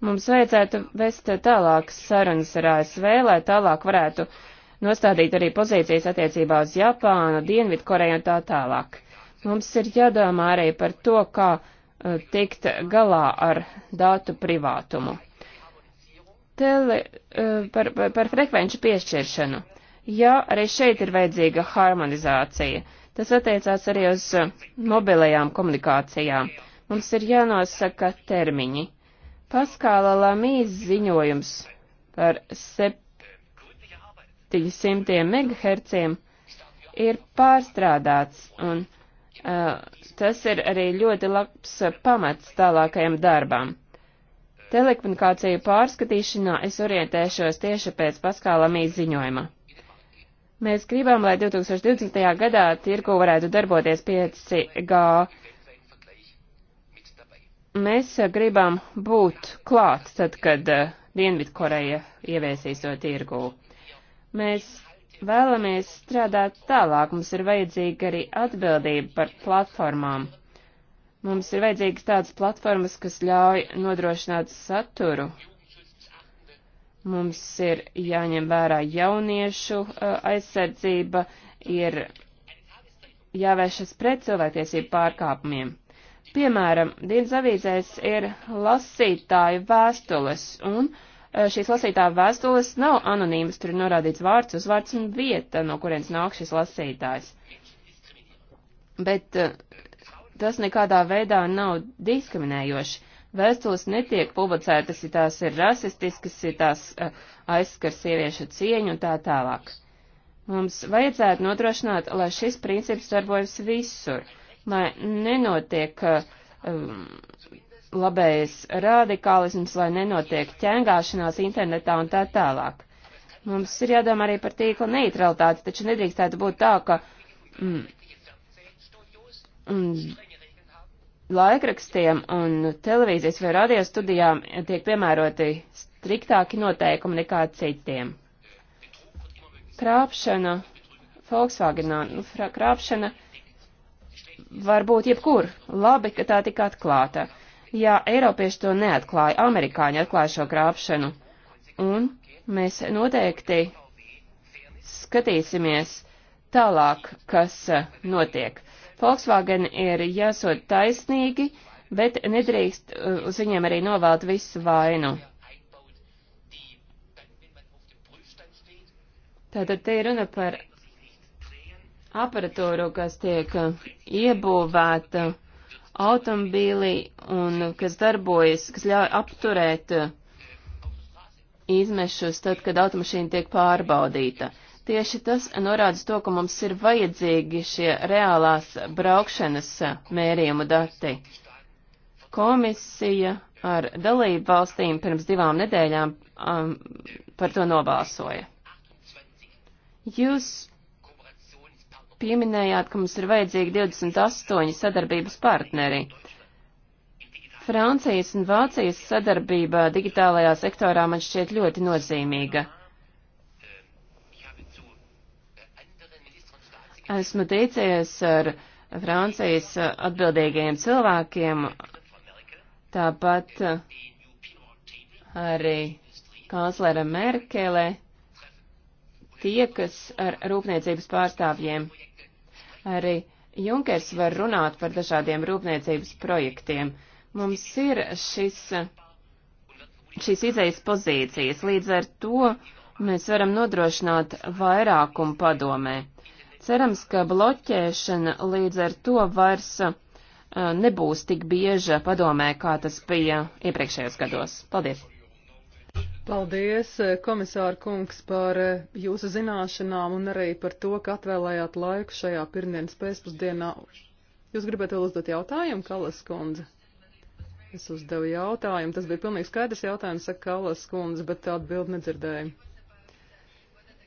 Mums vajadzētu vest tālākas sarunas ar ASV, lai tālāk varētu nostādīt arī pozīcijas attiecībā uz Japānu, Dienvidkoreju un tā tālāk. Mums ir jādomā arī par to, kā eh, tikt galā ar datu privātumu tele, eh, par, par, par frekvenču piešķiršanu. Jā, arī šeit ir vajadzīga harmonizācija. Tas attiecās arī uz eh, mobilajām komunikācijām. Mums ir jānosaka termiņi. Paskāla Lamīs ziņojums par 700 MHz ir pārstrādāts, un uh, tas ir arī ļoti labs pamats tālākajam darbam. Telekomunikāciju pārskatīšanā es orientēšos tieši pēc paskālamīs ziņojuma. Mēs gribam, lai 2020. gadā tirgu varētu darboties 5G. Mēs gribam būt klāt, tad, kad eh, Dienvidkoreja ieviesīs to tirgu. Mēs vēlamies strādāt tālāk, mums ir vajadzīga arī atbildība par platformām. Mums ir vajadzīgas tādas platformas, kas ļauj nodrošināt saturu. Mums ir jāņem vērā jauniešu aizsardzība, ir jāvēršas pret cilvēktiesību pārkāpumiem. Piemēram, dienas avīzēs ir lasītāju vēstules, un šīs lasītāju vēstules nav anonīmas, tur ir norādīts vārds, uzvārds un vieta, no kurienes nāk šis lasītājs. Bet tas nekādā veidā nav diskriminējoši. Vēstules netiek publicētas, ja tās ir rasistiskas, ja tās uh, aizskar sieviešu cieņu un tā tālāk. Mums vajadzētu nodrošināt, lai šis princips darbojas visur, lai nenotiek um, labējs radikālisms, lai nenotiek ķengāšanās internetā un tā tālāk. Mums ir jādomā arī par tīkla neutralitāti, taču nedrīkstētu būt tā, ka mm, laikrakstiem un televīzijas vai radiostudijām tiek piemēroti striktāki noteikumi nekā citiem. Krāpšana Volkswagenā, nu, krāpšana var būt jebkur. Labi, ka tā tika atklāta. Jā, Eiropieši to neatklāja, amerikāņi atklāja šo krāpšanu. Un mēs noteikti skatīsimies tālāk, kas notiek. Volkswagen ir jāsot taisnīgi, bet nedrīkst uh, uz viņiem arī novelt visu vainu. Tātad te ir runa par aparatūru, kas tiek uh, iebūvēta automobīlī un kas darbojas, kas ļauj apturēt uh, izmešus tad, kad automašīna tiek pārbaudīta. Tieši tas norāda to, ka mums ir vajadzīgi šie reālās braukšanas mērījumu dati. Komisija ar dalību valstīm pirms divām nedēļām um, par to nobalsoja. Jūs pieminējāt, ka mums ir vajadzīgi 28 sadarbības partneri. Francijas un Vācijas sadarbība digitālajā sektorā man šķiet ļoti nozīmīga. Esmu teicies ar Francijas atbildīgajiem cilvēkiem, tāpat arī kanclera Merkele, tie, kas ar rūpniecības pārstāvjiem. Arī Junkers var runāt par dažādiem rūpniecības projektiem. Mums ir šis, šīs izejas pozīcijas, līdz ar to mēs varam nodrošināt vairākumu padomē. Cerams, ka bloķēšana līdz ar to vairs uh, nebūs tik bieža padomē, kā tas bija iepriekšējos gados. Paldies! Paldies, eh, komisāra kungs, par eh, jūsu zināšanām un arī par to, ka atvēlējāt laiku šajā pirmdienas pēcpusdienā. Jūs gribētu vēl uzdot jautājumu, Kalas kundze? Es uzdevu jautājumu, tas bija pilnīgi skaidrs jautājums, saka Kalas kundze, bet atbildi nedzirdēju.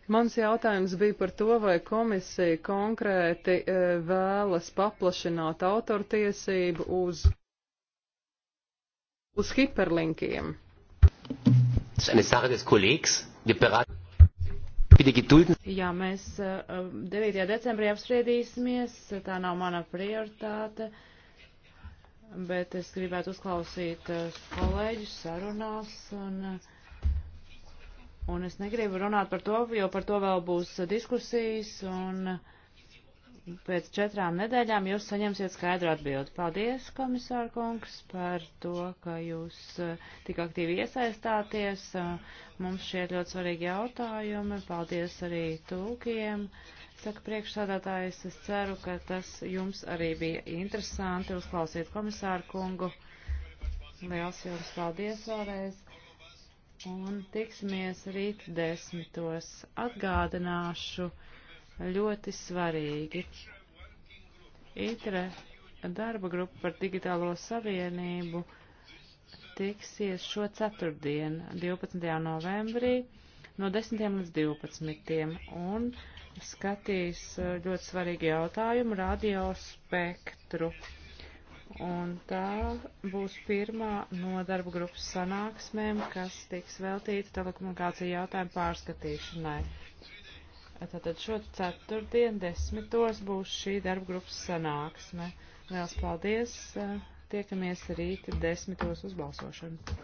Mans jautājums bija par to, vai komisija konkrēti e, vēlas paplašināt autortiesību uz, uz hiperlinkiem. Jā, mēs 9. E, decembrī apspriedīsimies, tā nav mana prioritāte, bet es gribētu uzklausīt e, kolēģus sarunās un. Uh, Un es negribu runāt par to, jo par to vēl būs diskusijas, un pēc četrām nedēļām jūs saņemsiet skaidru atbildi. Paldies, komisāra kungs, par to, ka jūs eh, tik aktīvi iesaistāties. Eh, mums šie ļoti svarīgi jautājumi. Paldies arī tūkiem. Saka priekšsādātājs, es ceru, ka tas jums arī bija interesanti uzklausīt komisāru kungu. Liels jums paldies vēlreiz un tiksimies rīt desmitos. Atgādināšu ļoti svarīgi. ITRE darba grupa par digitālo savienību tiksies šo ceturtdienu, 12. novembrī, no 10. līdz 12. un skatīs eh, ļoti svarīgu jautājumu radio spektru un tā būs pirmā no darba grupas sanāksmēm, kas tiks veltīta telekomunikāciju jautājumu pārskatīšanai. Tātad šo ceturtdien desmitos būs šī darba grupas sanāksme. Liels paldies! Tiekamies rīt desmitos uz balsošanu.